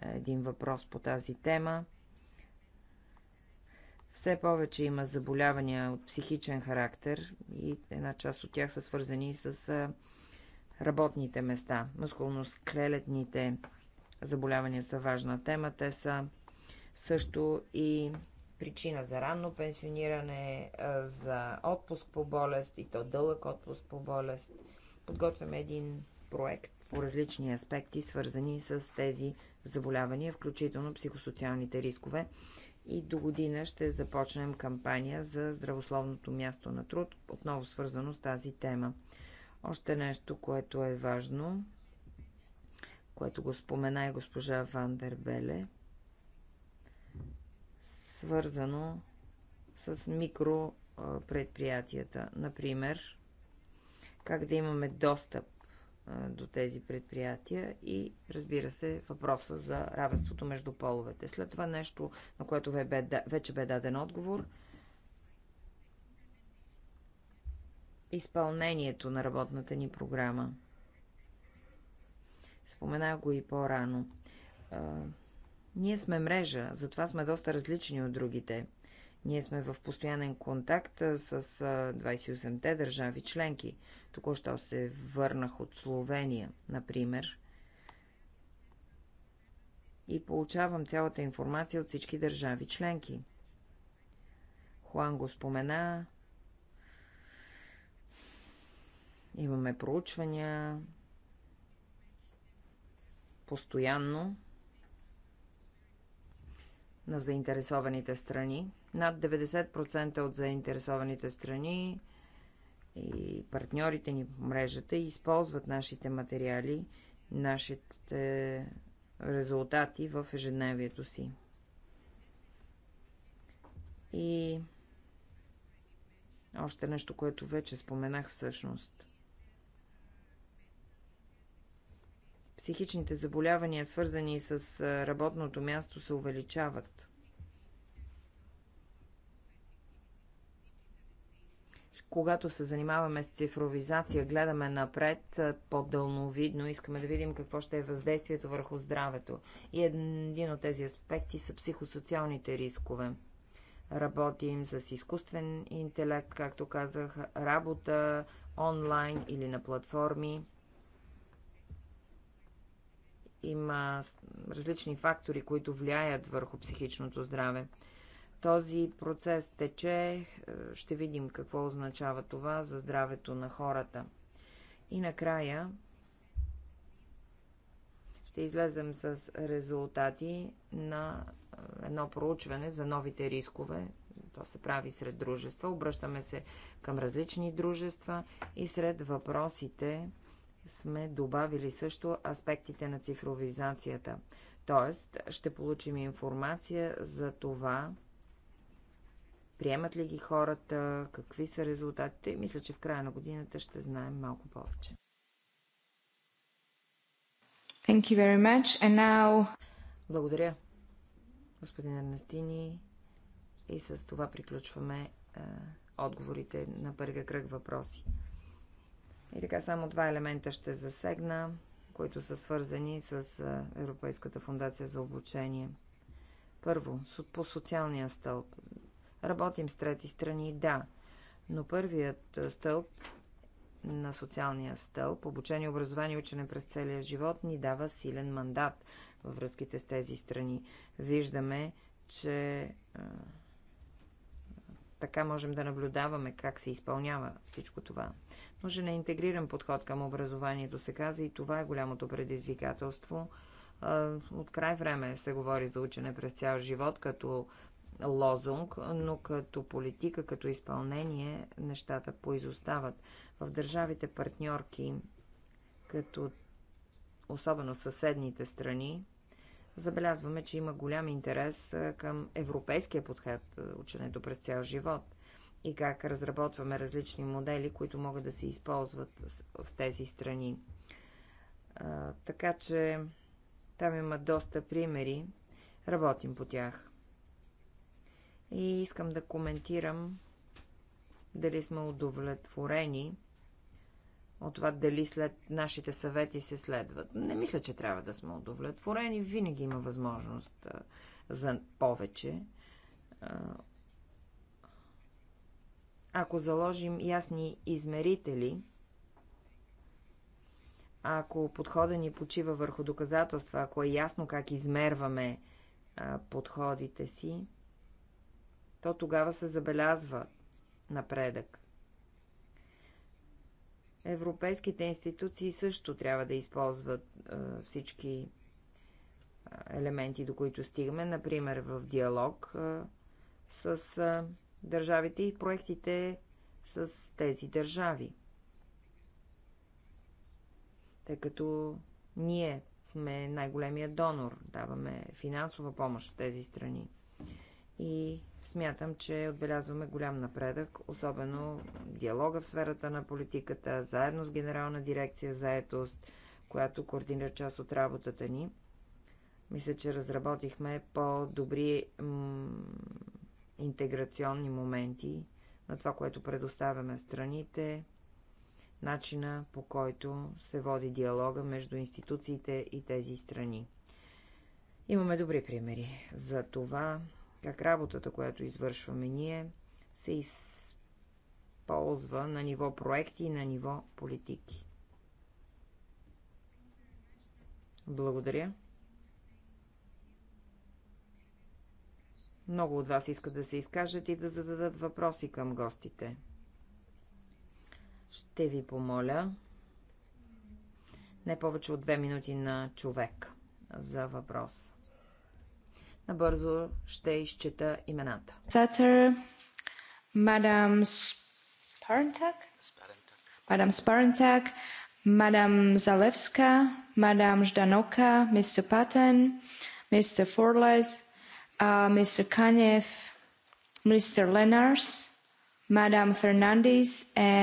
един въпрос по тази тема. Все повече има заболявания от психичен характер и една част от тях са свързани с е, работните места. Мускулно-скелетните заболявания са важна тема. Те са също и причина за ранно пенсиониране, за отпуск по болест и то дълъг отпуск по болест. Подготвяме един проект по различни аспекти, свързани с тези заболявания, включително психосоциалните рискове. И до година ще започнем кампания за здравословното място на труд, отново свързано с тази тема. Още нещо, което е важно, което го спомена и госпожа Вандербеле – свързано с микропредприятията. Например, как да имаме достъп до тези предприятия и, разбира се, въпроса за равенството между половете. След това нещо, на което вече бе даден отговор, изпълнението на работната ни програма. Споменах го и по-рано. Ние сме мрежа, затова сме доста различни от другите. Ние сме в постоянен контакт с 28-те държави членки. Току-що се върнах от Словения, например. И получавам цялата информация от всички държави членки. Хуан го спомена. Имаме проучвания. Постоянно на заинтересованите страни. Над 90% от заинтересованите страни и партньорите ни по мрежата използват нашите материали, нашите резултати в ежедневието си. И още нещо, което вече споменах всъщност – психичните заболявания, свързани с работното място, се увеличават. Когато се занимаваме с цифровизация, гледаме напред по-дълновидно, искаме да видим какво ще е въздействието върху здравето. И един от тези аспекти са психосоциалните рискове. Работим с изкуствен интелект, както казах, работа онлайн или на платформи има различни фактори, които влияят върху психичното здраве. Този процес тече, е, ще видим какво означава това за здравето на хората. И накрая ще излезем с резултати на е, едно проучване за новите рискове. То се прави сред дружества. Обръщаме се към различни дружества и сред въпросите сме добавили също аспектите на цифровизацията. Тоест, ще получим информация за това, приемат ли ги хората, какви са резултатите и мисля, че в края на годината ще знаем малко повече. Thank you very much. And now... Благодаря, господин Ернестини. И с това приключваме е, отговорите на първия кръг въпроси. И така само два елемента ще засегна, които са свързани с Европейската фундация за обучение. Първо, по социалния стълб. Работим с трети страни, да, но първият стълб на социалния стълб, обучение, образование и учене през целия живот, ни дава силен мандат във връзките с тези страни. Виждаме, че така можем да наблюдаваме как се изпълнява всичко това. Може на интегриран подход към образованието, се каза, и това е голямото предизвикателство. От край време се говори за учене през цял живот като лозунг, но като политика, като изпълнение, нещата поизостават. В държавите партньорки, като особено съседните страни, Забелязваме, че има голям интерес към европейския подход ученето през цял живот и как разработваме различни модели, които могат да се използват в тези страни. така че там има доста примери. Работим по тях. И искам да коментирам дали сме удовлетворени от това дали след нашите съвети се следват. Не мисля, че трябва да сме удовлетворени. Винаги има възможност за повече. Ако заложим ясни измерители, ако подхода ни почива върху доказателства, ако е ясно как измерваме подходите си, то тогава се забелязва напредък. Европейските институции също трябва да използват е, всички елементи, до които стигаме, например в диалог е, с е, държавите и проектите с тези държави. Тъй като ние сме най-големия донор, даваме финансова помощ в тези страни. И Смятам, че отбелязваме голям напредък, особено диалога в сферата на политиката, заедно с Генерална дирекция заетост, която координира част от работата ни. Мисля, че разработихме по-добри интеграционни моменти на това, което предоставяме в страните, начина по който се води диалога между институциите и тези страни. Имаме добри примери за това как работата, която извършваме ние, се използва на ниво проекти и на ниво политики. Благодаря. Много от вас искат да се изкажат и да зададат въпроси към гостите. Ще ви помоля не повече от две минути на човек за въпрос. Набързо ще изчета имената. Сатър, мадам Спарентак, мадам Спарентак, мадам Залевска, мадам Жданока, мистер Патен, мистер Форлес, мистер Канев, мистер Ленарс, мадам Фернандис и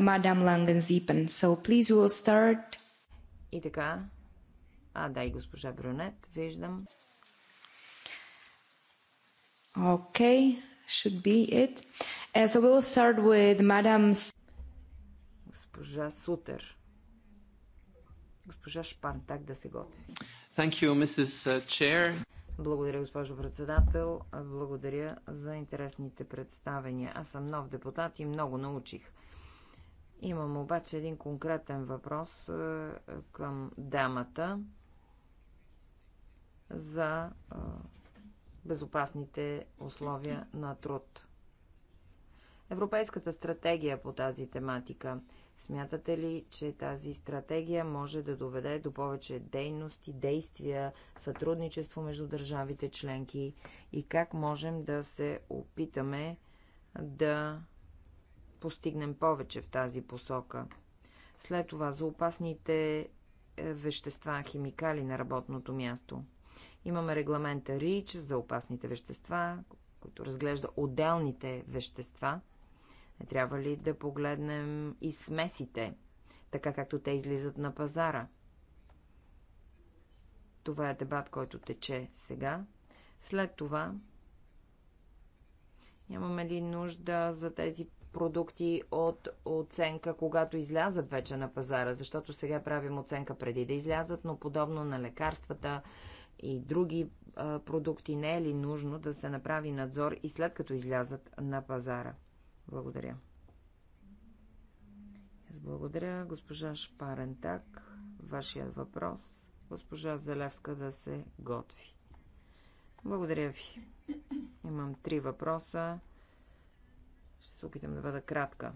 мадам Langenzipen. So please we'll start. И така. А, да, и госпожа Брюнет, виждам. Okay, should be it. Uh, so we'll start with Madam... Госпожа Сутер. Госпожа так да се готви. Thank you, Mrs. Chair. Благодаря, госпожо председател. Благодаря за интересните представения. Аз съм нов депутат и много научих. Имам обаче един конкретен въпрос е, към дамата за е, безопасните условия на труд. Европейската стратегия по тази тематика. Смятате ли, че тази стратегия може да доведе до повече дейности, действия, сътрудничество между държавите членки и как можем да се опитаме да постигнем повече в тази посока? След това за опасните е, вещества, химикали на работното място – Имаме регламента РИЧ за опасните вещества, който разглежда отделните вещества. Не трябва ли да погледнем и смесите, така както те излизат на пазара? Това е дебат, който тече сега. След това нямаме ли нужда за тези продукти от оценка, когато излязат вече на пазара, защото сега правим оценка преди да излязат, но подобно на лекарствата, и други а, продукти, не е ли нужно да се направи надзор и след като излязат на пазара? Благодаря. Благодаря, госпожа Шпарентак. Вашият въпрос, госпожа Залевска, да се готви. Благодаря ви. Имам три въпроса. Ще се опитам да бъда кратка.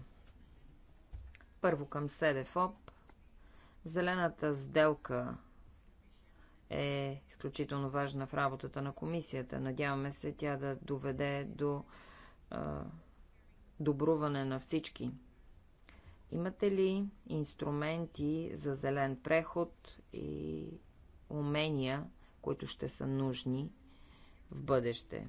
Първо към СДФОП. Зелената сделка е изключително важна в работата на комисията. Надяваме се тя да доведе до а, добруване на всички. Имате ли инструменти за зелен преход и умения, които ще са нужни в бъдеще?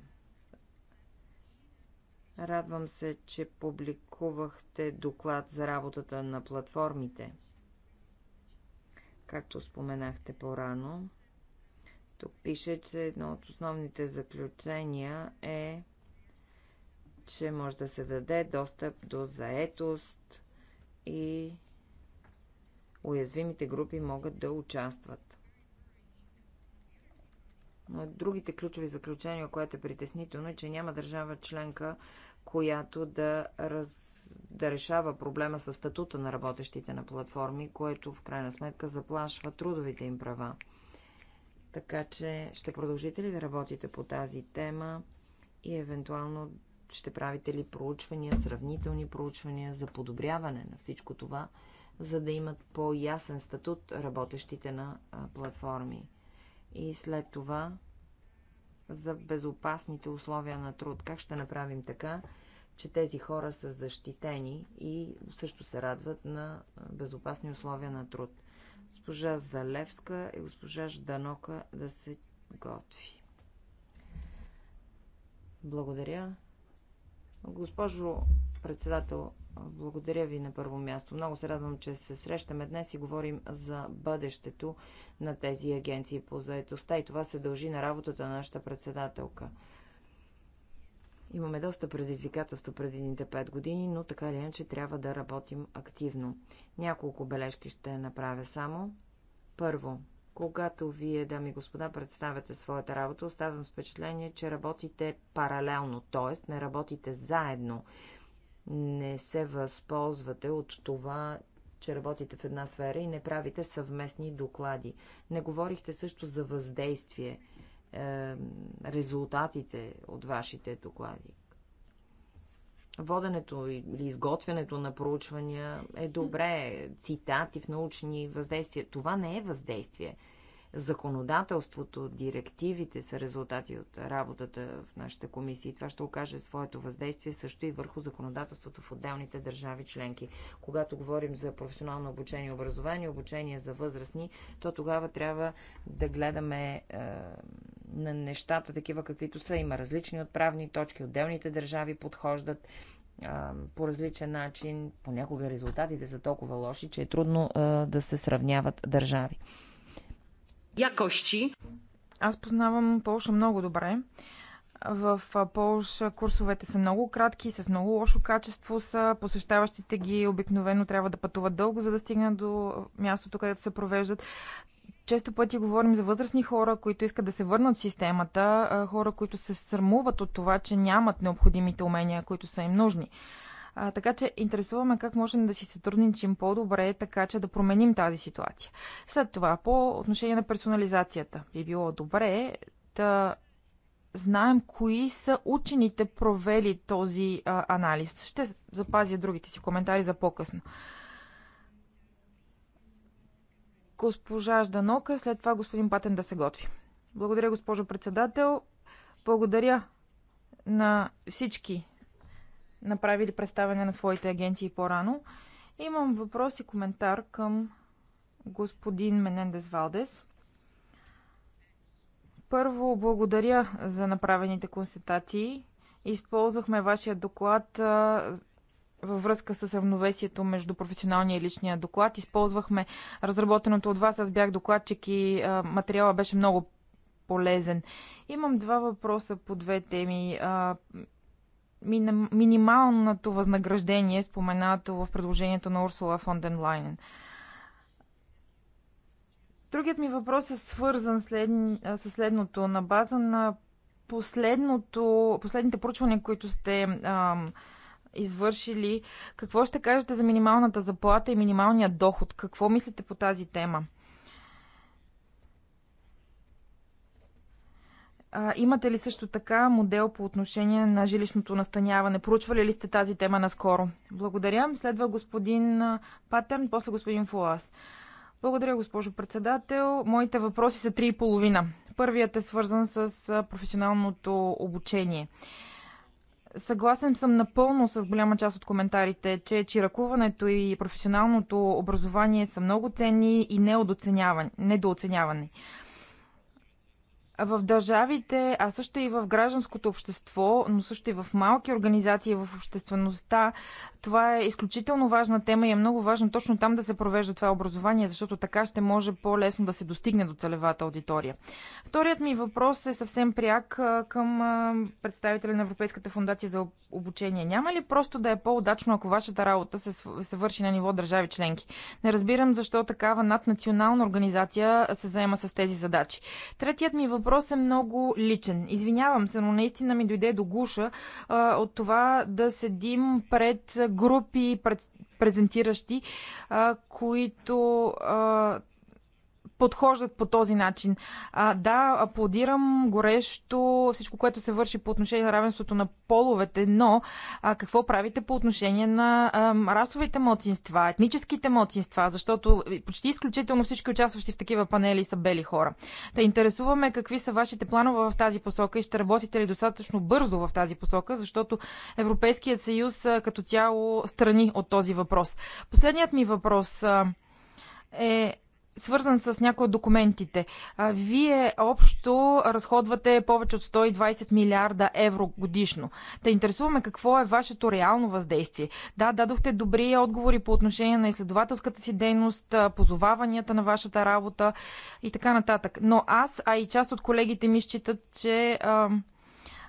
Радвам се, че публикувахте доклад за работата на платформите. Както споменахте по-рано, тук пише, че едно от основните заключения е, че може да се даде достъп до заетост и уязвимите групи могат да участват. Но другите ключови заключения, което е притеснително, е, че няма държава членка, която да, раз... да решава проблема с статута на работещите на платформи, което в крайна сметка заплашва трудовите им права. Така че ще продължите ли да работите по тази тема и евентуално ще правите ли проучвания, сравнителни проучвания за подобряване на всичко това, за да имат по-ясен статут работещите на платформи. И след това за безопасните условия на труд. Как ще направим така, че тези хора са защитени и също се радват на безопасни условия на труд? госпожа Залевска и госпожа Жданока да се готви. Благодаря. Госпожо председател, благодаря ви на първо място. Много се радвам, че се срещаме днес и говорим за бъдещето на тези агенции по заедостта и това се дължи на работата на нашата председателка. Имаме доста предизвикателства пред едните 5 години, но така или иначе трябва да работим активно. Няколко бележки ще направя само. Първо, когато вие, дами и господа, представяте своята работа, оставам с впечатление, че работите паралелно, т.е. не работите заедно. Не се възползвате от това, че работите в една сфера и не правите съвместни доклади. Не говорихте също за въздействие – е, резултатите от вашите доклади. Воденето или изготвянето на проучвания е добре, цитати в научни въздействия. Това не е въздействие. Законодателството, директивите са резултати от работата в нашите комисии. Това ще окаже своето въздействие също и върху законодателството в отделните държави членки. Когато говорим за професионално обучение и образование, обучение за възрастни, то тогава трябва да гледаме. Е на нещата такива каквито са. Има различни отправни точки, отделните държави подхождат по различен начин. Понякога резултатите са толкова лоши, че е трудно да се сравняват държави. Якощи. Аз познавам Полша много добре. В Полша курсовете са много кратки, с много лошо качество са. Посещаващите ги обикновено трябва да пътуват дълго, за да стигнат до мястото, където се провеждат често пъти говорим за възрастни хора, които искат да се върнат в системата, хора, които се срамуват от това, че нямат необходимите умения, които са им нужни. А, така че интересуваме как можем да си сътрудничим по-добре, така че да променим тази ситуация. След това, по отношение на персонализацията, би било добре да знаем кои са учените провели този а, анализ. Ще запазя другите си коментари за по-късно госпожа Жданока, след това господин Патен да се готви. Благодаря, госпожо председател. Благодаря на всички направили представяне на своите агенции по-рано. Имам въпрос и коментар към господин Менендес Валдес. Първо, благодаря за направените констатации. Използвахме вашия доклад във връзка с равновесието между професионалния и личния доклад. Използвахме разработеното от вас. Аз бях докладчик и а, материала беше много полезен. Имам два въпроса по две теми. А, минималното възнаграждение, споменато в предложението на Урсула фон ден Лайнен. Другият ми въпрос е свързан след, с следното. На база на последното, последните проучвания, които сте А, извършили. Какво ще кажете за минималната заплата и минималния доход? Какво мислите по тази тема? А, имате ли също така модел по отношение на жилищното настаняване? Проучвали ли сте тази тема наскоро? Благодаря. Следва господин Патерн, после господин Фулас. Благодаря, госпожо председател. Моите въпроси са три и половина. Първият е свързан с професионалното обучение. Съгласен съм напълно с голяма част от коментарите, че чиракуването и професионалното образование са много ценни и недооценявани в държавите, а също и в гражданското общество, но също и в малки организации в обществеността. Това е изключително важна тема и е много важно точно там да се провежда това образование, защото така ще може по-лесно да се достигне до целевата аудитория. Вторият ми въпрос е съвсем пряк към представителя на Европейската фундация за обучение. Няма ли просто да е по-удачно, ако вашата работа се, се върши на ниво държави членки? Не разбирам защо такава наднационална организация се заема с тези задачи. Третият ми въпрос въпрос е много личен. Извинявам се, но наистина ми дойде до гуша а, от това да седим пред групи пред презентиращи, а, които а, подхождат по този начин. А, да, аплодирам горещо всичко, което се върши по отношение на равенството на половете, но а, какво правите по отношение на а, расовите младсинства, етническите младсинства, защото почти изключително всички участващи в такива панели са бели хора. Да интересуваме какви са вашите планове в тази посока и ще работите ли достатъчно бързо в тази посока, защото Европейският съюз а, като цяло страни от този въпрос. Последният ми въпрос а, е свързан с някои от документите. Вие общо разходвате повече от 120 милиарда евро годишно. Та интересуваме какво е вашето реално въздействие. Да, дадохте добри отговори по отношение на изследователската си дейност, позоваванията на вашата работа и така нататък. Но аз, а и част от колегите ми считат, че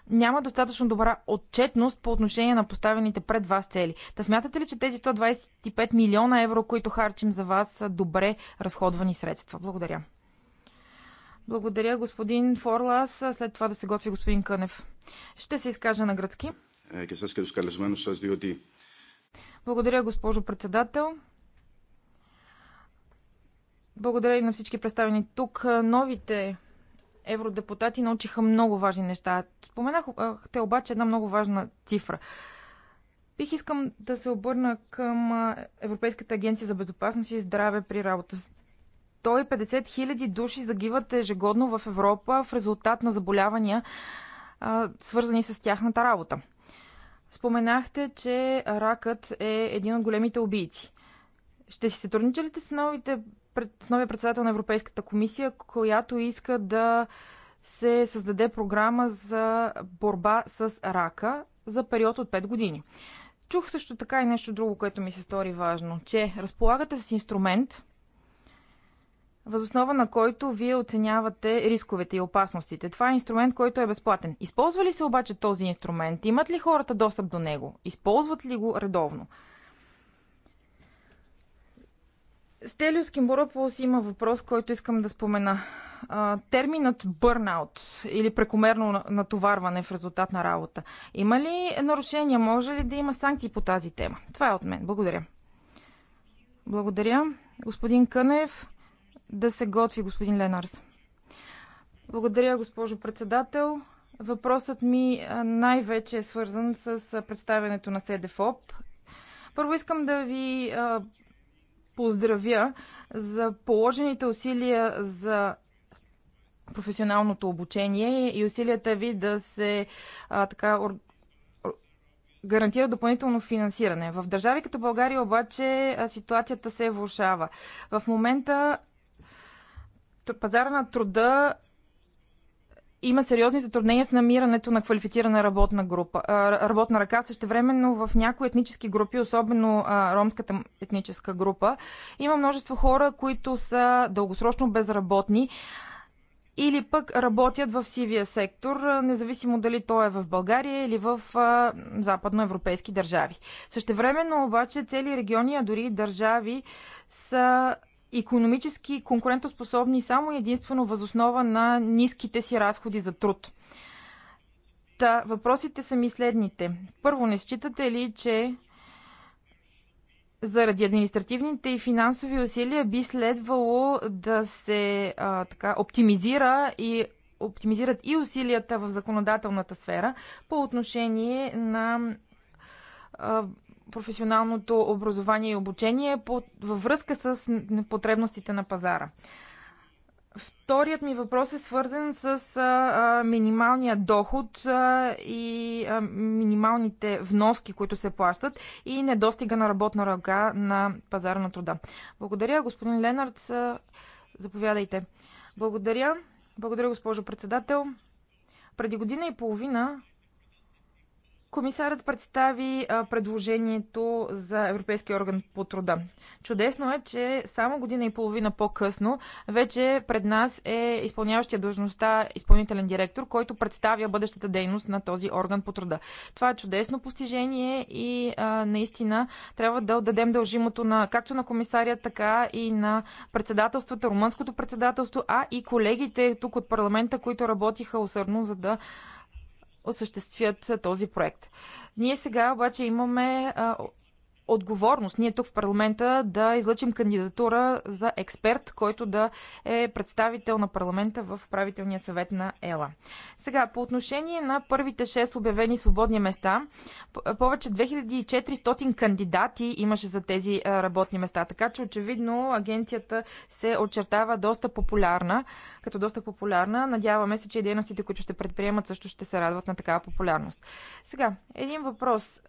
няма достатъчно добра отчетност по отношение на поставените пред вас цели. Та смятате ли, че тези 125 милиона евро, които харчим за вас, са добре разходвани средства? Благодаря. Благодаря, господин Форлас. След това да се готви господин Кънев. Ще се изкажа на гръцки. Е, Благодаря, госпожо председател. Благодаря и на всички представени тук новите евродепутати научиха много важни неща. Споменахте обаче една много важна цифра. Бих искам да се обърна към Европейската агенция за безопасност и здраве при работа. 150 хиляди души загиват ежегодно в Европа в резултат на заболявания, свързани с тяхната работа. Споменахте, че ракът е един от големите убийци. Ще си сътрудничалите с новите пред, с новия председател на Европейската комисия, която иска да се създаде програма за борба с рака за период от 5 години. Чух също така и нещо друго, което ми се стори важно, че разполагате с инструмент, възоснова на който вие оценявате рисковете и опасностите. Това е инструмент, който е безплатен. Използва ли се обаче този инструмент? Имат ли хората достъп до него? Използват ли го редовно? Стелиус Кимборополс има въпрос, който искам да спомена. Терминът бърнаут или прекомерно натоварване в резултат на работа. Има ли нарушения? Може ли да има санкции по тази тема? Това е от мен. Благодаря. Благодаря. Господин Кънев, да се готви господин Ленарс. Благодаря, госпожо председател. Въпросът ми най-вече е свързан с представянето на СДФОП. Първо искам да ви поздравя за положените усилия за професионалното обучение и усилията ви да се а, така гарантира допълнително финансиране. В държави като България обаче ситуацията се влушава. В момента пазара на труда има сериозни затруднения с намирането на квалифицирана работна, група, работна ръка. времено в някои етнически групи, особено ромската етническа група, има множество хора, които са дългосрочно безработни или пък работят в сивия сектор, независимо дали то е в България или в западноевропейски държави. Същевременно обаче цели региони, а дори и държави са економически конкурентоспособни само единствено възоснова на ниските си разходи за труд. Та, въпросите са ми следните. Първо, не считате ли, че заради административните и финансови усилия би следвало да се а, така, оптимизира и оптимизират и усилията в законодателната сфера по отношение на а, професионалното образование и обучение във връзка с потребностите на пазара. Вторият ми въпрос е свързан с а, минималния доход а, и а, минималните вноски, които се плащат и недостига на работна ръка на пазара на труда. Благодаря, господин Ленард. Заповядайте. Благодаря. Благодаря, госпожо председател. Преди година и половина Комисарът представи предложението за Европейския орган по труда. Чудесно е, че само година и половина по-късно вече пред нас е изпълняващия длъжността изпълнителен директор, който представя бъдещата дейност на този орган по труда. Това е чудесно постижение и а, наистина трябва да отдадем дължимото на както на комисария, така и на председателствата, румънското председателство, а и колегите тук от парламента, които работиха усърдно за да осъществят този проект. Ние сега обаче имаме отговорност ние тук в парламента да излъчим кандидатура за експерт, който да е представител на парламента в правителния съвет на ЕЛА. Сега, по отношение на първите 6 обявени свободни места, повече 2400 кандидати имаше за тези работни места, така че очевидно агенцията се очертава доста популярна, като доста популярна. Надяваме се, че и дейностите, които ще предприемат, също ще се радват на такава популярност. Сега, един въпрос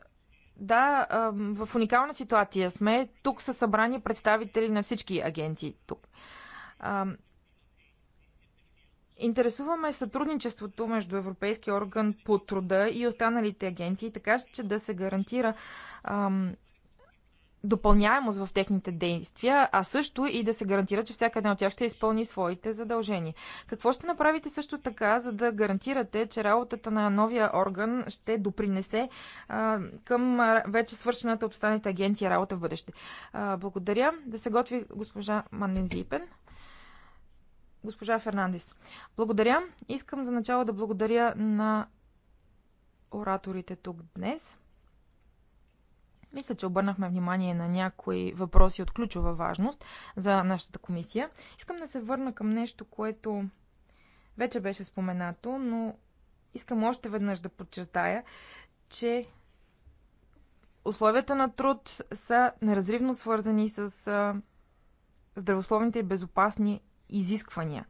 да, в уникална ситуация сме. Тук са събрани представители на всички агенции. Тук. Интересуваме сътрудничеството между Европейския орган по труда и останалите агенции, така че да се гарантира ам, допълняемост в техните действия, а също и да се гарантира, че всяка една от тях ще изпълни своите задължения. Какво ще направите също така, за да гарантирате, че работата на новия орган ще допринесе а, към вече свършената от останалите агенции работа в бъдеще? А, благодаря. Да се готви госпожа Манензипен. Госпожа Фернандис, Благодаря. Искам за начало да благодаря на ораторите тук днес. Мисля, че обърнахме внимание на някои въпроси от ключова важност за нашата комисия. Искам да се върна към нещо, което вече беше споменато, но искам още веднъж да подчертая, че условията на труд са неразривно свързани с здравословните и безопасни изисквания.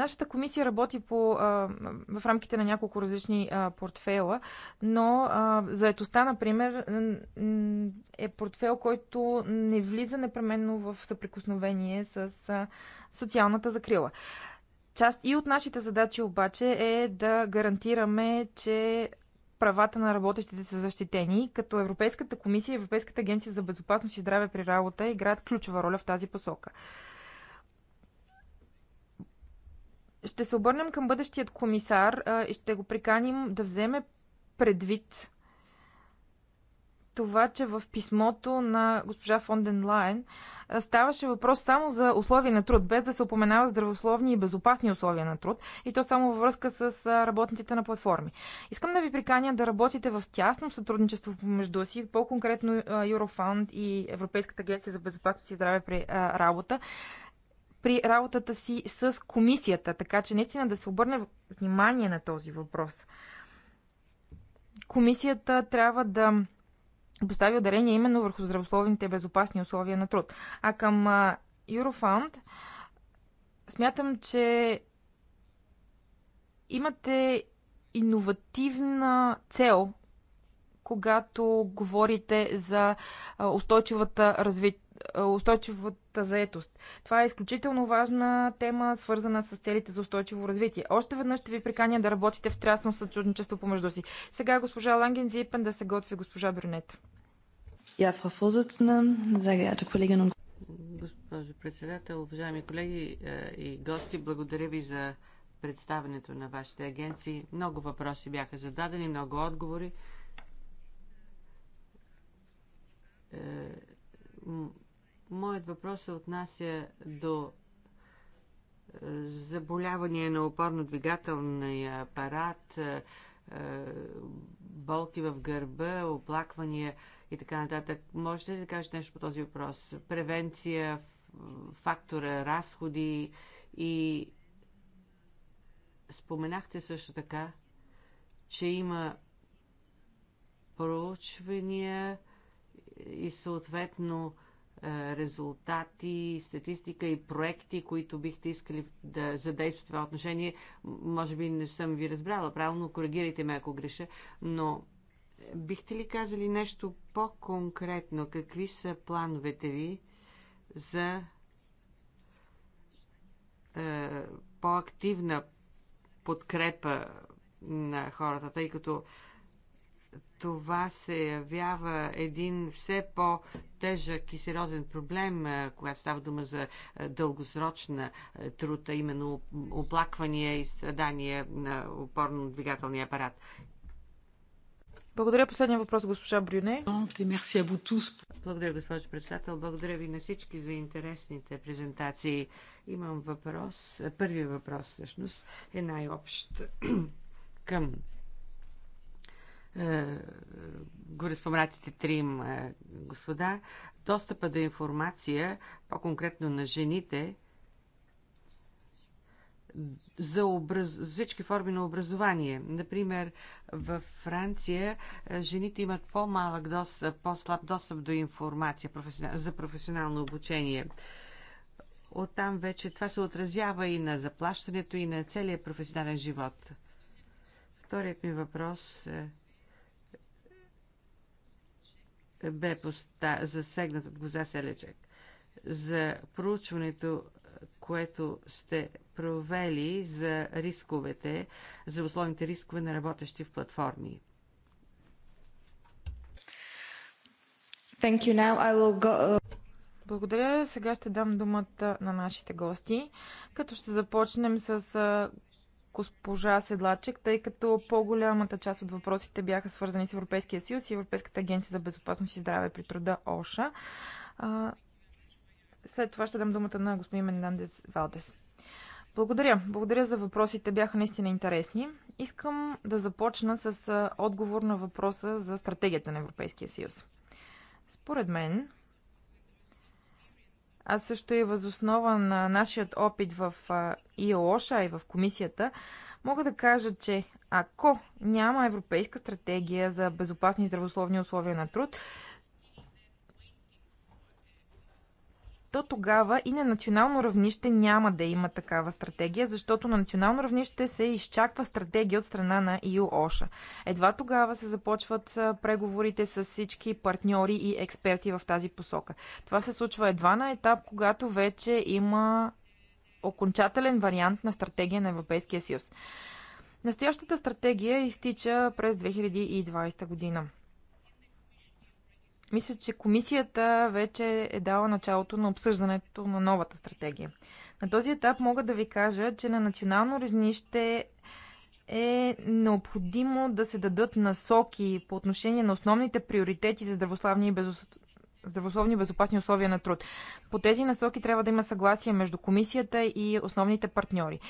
Нашата комисия работи по, а, в рамките на няколко различни а, портфела, но а, заетостта, например, е портфел, който не влиза непременно в съприкосновение с а, социалната закрила. Част и от нашите задачи обаче е да гарантираме, че правата на работещите са защитени, като Европейската комисия и Европейската агенция за безопасност и здраве при работа играят ключова роля в тази посока. Ще се обърнем към бъдещият комисар и ще го приканим да вземе предвид това, че в писмото на госпожа Фонден Лайн ставаше въпрос само за условия на труд, без да се упоменава здравословни и безопасни условия на труд, и то само във връзка с работниците на платформи. Искам да ви приканя да работите в тясно сътрудничество помежду си, по-конкретно Eurofound и Европейската агенция за безопасност и здраве при работа, при работата си с комисията. Така че наистина да се обърне внимание на този въпрос. Комисията трябва да постави ударение именно върху здравословните безопасни условия на труд. А към Eurofound смятам, че имате иновативна цел, когато говорите за устойчивата развит, устойчивата заетост. Това е изключително важна тема, свързана с целите за устойчиво развитие. Още веднъж ще ви приканя да работите в трясно сътрудничество помежду си. Сега госпожа Ланген Зипен да се готви госпожа Брюнет. Я Frau Vorsitzende, sehr geehrte Госпожо председател, уважаеми колеги е, и гости, благодаря ви за представенето на вашите агенции. Много въпроси бяха зададени, много отговори е, Моят въпрос се отнася до е, заболявания на опорно-двигателния апарат, е, е, болки в гърба, оплаквания и така нататък. Можете ли да кажете нещо по този въпрос? Превенция, фактора, разходи и споменахте също така, че има проучвания и съответно е, резултати, статистика и проекти, които бихте искали да задействат това отношение. Може би не съм ви разбрала правилно, коригирайте ме ако греша, но бихте ли казали нещо по-конкретно? Какви са плановете ви за е, по-активна подкрепа на хората, тъй като това се явява един все по- тежък и сериозен проблем, когато става дума за дългосрочна трута, именно оплаквания и страдания на опорно-двигателния апарат. Благодаря. Последния въпрос, госпожа Брюне. Е, Благодаря, госпожо председател. Благодаря ви на всички за интересните презентации. Имам въпрос. Първият въпрос, всъщност, е най-общ към е, гореспомратите трим е, господа, достъпа до информация, по-конкретно на жените, за образ... всички форми на образование. Например, в Франция е, жените имат по-малък достъп, по-слаб достъп до информация за професионално обучение. Оттам вече това се отразява и на заплащането, и на целия професионален живот. Вторият ми въпрос е бе поста... засегнат от Гоза Селечек. За проучването, което сте провели за рисковете, за условните рискове на работещи в платформи. Thank you. Now I will go... Uh, Благодаря. Сега ще дам думата на нашите гости, като ще започнем с uh, госпожа Седлачек, тъй като по-голямата част от въпросите бяха свързани с Европейския съюз и Европейската агенция за безопасност и здраве при труда ОША. След това ще дам думата на господин Менандес Валдес. Благодаря. Благодаря за въпросите. Бяха наистина интересни. Искам да започна с отговор на въпроса за стратегията на Европейския съюз. Според мен, а също и възоснова на нашият опит в ИОШа и в комисията, мога да кажа, че ако няма европейска стратегия за безопасни и здравословни условия на труд, то тогава и на национално равнище няма да има такава стратегия, защото на национално равнище се изчаква стратегия от страна на ИО Едва тогава се започват преговорите с всички партньори и експерти в тази посока. Това се случва едва на етап, когато вече има окончателен вариант на стратегия на Европейския съюз. Настоящата стратегия изтича през 2020 година. Мисля, че комисията вече е дала началото на обсъждането на новата стратегия. На този етап мога да ви кажа, че на национално равнище е необходимо да се дадат насоки по отношение на основните приоритети за здравословни и безусловни здравословни и безопасни условия на труд. По тези насоки трябва да има съгласие между комисията и основните партньори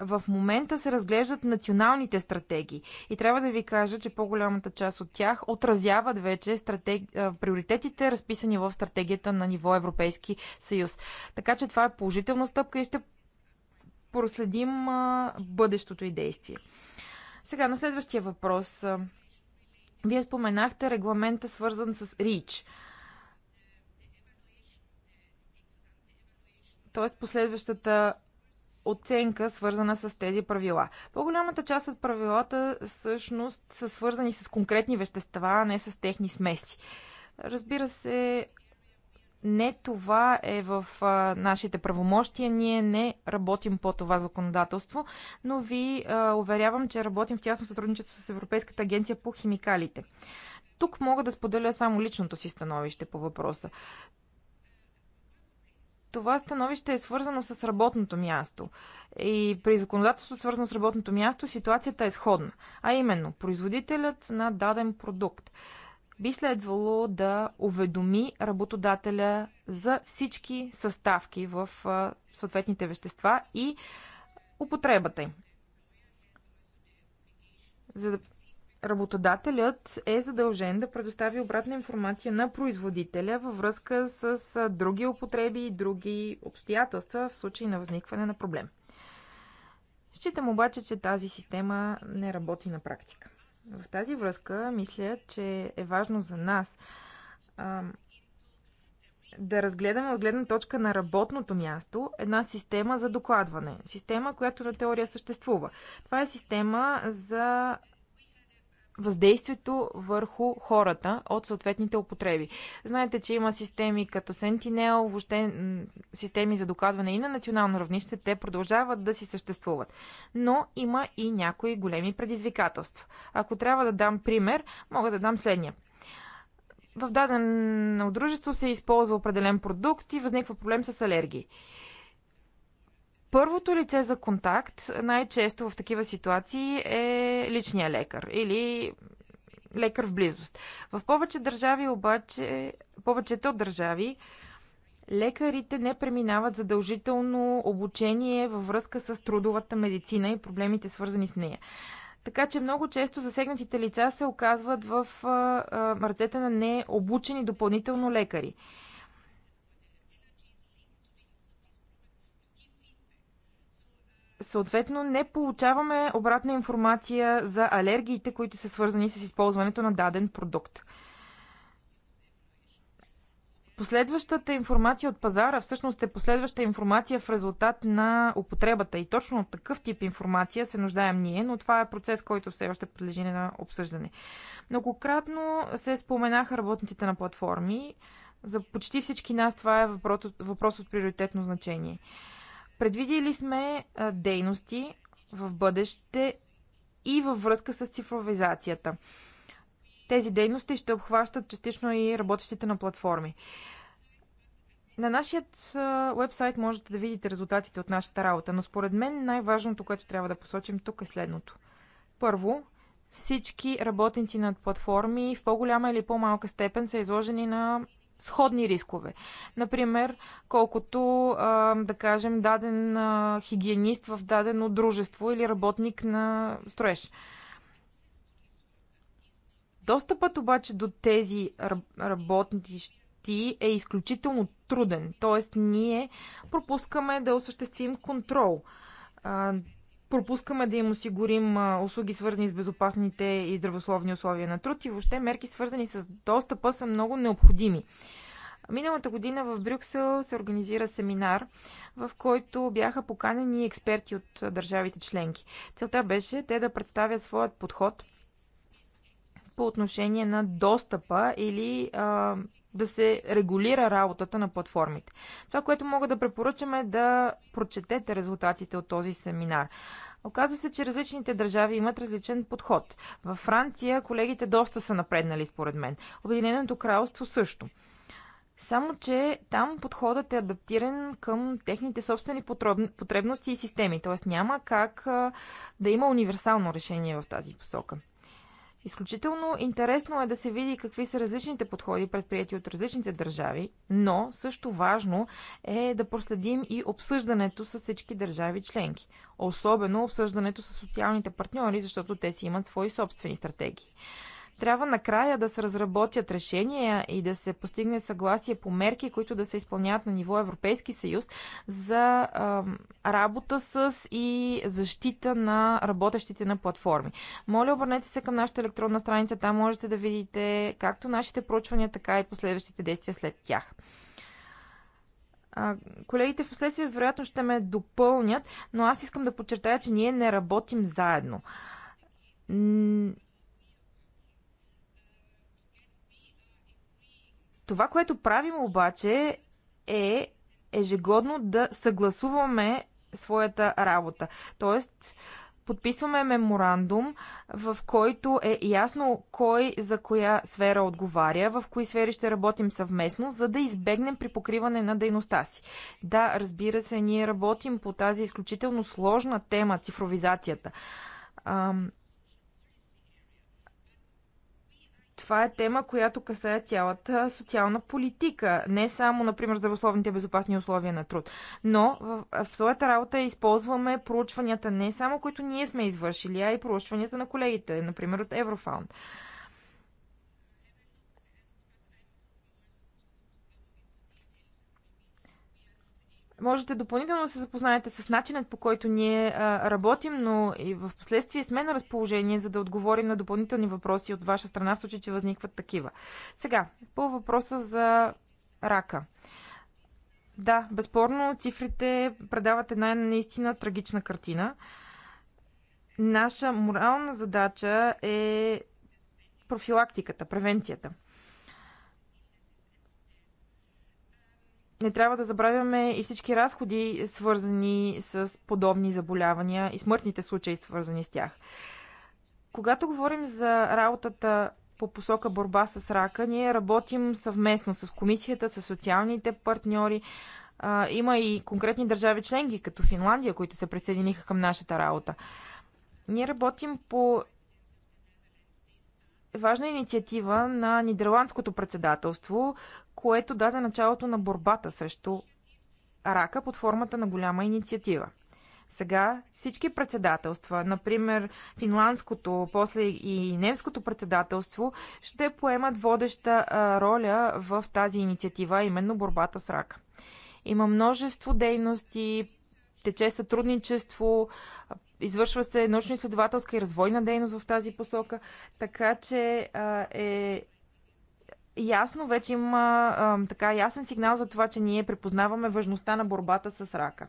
в момента се разглеждат националните стратегии. И трябва да ви кажа, че по-голямата част от тях отразяват вече стратег... приоритетите, разписани в стратегията на ниво Европейски съюз. Така че това е положителна стъпка и ще проследим бъдещото и действие. Сега на следващия въпрос. Вие споменахте регламента, свързан с РИЧ. Тоест последващата оценка, свързана с тези правила. По-голямата част от правилата всъщност са свързани с конкретни вещества, а не с техни смеси. Разбира се, не това е в а, нашите правомощия. Ние не работим по това законодателство, но ви а, уверявам, че работим в тясно сътрудничество с Европейската агенция по химикалите. Тук мога да споделя само личното си становище по въпроса това становище е свързано с работното място. И при законодателство, свързано с работното място, ситуацията е сходна. А именно, производителят на даден продукт би следвало да уведоми работодателя за всички съставки в съответните вещества и употребата им. За да работодателят е задължен да предостави обратна информация на производителя във връзка с други употреби и други обстоятелства в случай на възникване на проблем. Считам обаче, че тази система не работи на практика. В тази връзка мисля, че е важно за нас а, да разгледаме от гледна точка на работното място една система за докладване. Система, която на теория съществува. Това е система за въздействието върху хората от съответните употреби. Знаете, че има системи като Sentinel, въобще системи за докладване и на национално равнище, те продължават да си съществуват. Но има и някои големи предизвикателства. Ако трябва да дам пример, мога да дам следния в дадено дружество се използва определен продукт и възниква проблем с алергии. Първото лице за контакт най-често в такива ситуации е личния лекар или лекар в близост. В повече държави обаче, повечето държави, лекарите не преминават задължително обучение във връзка с трудовата медицина и проблемите свързани с нея. Така че много често засегнатите лица се оказват в ръцете на необучени допълнително лекари. съответно не получаваме обратна информация за алергиите, които са свързани с използването на даден продукт. Последващата информация от пазара всъщност е последваща информация в резултат на употребата и точно от такъв тип информация се нуждаем ние, но това е процес, който все още подлежи на обсъждане. Многократно се споменаха работниците на платформи. За почти всички нас това е въпрос от приоритетно значение. Предвидили сме дейности в бъдеще и във връзка с цифровизацията. Тези дейности ще обхващат частично и работещите на платформи. На нашия вебсайт можете да видите резултатите от нашата работа, но според мен най-важното, което трябва да посочим тук е следното. Първо, всички работници над платформи в по-голяма или по-малка степен са изложени на сходни рискове. Например, колкото, а, да кажем, даден а, хигиенист в дадено дружество или работник на строеж. Достъпът обаче до тези работнищи е изключително труден, т.е. ние пропускаме да осъществим контрол пропускаме да им осигурим услуги свързани с безопасните и здравословни условия на труд и въобще мерки свързани с достъпа са много необходими. Миналата година в Брюксел се организира семинар, в който бяха поканени експерти от държавите членки. Целта беше те да представят своят подход по отношение на достъпа или а, да се регулира работата на платформите. Това, което мога да препоръчам е да прочетете резултатите от този семинар. Оказва се, че различните държави имат различен подход. Във Франция колегите доста са напреднали, според мен. Обединеното кралство също. Само, че там подходът е адаптиран към техните собствени потребности и системи, т.е. няма как да има универсално решение в тази посока. Изключително интересно е да се види какви са различните подходи, предприяти от различните държави, но също важно е да проследим и обсъждането с всички държави членки. Особено обсъждането с социалните партньори, защото те си имат свои собствени стратегии. Трябва накрая да се разработят решения и да се постигне съгласие по мерки, които да се изпълняват на ниво Европейски съюз за а, работа с и защита на работещите на платформи. Моля, обърнете се към нашата електронна страница. Там можете да видите както нашите проучвания, така и последващите действия след тях. Колегите в последствие вероятно ще ме допълнят, но аз искам да подчертая, че ние не работим заедно Това, което правим обаче е ежегодно да съгласуваме своята работа. Тоест, подписваме меморандум, в който е ясно кой за коя сфера отговаря, в кои сфери ще работим съвместно, за да избегнем при покриване на дейността си. Да, разбира се, ние работим по тази изключително сложна тема цифровизацията. това е тема, която касае цялата социална политика. Не само, например, здравословните безопасни условия на труд. Но в, в своята работа използваме проучванията не само, които ние сме извършили, а и проучванията на колегите, например от Еврофаунд. Можете допълнително да се запознаете с начинът по който ние а, работим, но и в последствие сме на разположение, за да отговорим на допълнителни въпроси от ваша страна, в случай, че възникват такива. Сега, по въпроса за рака. Да, безспорно цифрите предават една наистина трагична картина. Наша морална задача е профилактиката, превенцията. Не трябва да забравяме и всички разходи, свързани с подобни заболявания и смъртните случаи, свързани с тях. Когато говорим за работата по посока борба с рака, ние работим съвместно с комисията, с социалните партньори. Има и конкретни държави членки, като Финландия, които се присъединиха към нашата работа. Ние работим по важна инициатива на Нидерландското председателство, което даде началото на борбата срещу рака под формата на голяма инициатива. Сега всички председателства, например финландското, после и немското председателство, ще поемат водеща роля в тази инициатива, именно борбата с рака. Има множество дейности, тече сътрудничество, извършва се научно-изследователска и развойна дейност в тази посока, така че е ясно вече има а, така ясен сигнал за това, че ние препознаваме важността на борбата с рака.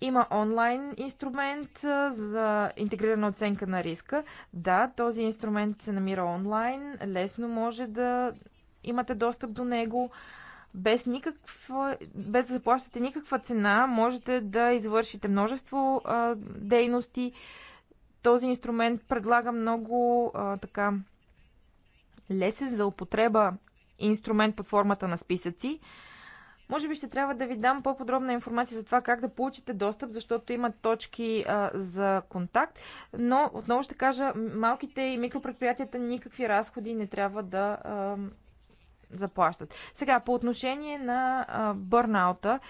Има онлайн инструмент за интегрирана оценка на риска. Да, този инструмент се намира онлайн, лесно може да имате достъп до него. Без, никаква, без да заплащате никаква цена, можете да извършите множество а, дейности. Този инструмент предлага много а, така лесен за употреба инструмент под формата на списъци. Може би ще трябва да ви дам по-подробна информация за това как да получите достъп, защото има точки а, за контакт. Но отново ще кажа, малките и микропредприятията никакви разходи не трябва да а, заплащат. Сега, по отношение на а, бърнаута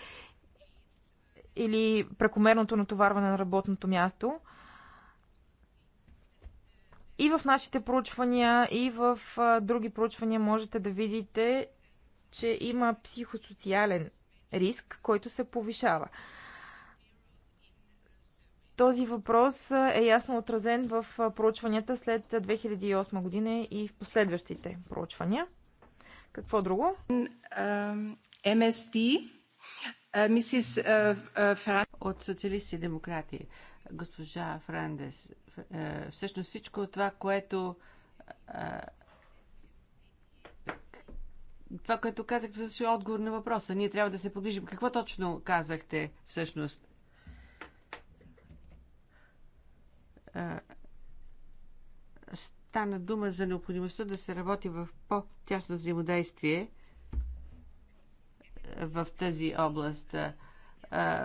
или прекомерното натоварване на работното място, и в нашите проучвания, и в а, други проучвания можете да видите, че има психосоциален риск, който се повишава. Този въпрос е ясно отразен в проучванията след 2008 година и в последващите проучвания. Какво друго? МСД, мисис От социалисти и демократи госпожа Франдес. Е, всъщност всичко това, което е, това, което казахте, всъщност е отговор на въпроса. Ние трябва да се погрижим. Какво точно казахте всъщност? Е, стана дума за необходимостта да се работи в по-тясно взаимодействие в тази област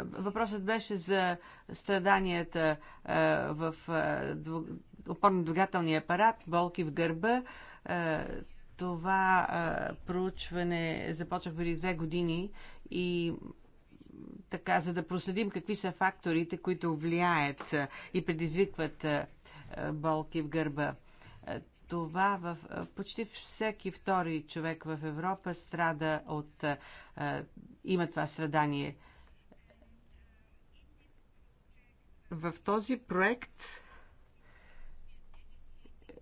Въпросът беше за страданията в опорно-двигателния апарат, болки в гърба. Това проучване започва преди две години и така, за да проследим какви са факторите, които влияят и предизвикват болки в гърба. Това в почти всеки втори човек в Европа страда от. има това страдание В този проект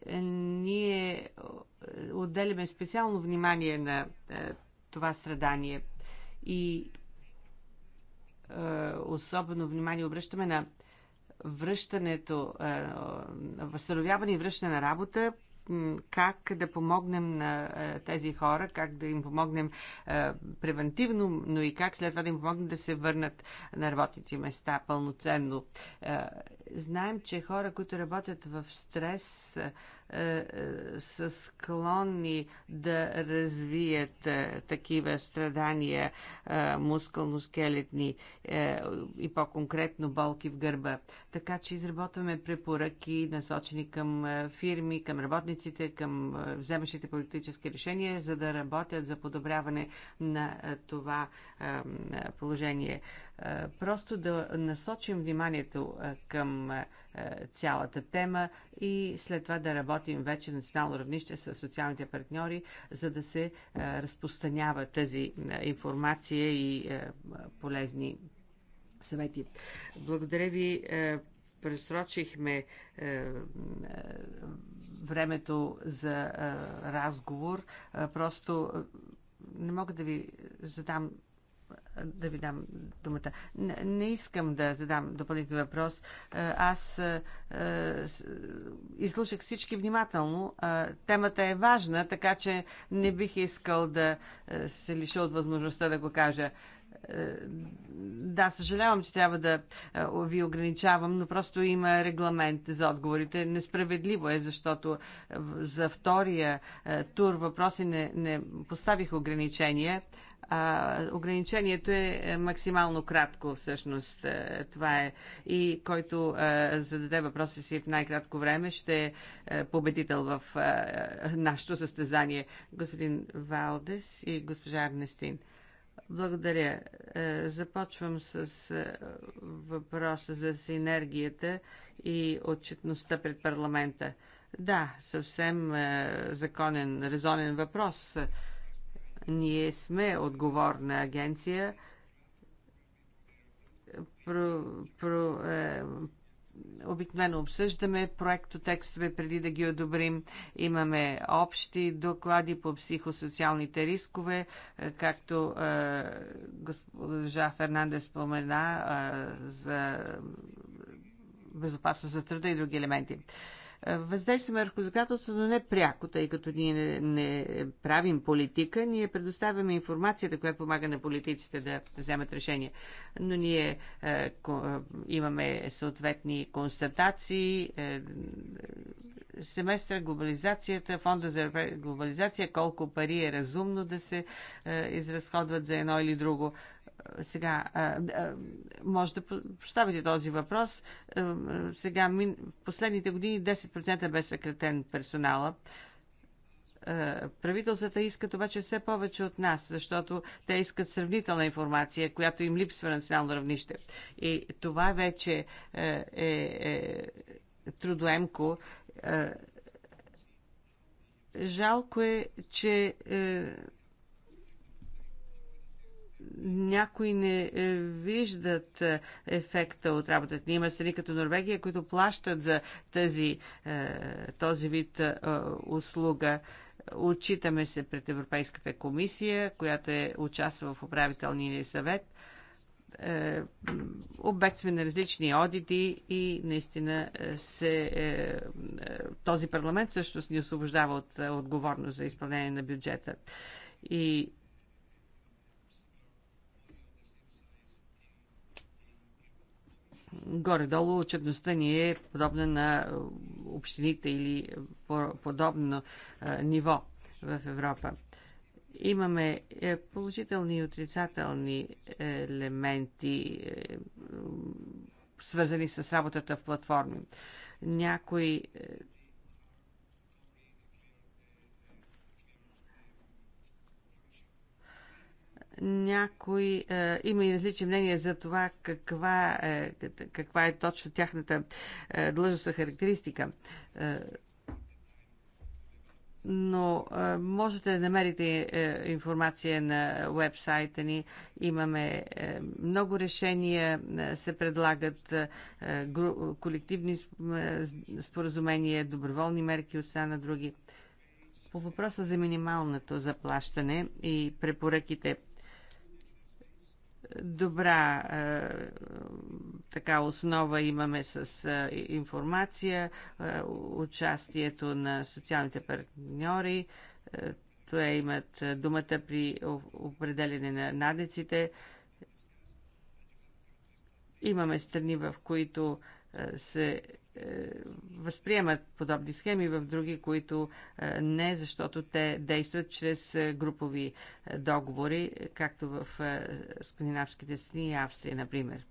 е, ние е, отделяме специално внимание на е, това страдание и особено внимание обръщаме на връщането, възстановяване и връщане на работа как да помогнем на е, тези хора, как да им помогнем е, превентивно, но и как след това да им помогнем да се върнат на работните места пълноценно. Е, знаем, че хора, които работят в стрес, е, е, са склонни да развият е, такива страдания мускулно-скелетни и по-конкретно болки в гърба. Така че изработваме препоръки, насочени към фирми, към работниците, към вземащите политически решения, за да работят за подобряване на това положение. Просто да насочим вниманието към е, цялата тема и след това да работим вече национално равнище с социалните партньори, за да се е, разпространява тази е, информация и полезни съвети. Благодаря ви. Пресрочихме времето за разговор. Просто не мога да ви задам да ви дам думата. Не, не искам да задам допълнителен въпрос. Е, аз е, е изслушах всички внимателно. Е, темата е важна, така че не бих искал да се лиша от възможността да го кажа. Да, съжалявам, че трябва да ви ограничавам, но просто има регламент за отговорите. Несправедливо е, защото за втория тур въпроси не, не поставих ограничения а, ограничението е, е максимално кратко, всъщност. Е, това е. И който а, е, зададе въпроса си в най-кратко време, ще е победител в а, нашето състезание. Господин Валдес и госпожа Арнестин. Благодаря. Започвам с въпроса за синергията и отчетността пред парламента. Да, съвсем законен, резонен въпрос. Ние сме отговорна агенция. Про, про, е, обикновено обсъждаме проектотекстове преди да ги одобрим. Имаме общи доклади по психосоциалните рискове, е, както е, госпожа Фернандес спомена е, за безопасност за труда и други елементи. Е, въздействие върху законодателство, но не пряко, тъй като ние не, не правим политика, ние предоставяме информацията, която помага на политиците да вземат решения. Но ние е, ко, е, имаме съответни констатации, е, семестра, глобализацията, фонда за глобализация, колко пари е разумно да се е, изразходват за едно или друго сега, може да поставите този въпрос. Сега, последните години 10% бе съкретен персонала. Правителствата искат обаче все повече от нас, защото те искат сравнителна информация, която им липсва на национално равнище. И това вече е, е, е трудоемко. Жалко е, че е, някои не е, виждат е, ефекта от работата. Ние има страни като Норвегия, които плащат за тази, е, този вид услуга. Отчитаме се пред Европейската комисия, която е участва в управителния съвет. Обект сме на различни одити и наистина се, този парламент всъщност ни освобождава от отговорност за изпълнение на бюджета. И горе-долу отчетността ни е подобна на е, общините или е, подобно е, ниво в Европа. Имаме положителни и отрицателни елементи, свързани с работата в платформи. Някои някои, е, има и различни мнения за това каква е, каква е точно тяхната е, длъжностна характеристика. Е, но е, можете да намерите е, информация на вебсайта ни. Имаме е, много решения, е, се предлагат е, гру, колективни е, споразумения, доброволни мерки от страна на други. По въпроса за минималното заплащане и препоръките добра е, така основа имаме с е, информация, е, участието на социалните партньори. Е, това имат е, думата при определене на надеците. Имаме страни, в които е, се е, възприемат подобни схеми в други, които е, не, защото те действат чрез е, групови договори, както в скандинавските страни и Австрия, например.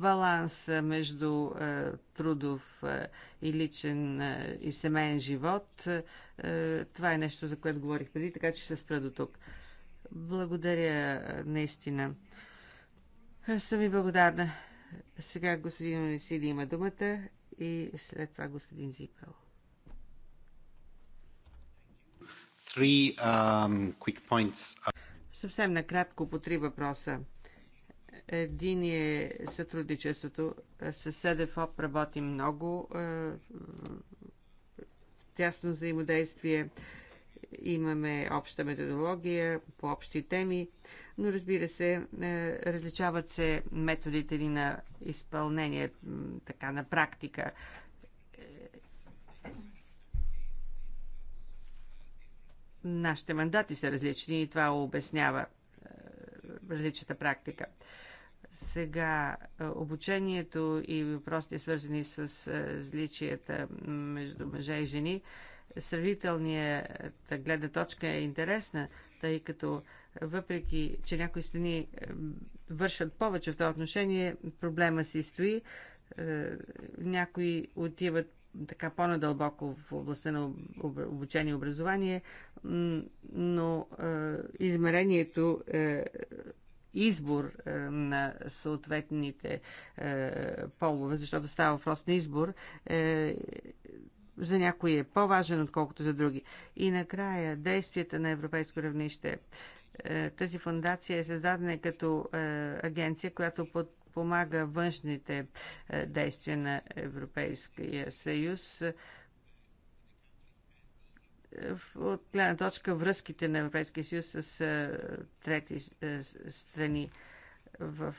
баланс между трудов и личен и семейен живот. Това е нещо, за което говорих преди, така че ще спра до тук. Благодаря наистина. Аз съм ви благодарна. Сега господин Несили има думата и след това господин Зипел. Um, Съвсем накратко по три въпроса. Един е сътрудничеството. С СДФОП работи много е, тясно взаимодействие имаме обща методология по общи теми, но разбира се, е, различават се методите ни на изпълнение, така на практика. Нашите мандати са различни и това обяснява е, различната практика. Сега е, обучението и въпросите свързани с различията между мъже и жени – сравнителният е, гледна точка е интересна, тъй като въпреки, че някои страни е, вършат повече в това отношение, проблема си стои. Е, някои отиват така по-надълбоко в областта на обучение и образование, но измерението е избор на съответните полове, защото става въпрос на избор, е за някои е по-важен, отколкото за други. И накрая, действията на европейско равнище. Е, тази фундация е създадена като е, агенция, която под помага външните е, действия на Европейския съюз от гледна точка връзките на Европейския съюз с трети страни в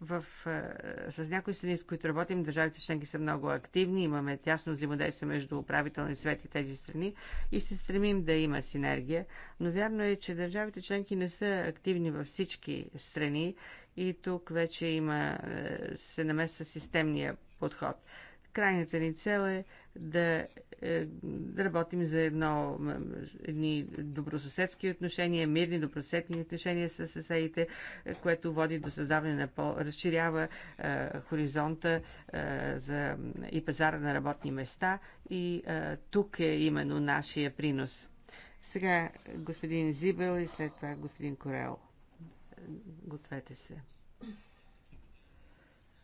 в, е, с някои страни, с които работим, държавите членки са много активни, имаме тясно взаимодействие между управителни свет и тези страни и се стремим да има синергия. Но вярно е, че държавите членки не са активни във всички страни и тук вече има, е, се намества системния подход крайната ни цел е да, е, да работим за едно, едни добросъседски отношения, мирни добросъседни отношения с съседите, е, което води до създаване на по... разширява е, хоризонта е, за, и пазара на работни места и е, тук е именно нашия принос. Сега господин Зибел и след това господин Корел. Гответе се.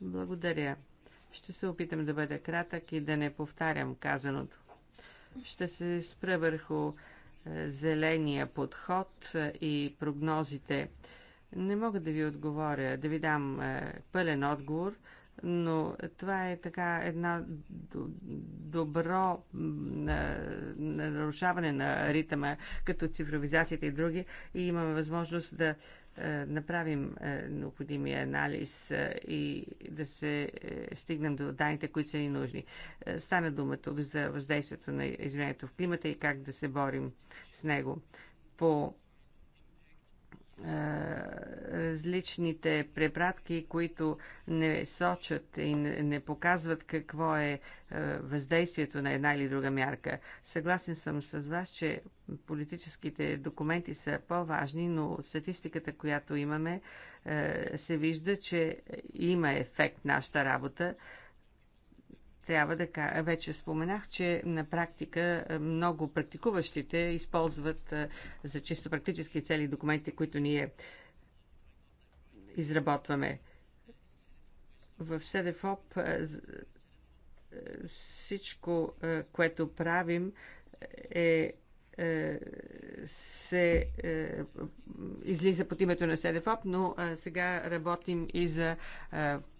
Благодаря. Ще се опитам да бъда кратък и да не повтарям казаното. Ще се спра върху е, зеления подход е, и прогнозите. Не мога да ви отговоря, да ви дам е, пълен отговор, но това е така една добро нарушаване на ритъма, като цифровизацията и други, и имаме възможност да е, направим е, необходимия анализ е, и да се стигнем до данните, които са ни нужни. Стана дума тук за въздействието на изменението в климата и как да се борим с него. По различните препратки, които не сочат и не показват какво е въздействието на една или друга мярка. Съгласен съм с вас, че политическите документи са по-важни, но статистиката, която имаме, се вижда, че има ефект нашата работа трябва да кажа, вече споменах, че на практика е, много практикуващите използват е, за чисто практически цели документи, които ние изработваме. В СДФОП е, всичко, което правим е е, се е, излиза под името на СДФОП, но е, сега работим и за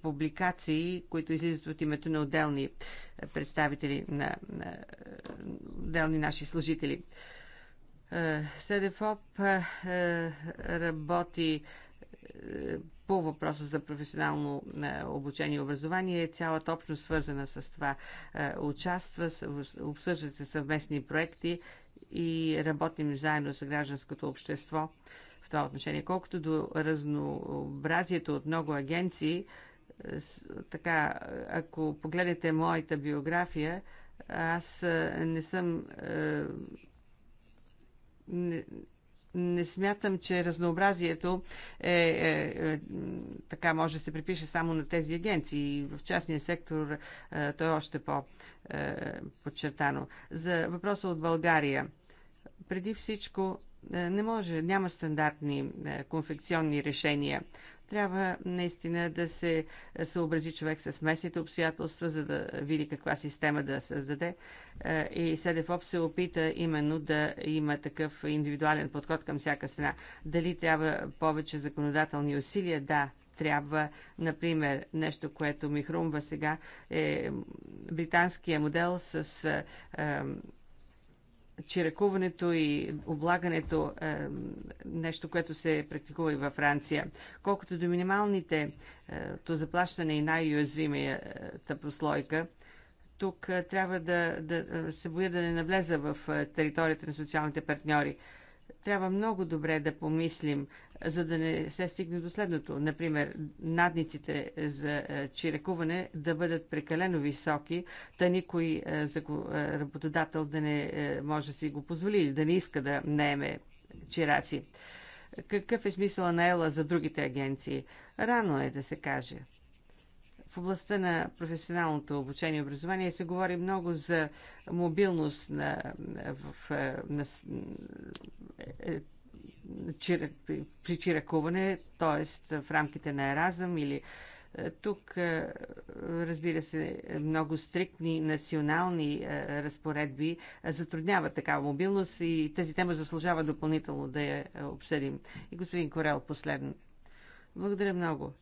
публикации, които излизат от името на отделни представители на, на отделни наши служители. СДФОП работи по въпроса за професионално обучение и образование. Цялата общност, свързана с това, участва, обсъждат се съвместни проекти и работим заедно с гражданското общество в това отношение. Колкото до разнообразието от много агенции, така, ако погледнете моята биография, аз не съм. Не, не смятам, че разнообразието е, е, е, така може да се припише само на тези агенции. В частния сектор е, то е още по-подчертано. Е, За въпроса от България. Преди всичко, е, не може, няма стандартни е, конфекционни решения. Трябва наистина да се съобрази човек с местните обстоятелства, за да види каква система да създаде. Е, и СДФОП се опита именно да има такъв индивидуален подход към всяка страна. Дали трябва повече законодателни усилия? Да, трябва, например, нещо, което ми хрумва сега, е британския модел с е, че ръкуването и облагането е нещо, което се практикува и във Франция. Колкото до минималните е, то заплащане и най уязвимията е, прослойка, тук е, трябва да, да е, се боя да не навлеза в е, територията на социалните партньори. Трябва много добре да помислим за да не се стигне до следното. Например, надниците за е, чирекуване да бъдат прекалено високи, та никой е, е, работодател да не може да си го позволи, да не иска да наеме чираци. Какъв е смисъла на ЕЛА за другите агенции? Рано е да се каже. В областта на професионалното обучение и образование се говори много за мобилност на, в, на, при чиракуване, т.е. в рамките на Еразъм или е, тук, е, разбира се, много стриктни национални е, разпоредби затрудняват такава мобилност и тази тема заслужава допълнително да я обсъдим. И господин Корел, последно. Благодаря много.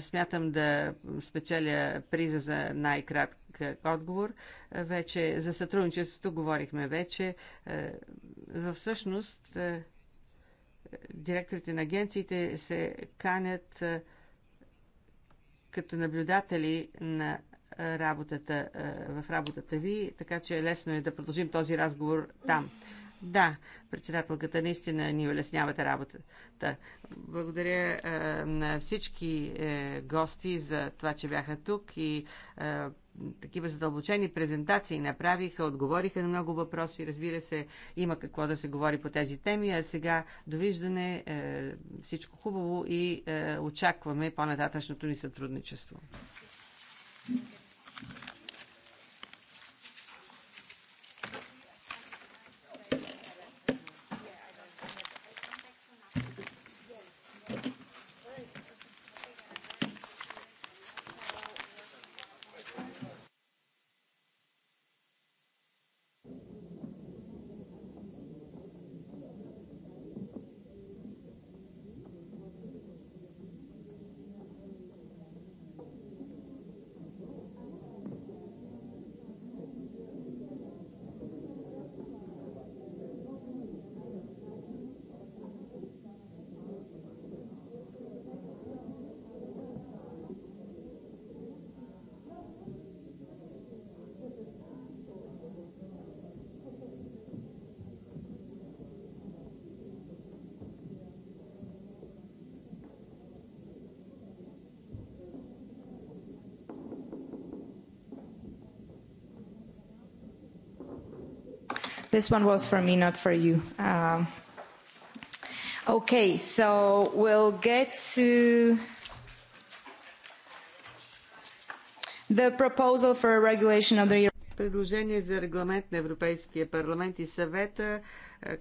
Смятам да спечеля приза за най-кратък отговор. Вече за сътрудничеството говорихме вече. Всъщност, директорите на агенциите се канят като наблюдатели на работата, в работата ви, така че е лесно е да продължим този разговор там. Да, председателката наистина ни улеснявате работата. Благодаря е, на всички е, гости за това, че бяха тук и е, такива задълбочени презентации направиха, отговориха на много въпроси. Разбира се, има какво да се говори по тези теми, а сега довиждане, е, всичко хубаво и е, очакваме по-нататъчното ни сътрудничество. Thank you. This one was for me, not for you. Um, okay, so we'll get to the proposal for a regulation of the Предложение за регламент на Европейския парламент и съвета,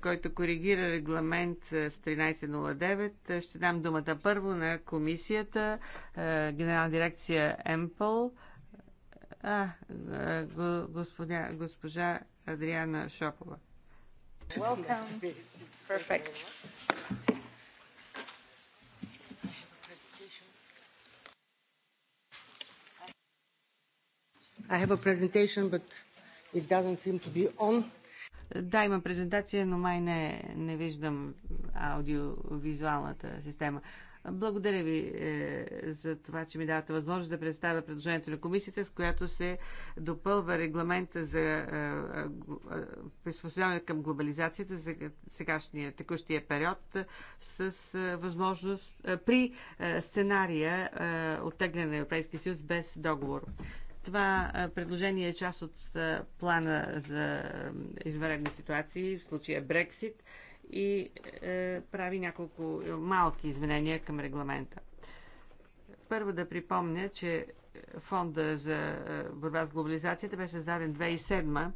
който коригира регламент с 1309. Ще дам думата първо на комисията, генерална дирекция ЕМПЛ. А, го, госпожа Адриана Шопова. Welcome. Perfect. I have a presentation, but it doesn't seem to be on. Да, имам презентация, но май не, не виждам аудиовизуалната система. Благодаря ви е, за това, че ми давате възможност да представя предложението на комисията, с която се допълва регламента за е, е, е приспособяване към глобализацията за сегашния текущия период е, с е, възможност при сценария оттегляне на Европейския съюз без договор. Това предложение е част от плана за извънредни ситуации, в случая Брексит и е, прави няколко малки изменения към регламента. Първо да припомня, че фонда за е, борба с глобализацията беше създаден 2007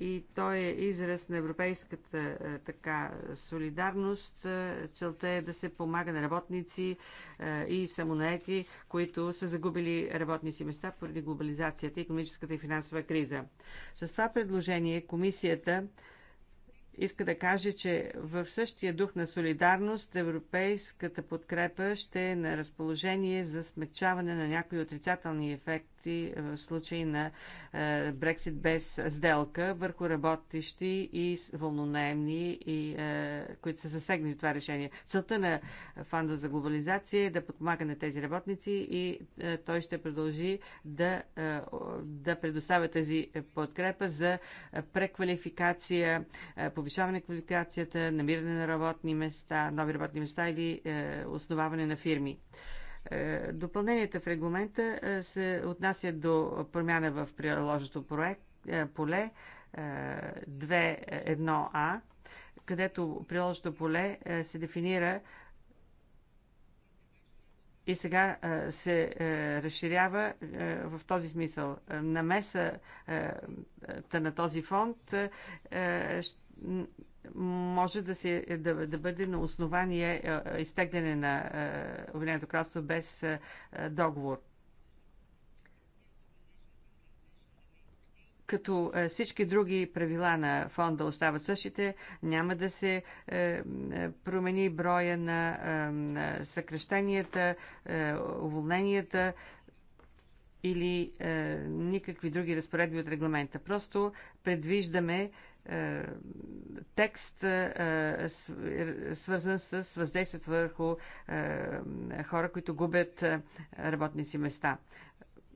и той е израз на европейската е, така солидарност. Е, целта е да се помага на работници и самонаети, които са загубили работни си места поради глобализацията, економическата и финансова криза. С това предложение комисията иска да каже, че в същия дух на солидарност европейската подкрепа ще е на разположение за смягчаване на някои отрицателни ефект, ефекти в е, случай на е, Брексит без сделка върху работещи и вълнонаемни, и, е, които са засегнати това решение. Целта на фонда за глобализация е да подпомага на тези работници и той ще продължи да, да предоставя тази подкрепа за преквалификация, повишаване на квалификацията, намиране на работни места, нови работни места или основаване на фирми. Е, допълненията в регламента е, се отнасят до промяна в приложното е, поле 2.1а, където приложното поле се дефинира и сега се разширява в този смисъл. Намесата на този фонд ще може да, се, да, да бъде на основание е, е, изтегляне на е, Обединеното кралство без договор. като всички други правила на фонда остават същите, няма да се промени броя на съкрещенията, уволненията или никакви други разпоредби от регламента. Просто предвиждаме е, текст, е, е, свързан с въздействието върху хора, които губят работни си места.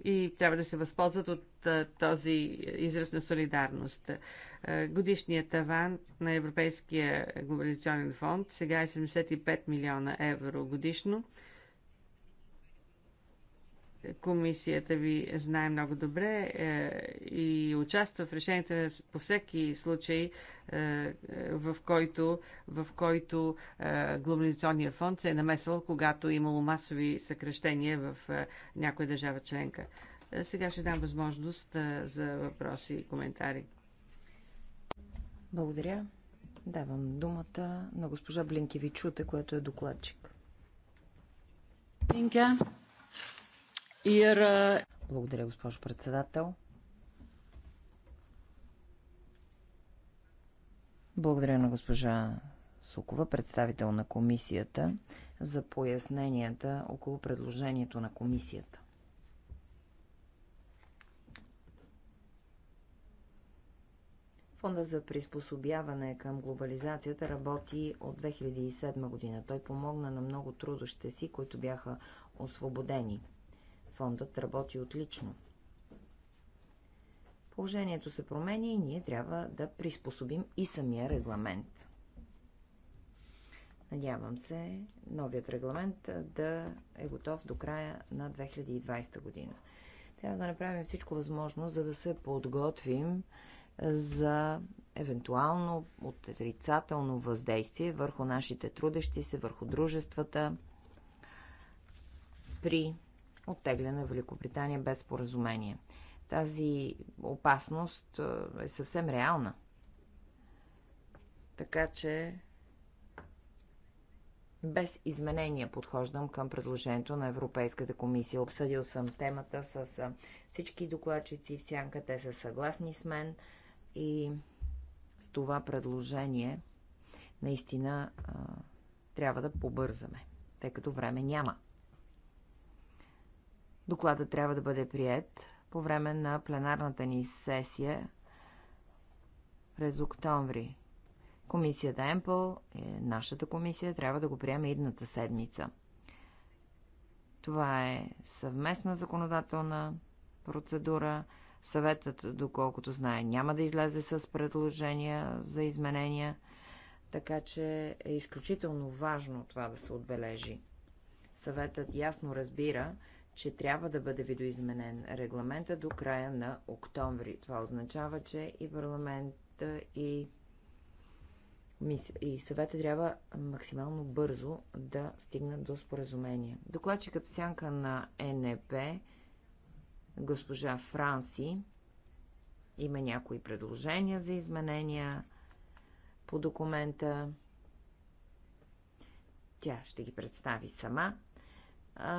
И трябва да се възползват от този израз на солидарност. Годишният таван на Европейския глобализационен фонд сега е 75 милиона евро годишно Комисията ви знае много добре е, и участва в решенията по всеки случай, е, е, в който, в който Глобализационния фонд се е намесвал, когато е имало масови съкрещения в някоя държава членка. Сега ще дам възможност за въпроси и коментари. Благодаря. Давам думата на госпожа Блинкевичуте, която е докладчик. Блинка. Ир... Благодаря, госпожо председател. Благодаря на госпожа Сукова, представител на комисията, за поясненията около предложението на комисията. Фонда за приспособяване към глобализацията работи от 2007 година. Той помогна на много трудощите си, които бяха освободени. Фондът работи отлично. Положението се променя и ние трябва да приспособим и самия регламент. Надявам се новият регламент да е готов до края на 2020 година. Трябва да направим всичко възможно, за да се подготвим за евентуално отрицателно въздействие върху нашите трудещи се, върху дружествата при оттегляне в Великобритания без споразумение. Тази опасност е съвсем реална. Така че без изменения подхождам към предложението на Европейската комисия. Обсъдил съм темата с всички докладчици в сянка. Те са съгласни с мен и с това предложение наистина трябва да побързаме, тъй като време няма. Доклада трябва да бъде прият по време на пленарната ни сесия през октомври. Комисията Емпъл, е нашата комисия, трябва да го приеме идната седмица. Това е съвместна законодателна процедура. Съветът, доколкото знае, няма да излезе с предложения за изменения, така че е изключително важно това да се отбележи. Съветът ясно разбира, че трябва да бъде видоизменен регламента до края на октомври. Това означава, че и парламента и, и съвета трябва максимално бързо да стигнат до споразумение. Докладчикът сянка на НП госпожа Франси, има някои предложения за изменения по документа. Тя ще ги представи сама.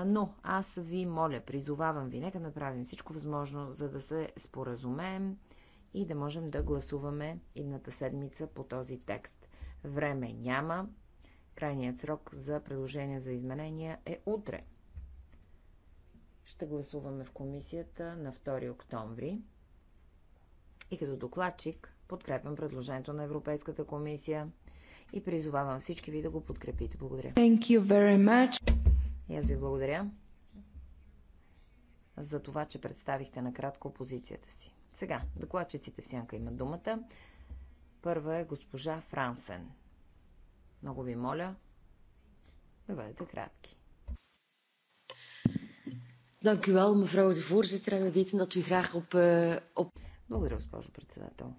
Но аз ви моля, призовавам ви, нека направим всичко възможно, за да се споразумеем и да можем да гласуваме едната седмица по този текст. Време няма. Крайният срок за предложение за изменения е утре. Ще гласуваме в комисията на 2 октомври. И като докладчик подкрепям предложението на Европейската комисия и призовавам всички ви да го подкрепите. Благодаря. Thank you very much. И аз ви благодаря за това, че представихте накратко позицията си. Сега, докладчиците в сянка имат думата. Първа е госпожа Франсен. Много ви моля да бъдете кратки. u wel, mevrouw de voorzitter. En we weten dat u graag op, eh, op... Благодаря, госпожо председател.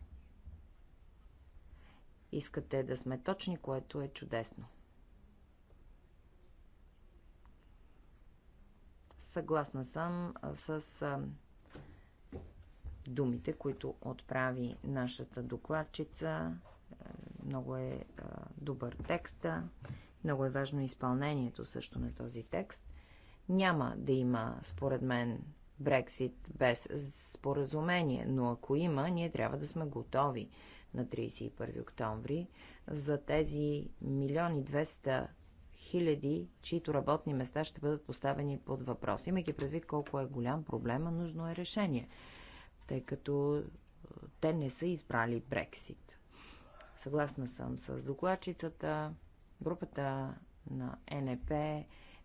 Искате да сме точни, което е чудесно. Съгласна съм с думите, които отправи нашата докладчица. Е, много е добър текста. Много е важно изпълнението също на този текст. Няма да има, според мен, Брексит без споразумение, но ако има, ние трябва да сме готови на 31 октомври за тези милиони хиляди, чието работни места ще бъдат поставени под въпрос. Имайки предвид колко е голям проблема, нужно е решение, тъй като е, те не са избрали Брексит. Съгласна съм с докладчицата. Групата на НП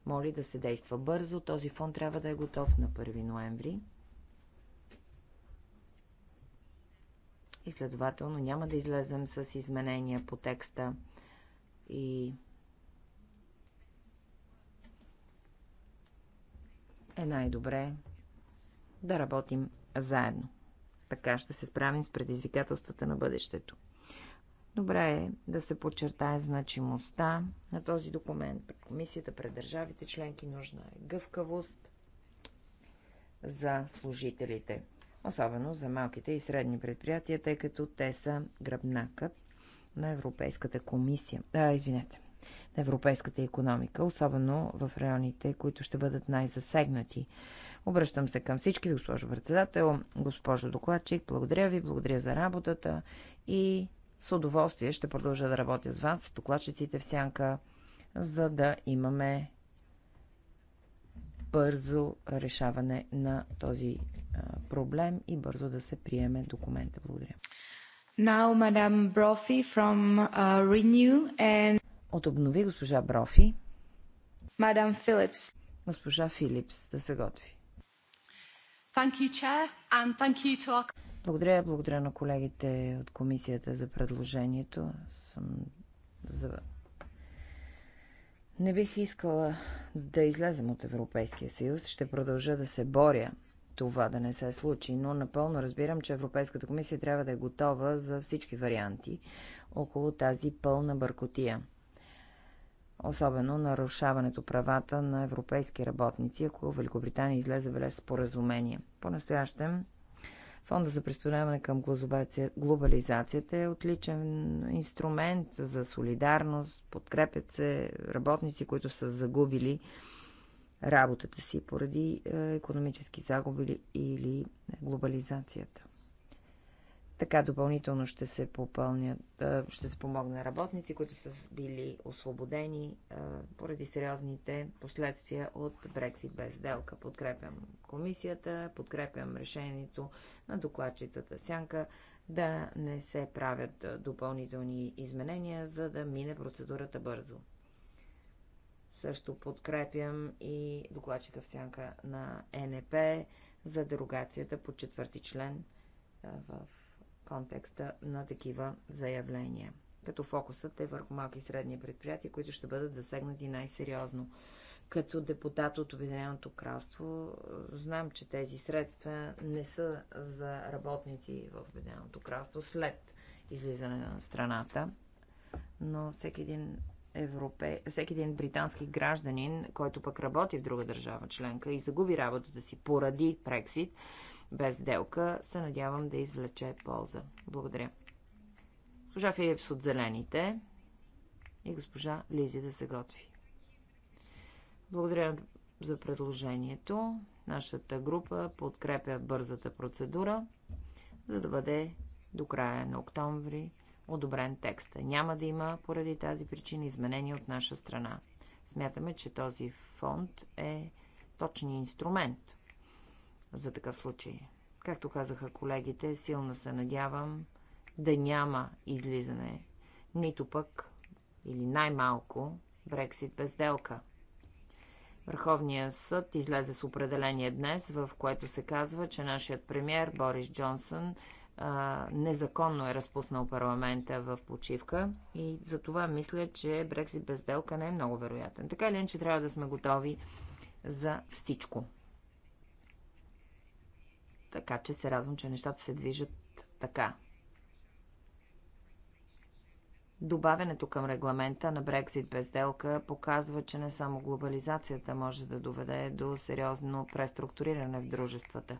моли да се действа бързо. Този фонд трябва да е готов на 1 ноември. И следователно няма да излезем с изменения по текста и е най-добре да работим заедно. Така ще се справим с предизвикателствата на бъдещето. Добре е да се подчертае значимостта на този документ пред комисията, пред държавите членки. Нужна е гъвкавост за служителите, особено за малките и средни предприятия, тъй като те са гръбнакът на Европейската комисия. А, извинете на европейската економика, особено в районите, които ще бъдат най-засегнати. Обръщам се към всички, госпожо председател, госпожо докладчик, благодаря ви, благодаря за работата и с удоволствие ще продължа да работя с вас, с докладчиците в сянка, за да имаме бързо решаване на този проблем и бързо да се приеме документа. Благодаря. Now, Madame Brophy from uh, Renew and... От обнови госпожа Брофи. Мадам Филипс. Госпожа Филипс да се готви. You, our... Благодаря, благодаря на колегите от комисията за предложението. Съм за... Не бих искала да излезем от Европейския съюз. Ще продължа да се боря това да не се случи, но напълно разбирам, че Европейската комисия трябва да е готова за всички варианти около тази пълна бъркотия особено нарушаването правата на европейски работници, ако Великобритания излезе без споразумение. По-настоящем Фонда за приспособяване към глобализацията е отличен инструмент за солидарност, подкрепят се работници, които са загубили работата си поради е, економически загуби или глобализацията. Така допълнително ще се, попълнят, ще се помогне работници, които са били освободени поради сериозните последствия от Брексит без сделка. Подкрепям комисията, подкрепям решението на докладчицата Сянка да не се правят допълнителни изменения, за да мине процедурата бързо. Също подкрепям и докладчика в сянка на НП за дерогацията по четвърти член в контекста на такива заявления. Като фокусът е върху малки и средни предприятия, които ще бъдат засегнати най-сериозно. Като депутат от Обединеното кралство, е, знам, че тези средства не са за работници в Обединеното кралство след излизане на страната, но всеки един европе... всеки един британски гражданин, който пък работи в друга държава членка и загуби работата си поради Брексит, без сделка, се надявам да извлече полза. Благодаря. Госпожа Филипс от Зелените и госпожа Лизи да се готви. Благодаря за предложението. Нашата група подкрепя бързата процедура, за да бъде до края на октомври одобрен текста. Няма да има поради тази причина изменения от наша страна. Смятаме, че този фонд е точния инструмент за такъв случай. Както казаха колегите, силно се надявам да няма излизане, нито пък или най-малко Брексит без делка. Върховният съд излезе с определение днес, в което се казва, че нашият премьер Борис Джонсън а, незаконно е разпуснал парламента в почивка и за това мисля, че Брексит без делка не е много вероятен. Така или че трябва да сме готови за всичко. Така че се радвам, че нещата се движат така. Добавянето към регламента на Брексит без делка показва, че не само глобализацията може да доведе до сериозно преструктуриране в дружествата.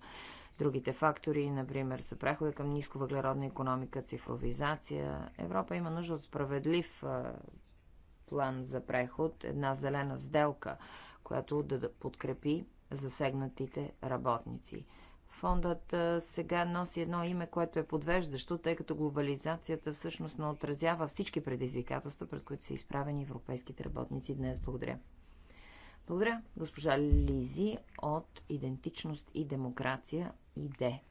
Другите фактори, например, са прехода към нисковъглеродна економика, цифровизация. Европа има нужда от справедлив план за преход, една зелена сделка, която да подкрепи засегнатите работници. Фондът сега носи едно име, което е подвеждащо, тъй като глобализацията всъщност не отразява всички предизвикателства, пред които са изправени европейските работници днес. Благодаря. Благодаря, госпожа Лизи от Идентичност и демокрация ИДЕ.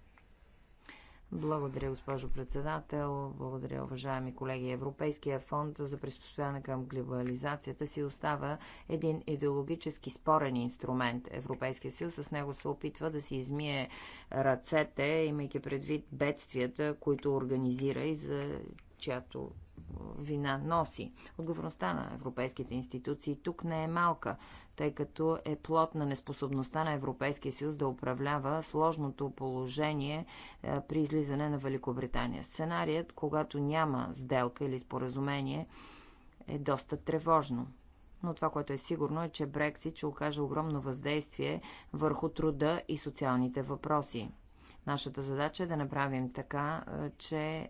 Благодаря, госпожо председател. Благодаря, уважаеми колеги. Европейския фонд за приспособяване към глобализацията си остава един идеологически спорен инструмент. Европейския съюз с него се опитва да си измие ръцете, имайки предвид бедствията, които организира и за чиято е, вина носи. Отговорността на европейските институции тук не е малка, тъй като е плод на неспособността на Европейския съюз да управлява сложното положение е, при излизане на Великобритания. Сценарият, когато няма сделка или споразумение, е доста тревожно. Но това, което е сигурно е, че Брексит ще окаже огромно въздействие върху труда и социалните въпроси. Нашата задача е да направим така, че е,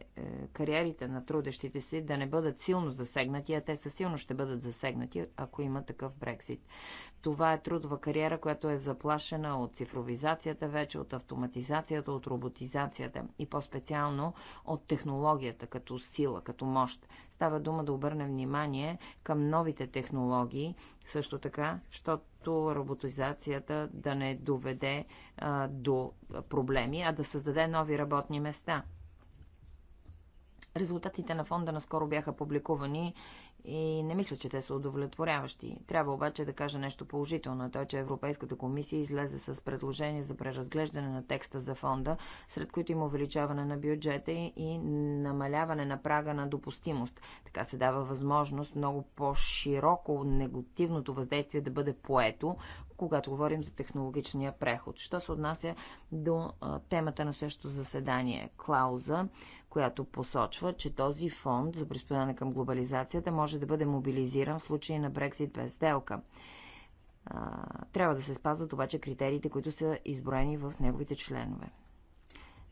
кариерите на трудещите си да не бъдат силно засегнати, а те със силно ще бъдат засегнати, ако има такъв Брексит. Това е трудова кариера, която е заплашена от цифровизацията вече, от автоматизацията, от роботизацията и по-специално от технологията като сила, като мощ. Става дума да обърнем внимание към новите технологии, също така, защото роботизацията да не доведе а, до проблеми, а да създаде нови работни места. Резултатите на фонда наскоро бяха публикувани и не мисля, че те са удовлетворяващи. Трябва обаче да кажа нещо положително. Той, е, че Европейската комисия излезе с предложение за преразглеждане на текста за фонда, сред които има увеличаване на бюджета и намаляване на прага на допустимост. Така се дава възможност много по-широко негативното въздействие да бъде поето, когато говорим за технологичния преход. Що се отнася до темата на същото заседание? Клауза, която посочва, че този фонд за приспособяване към глобализацията може да бъде мобилизиран в случай на Брексит без сделка. Трябва да се спазват обаче критериите, които са изброени в неговите членове.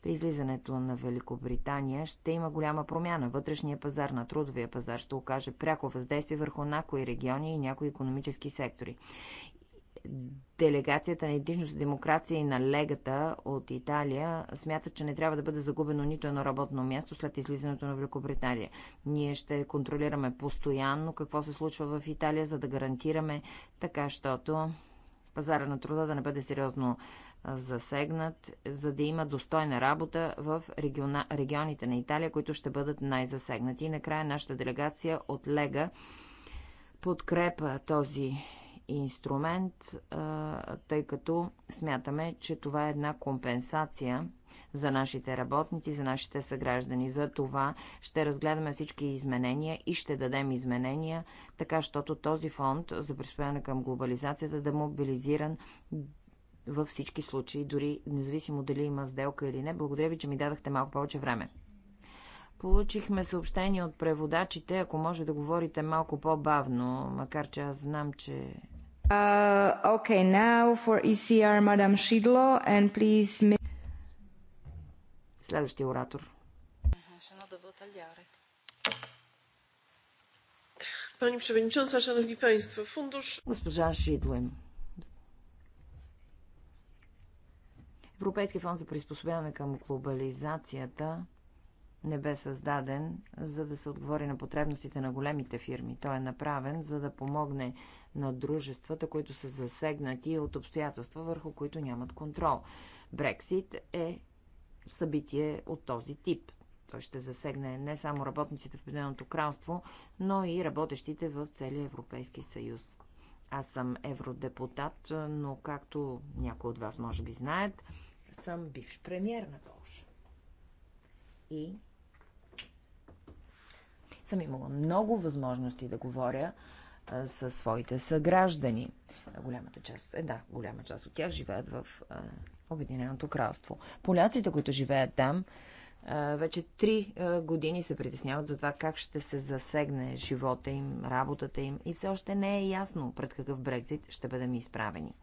При излизането на Великобритания ще има голяма промяна. Вътрешния пазар на трудовия пазар ще окаже пряко въздействие върху някои региони и някои економически сектори делегацията на етичност и демокрация и на легата от Италия смятат, че не трябва да бъде загубено нито едно работно място след излизането на Великобритания. Ние ще контролираме постоянно какво се случва в Италия, за да гарантираме така, щото пазара на труда да не бъде сериозно засегнат, за да има достойна работа в региона, регионите на Италия, които ще бъдат най-засегнати. И накрая нашата делегация от Лега подкрепа този инструмент, тъй като смятаме, че това е една компенсация за нашите работници, за нашите съграждани. За това ще разгледаме всички изменения и ще дадем изменения, така щото този фонд за приспояване към глобализацията да е мобилизиран във всички случаи, дори независимо дали има сделка или не. Благодаря ви, че ми дадахте малко повече време. Получихме съобщение от преводачите, ако може да говорите малко по-бавно, макар че аз знам, че Uh, okay, now for ECR, Шидло, and please... Следващия оратор. Przewodnicząca, Szanowni Państwo, Госпожа Шидлен. Европейския фонд за приспособяване към глобализацията не бе създаден, за да се отговори на потребностите на големите фирми. Той е направен, за да помогне на дружествата, които са засегнати от обстоятелства, върху които нямат контрол. Брексит е събитие от този тип. Той ще засегне не само работниците в Обединеното кралство, но и работещите в целия Европейски съюз. Аз съм евродепутат, но както някои от вас може би знаят, съм бивш премьер на Польша. И съм имала много възможности да говоря със своите съграждани. Голямата част, е, да, голяма част от тях живеят в а, Обединеното кралство. Поляците, които живеят там, а, вече три а, години се притесняват за това как ще се засегне живота им, работата им и все още не е ясно пред какъв Брекзит ще бъдем изправени.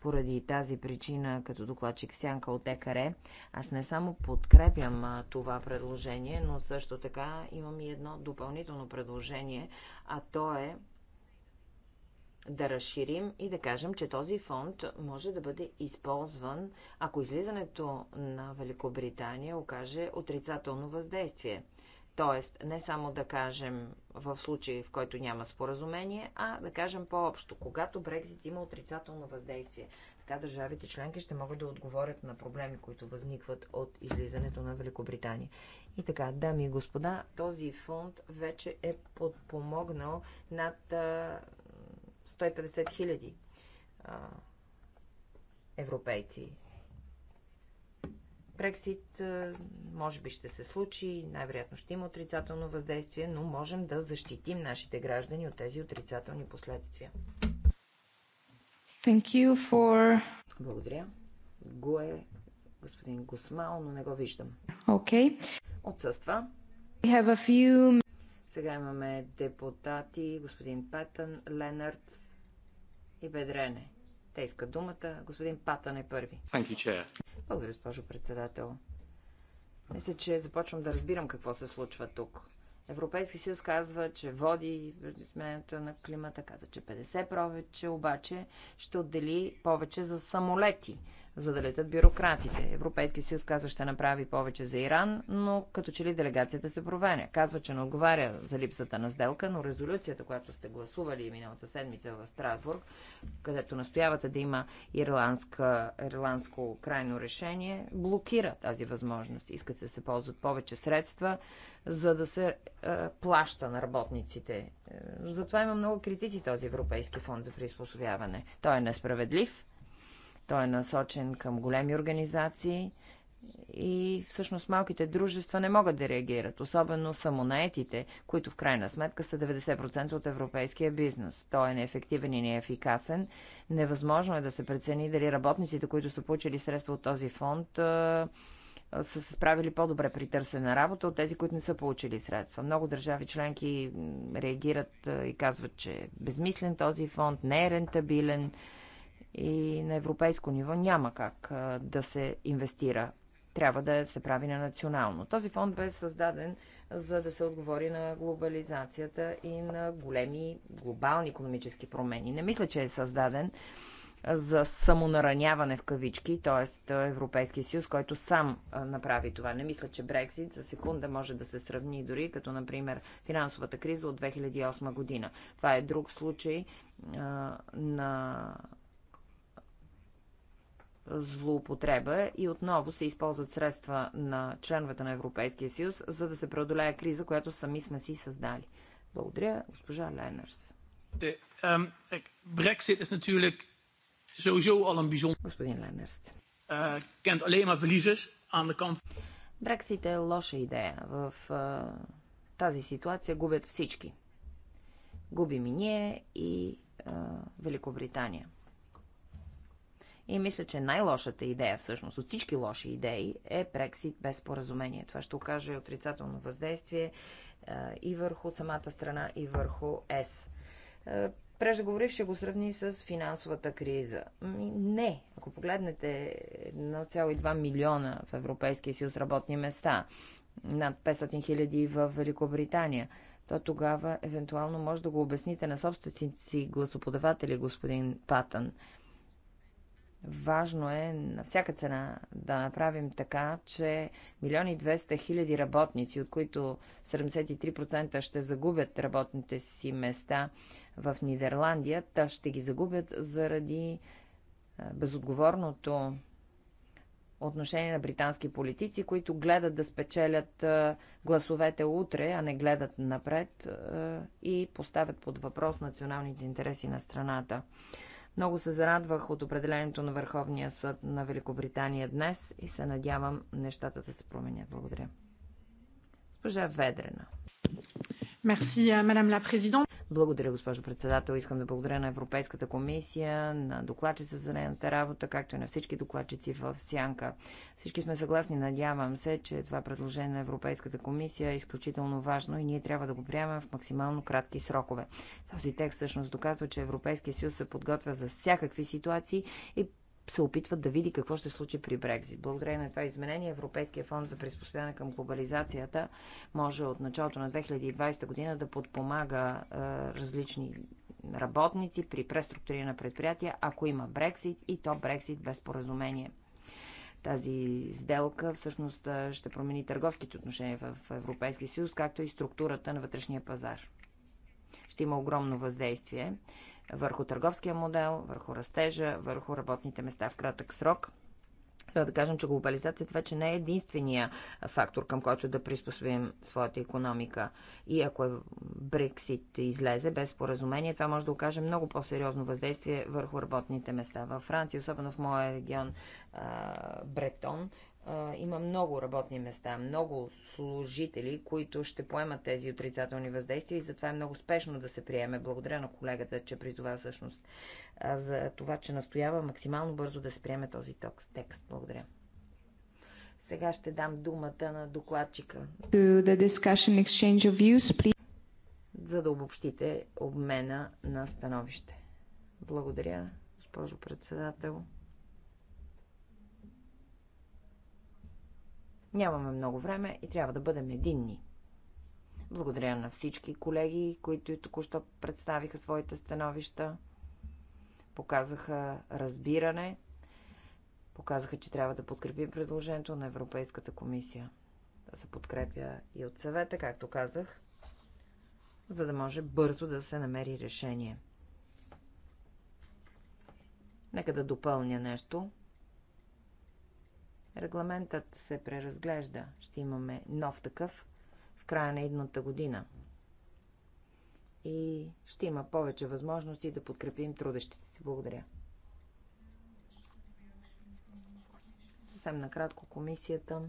Поради тази причина, като докладчик Сянка от ЕКАРЕ, аз не само подкрепям а, това предложение, но също така имам и едно допълнително предложение, а то е да разширим и да кажем, че този фонд може да бъде използван, ако излизането на Великобритания окаже отрицателно въздействие. Тоест, не само да кажем в случай, в който няма споразумение, а да кажем по-общо, когато Брекзит има отрицателно въздействие. Така държавите членки ще могат да отговорят на проблеми, които възникват от излизането на Великобритания. И така, дами и господа, този фонд вече е подпомогнал над 150 хиляди европейци. Брексит може би ще се случи, най-вероятно ще има отрицателно въздействие, но можем да защитим нашите граждани от тези отрицателни последствия. Thank you for... Благодаря. Го е господин Гусмал, но не го виждам. Окей. Okay. Отсъства. We have a few... Сега имаме депутати, господин Патън, Ленардс и Бедрене. Те искат думата. Господин Патън е първи. Thank you, chair. Благодаря, госпожо председател. Мисля, че започвам да разбирам какво се случва тук. Европейски съюз казва, че води изменението на климата, каза, че 50 повече, обаче ще отдели повече за самолети за да летят бюрократите. Европейски съюз казва, ще направи повече за Иран, но като че ли делегацията се провеня. Казва, че не отговаря за липсата на сделка, но резолюцията, която сте гласували миналата седмица в Страсбург, където настоявате да има ирландска, ирландско крайно решение, блокира тази възможност. Искат да се ползват повече средства, за да се е, плаща на работниците. Е, затова има много критици този Европейски фонд за приспособяване. Той е несправедлив той е насочен към големи организации и всъщност малките дружества не могат да реагират, особено самонаетите, които в крайна сметка са 90% от европейския бизнес. Той е неефективен и неефикасен. Невъзможно е да се прецени дали работниците, които са получили средства от този фонд, са се справили по-добре при търсене на работа от тези, които не са получили средства. Много държави членки реагират и казват, че е безмислен този фонд, не е рентабилен и на европейско ниво няма как да се инвестира. Трябва да се прави на национално. Този фонд бе създаден за да се отговори на глобализацията и на големи глобални економически промени. Не мисля, че е създаден за самонараняване в кавички, т.е. Европейския съюз, който сам направи това. Не мисля, че Брексит за секунда може да се сравни дори като, например, финансовата криза от 2008 година. Това е друг случай а, на злоупотреба и отново се използват средства на членовете на Европейския съюз, за да се преодолее криза, която сами сме си създали. Благодаря, госпожа Ленърс. Брексит е natuurlijk sowieso al een bijzonder... Господин Ленърс. Кент alleen maar verliezers aan de kant... Брексит е лоша идея. В uh, тази ситуация губят всички. Губим и ние и uh, Великобритания. И мисля, че най-лошата идея, всъщност, от всички лоши идеи, е Брексит без споразумение. Това ще окаже отрицателно въздействие е, и върху самата страна, и върху ЕС. Преждеговоривши го сравни с финансовата криза. Не. Ако погледнете 1,2 милиона в Европейския съюз работни места, над 500 хиляди в Великобритания, то тогава евентуално може да го обясните на собствените си гласоподаватели, господин Патън. Важно е на всяка цена да направим така, че милиони 200 хиляди работници, от които 73% ще загубят работните си места в Нидерландия, та ще ги загубят заради безотговорното отношение на британски политици, които гледат да спечелят гласовете утре, а не гледат напред и поставят под въпрос националните интереси на страната. Много се зарадвах от определението на Върховния съд на Великобритания днес и се надявам нещата да се променят. Благодаря. Госпожа Ведрена. Мерси, мадам ла президент. Благодаря, госпожо председател. Искам да благодаря на Европейската комисия, на докладчица за нейната работа, както и на всички докладчици в Сянка. Всички сме съгласни, надявам се, че това предложение на Европейската комисия е изключително важно и ние трябва да го приемем в максимално кратки срокове. Този текст всъщност доказва, че Европейския съюз се подготвя за всякакви ситуации и се опитват да види какво ще случи при Брекзит. Благодарение на това изменение Европейския фонд за приспособяване към глобализацията може от началото на 2020 година да подпомага е, различни работници при преструктуриране на предприятия, ако има Брексит и то Брексит без поразумение тази сделка всъщност е, ще промени търговските отношения в Европейския съюз, както и структурата на вътрешния пазар. Ще има огромно въздействие върху търговския модел, върху растежа, върху работните места в кратък срок. Трябва да кажем, че глобализацията вече не е единствения фактор, към който да приспособим своята економика. И ако е Брексит излезе без споразумение, това може да окаже много по-сериозно въздействие върху работните места. Във Франция, особено в моя регион Бретон, има много работни места, много служители, които ще поемат тези отрицателни въздействия и затова е много спешно да се приеме. Благодаря на колегата, че призова всъщност за това, че настоява максимално бързо да се приеме този текст. Благодаря. Сега ще дам думата на докладчика. Views, за да обобщите обмена на становище. Благодаря, госпожо председател. Нямаме много време и трябва да бъдем единни. Благодаря на всички колеги, които току-що представиха своите становища, показаха разбиране, показаха, че трябва да подкрепим предложението на Европейската комисия. Да се подкрепя и от съвета, както казах, за да може бързо да се намери решение. Нека да допълня нещо – Регламентът се преразглежда. Ще имаме нов такъв в края на едната година. И ще има повече възможности да подкрепим трудещите си. Благодаря. Съвсем накратко комисията.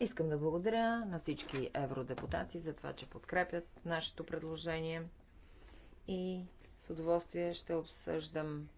Искам да благодаря на всички евродепутати за това, че подкрепят нашето предложение и с удоволствие ще обсъждам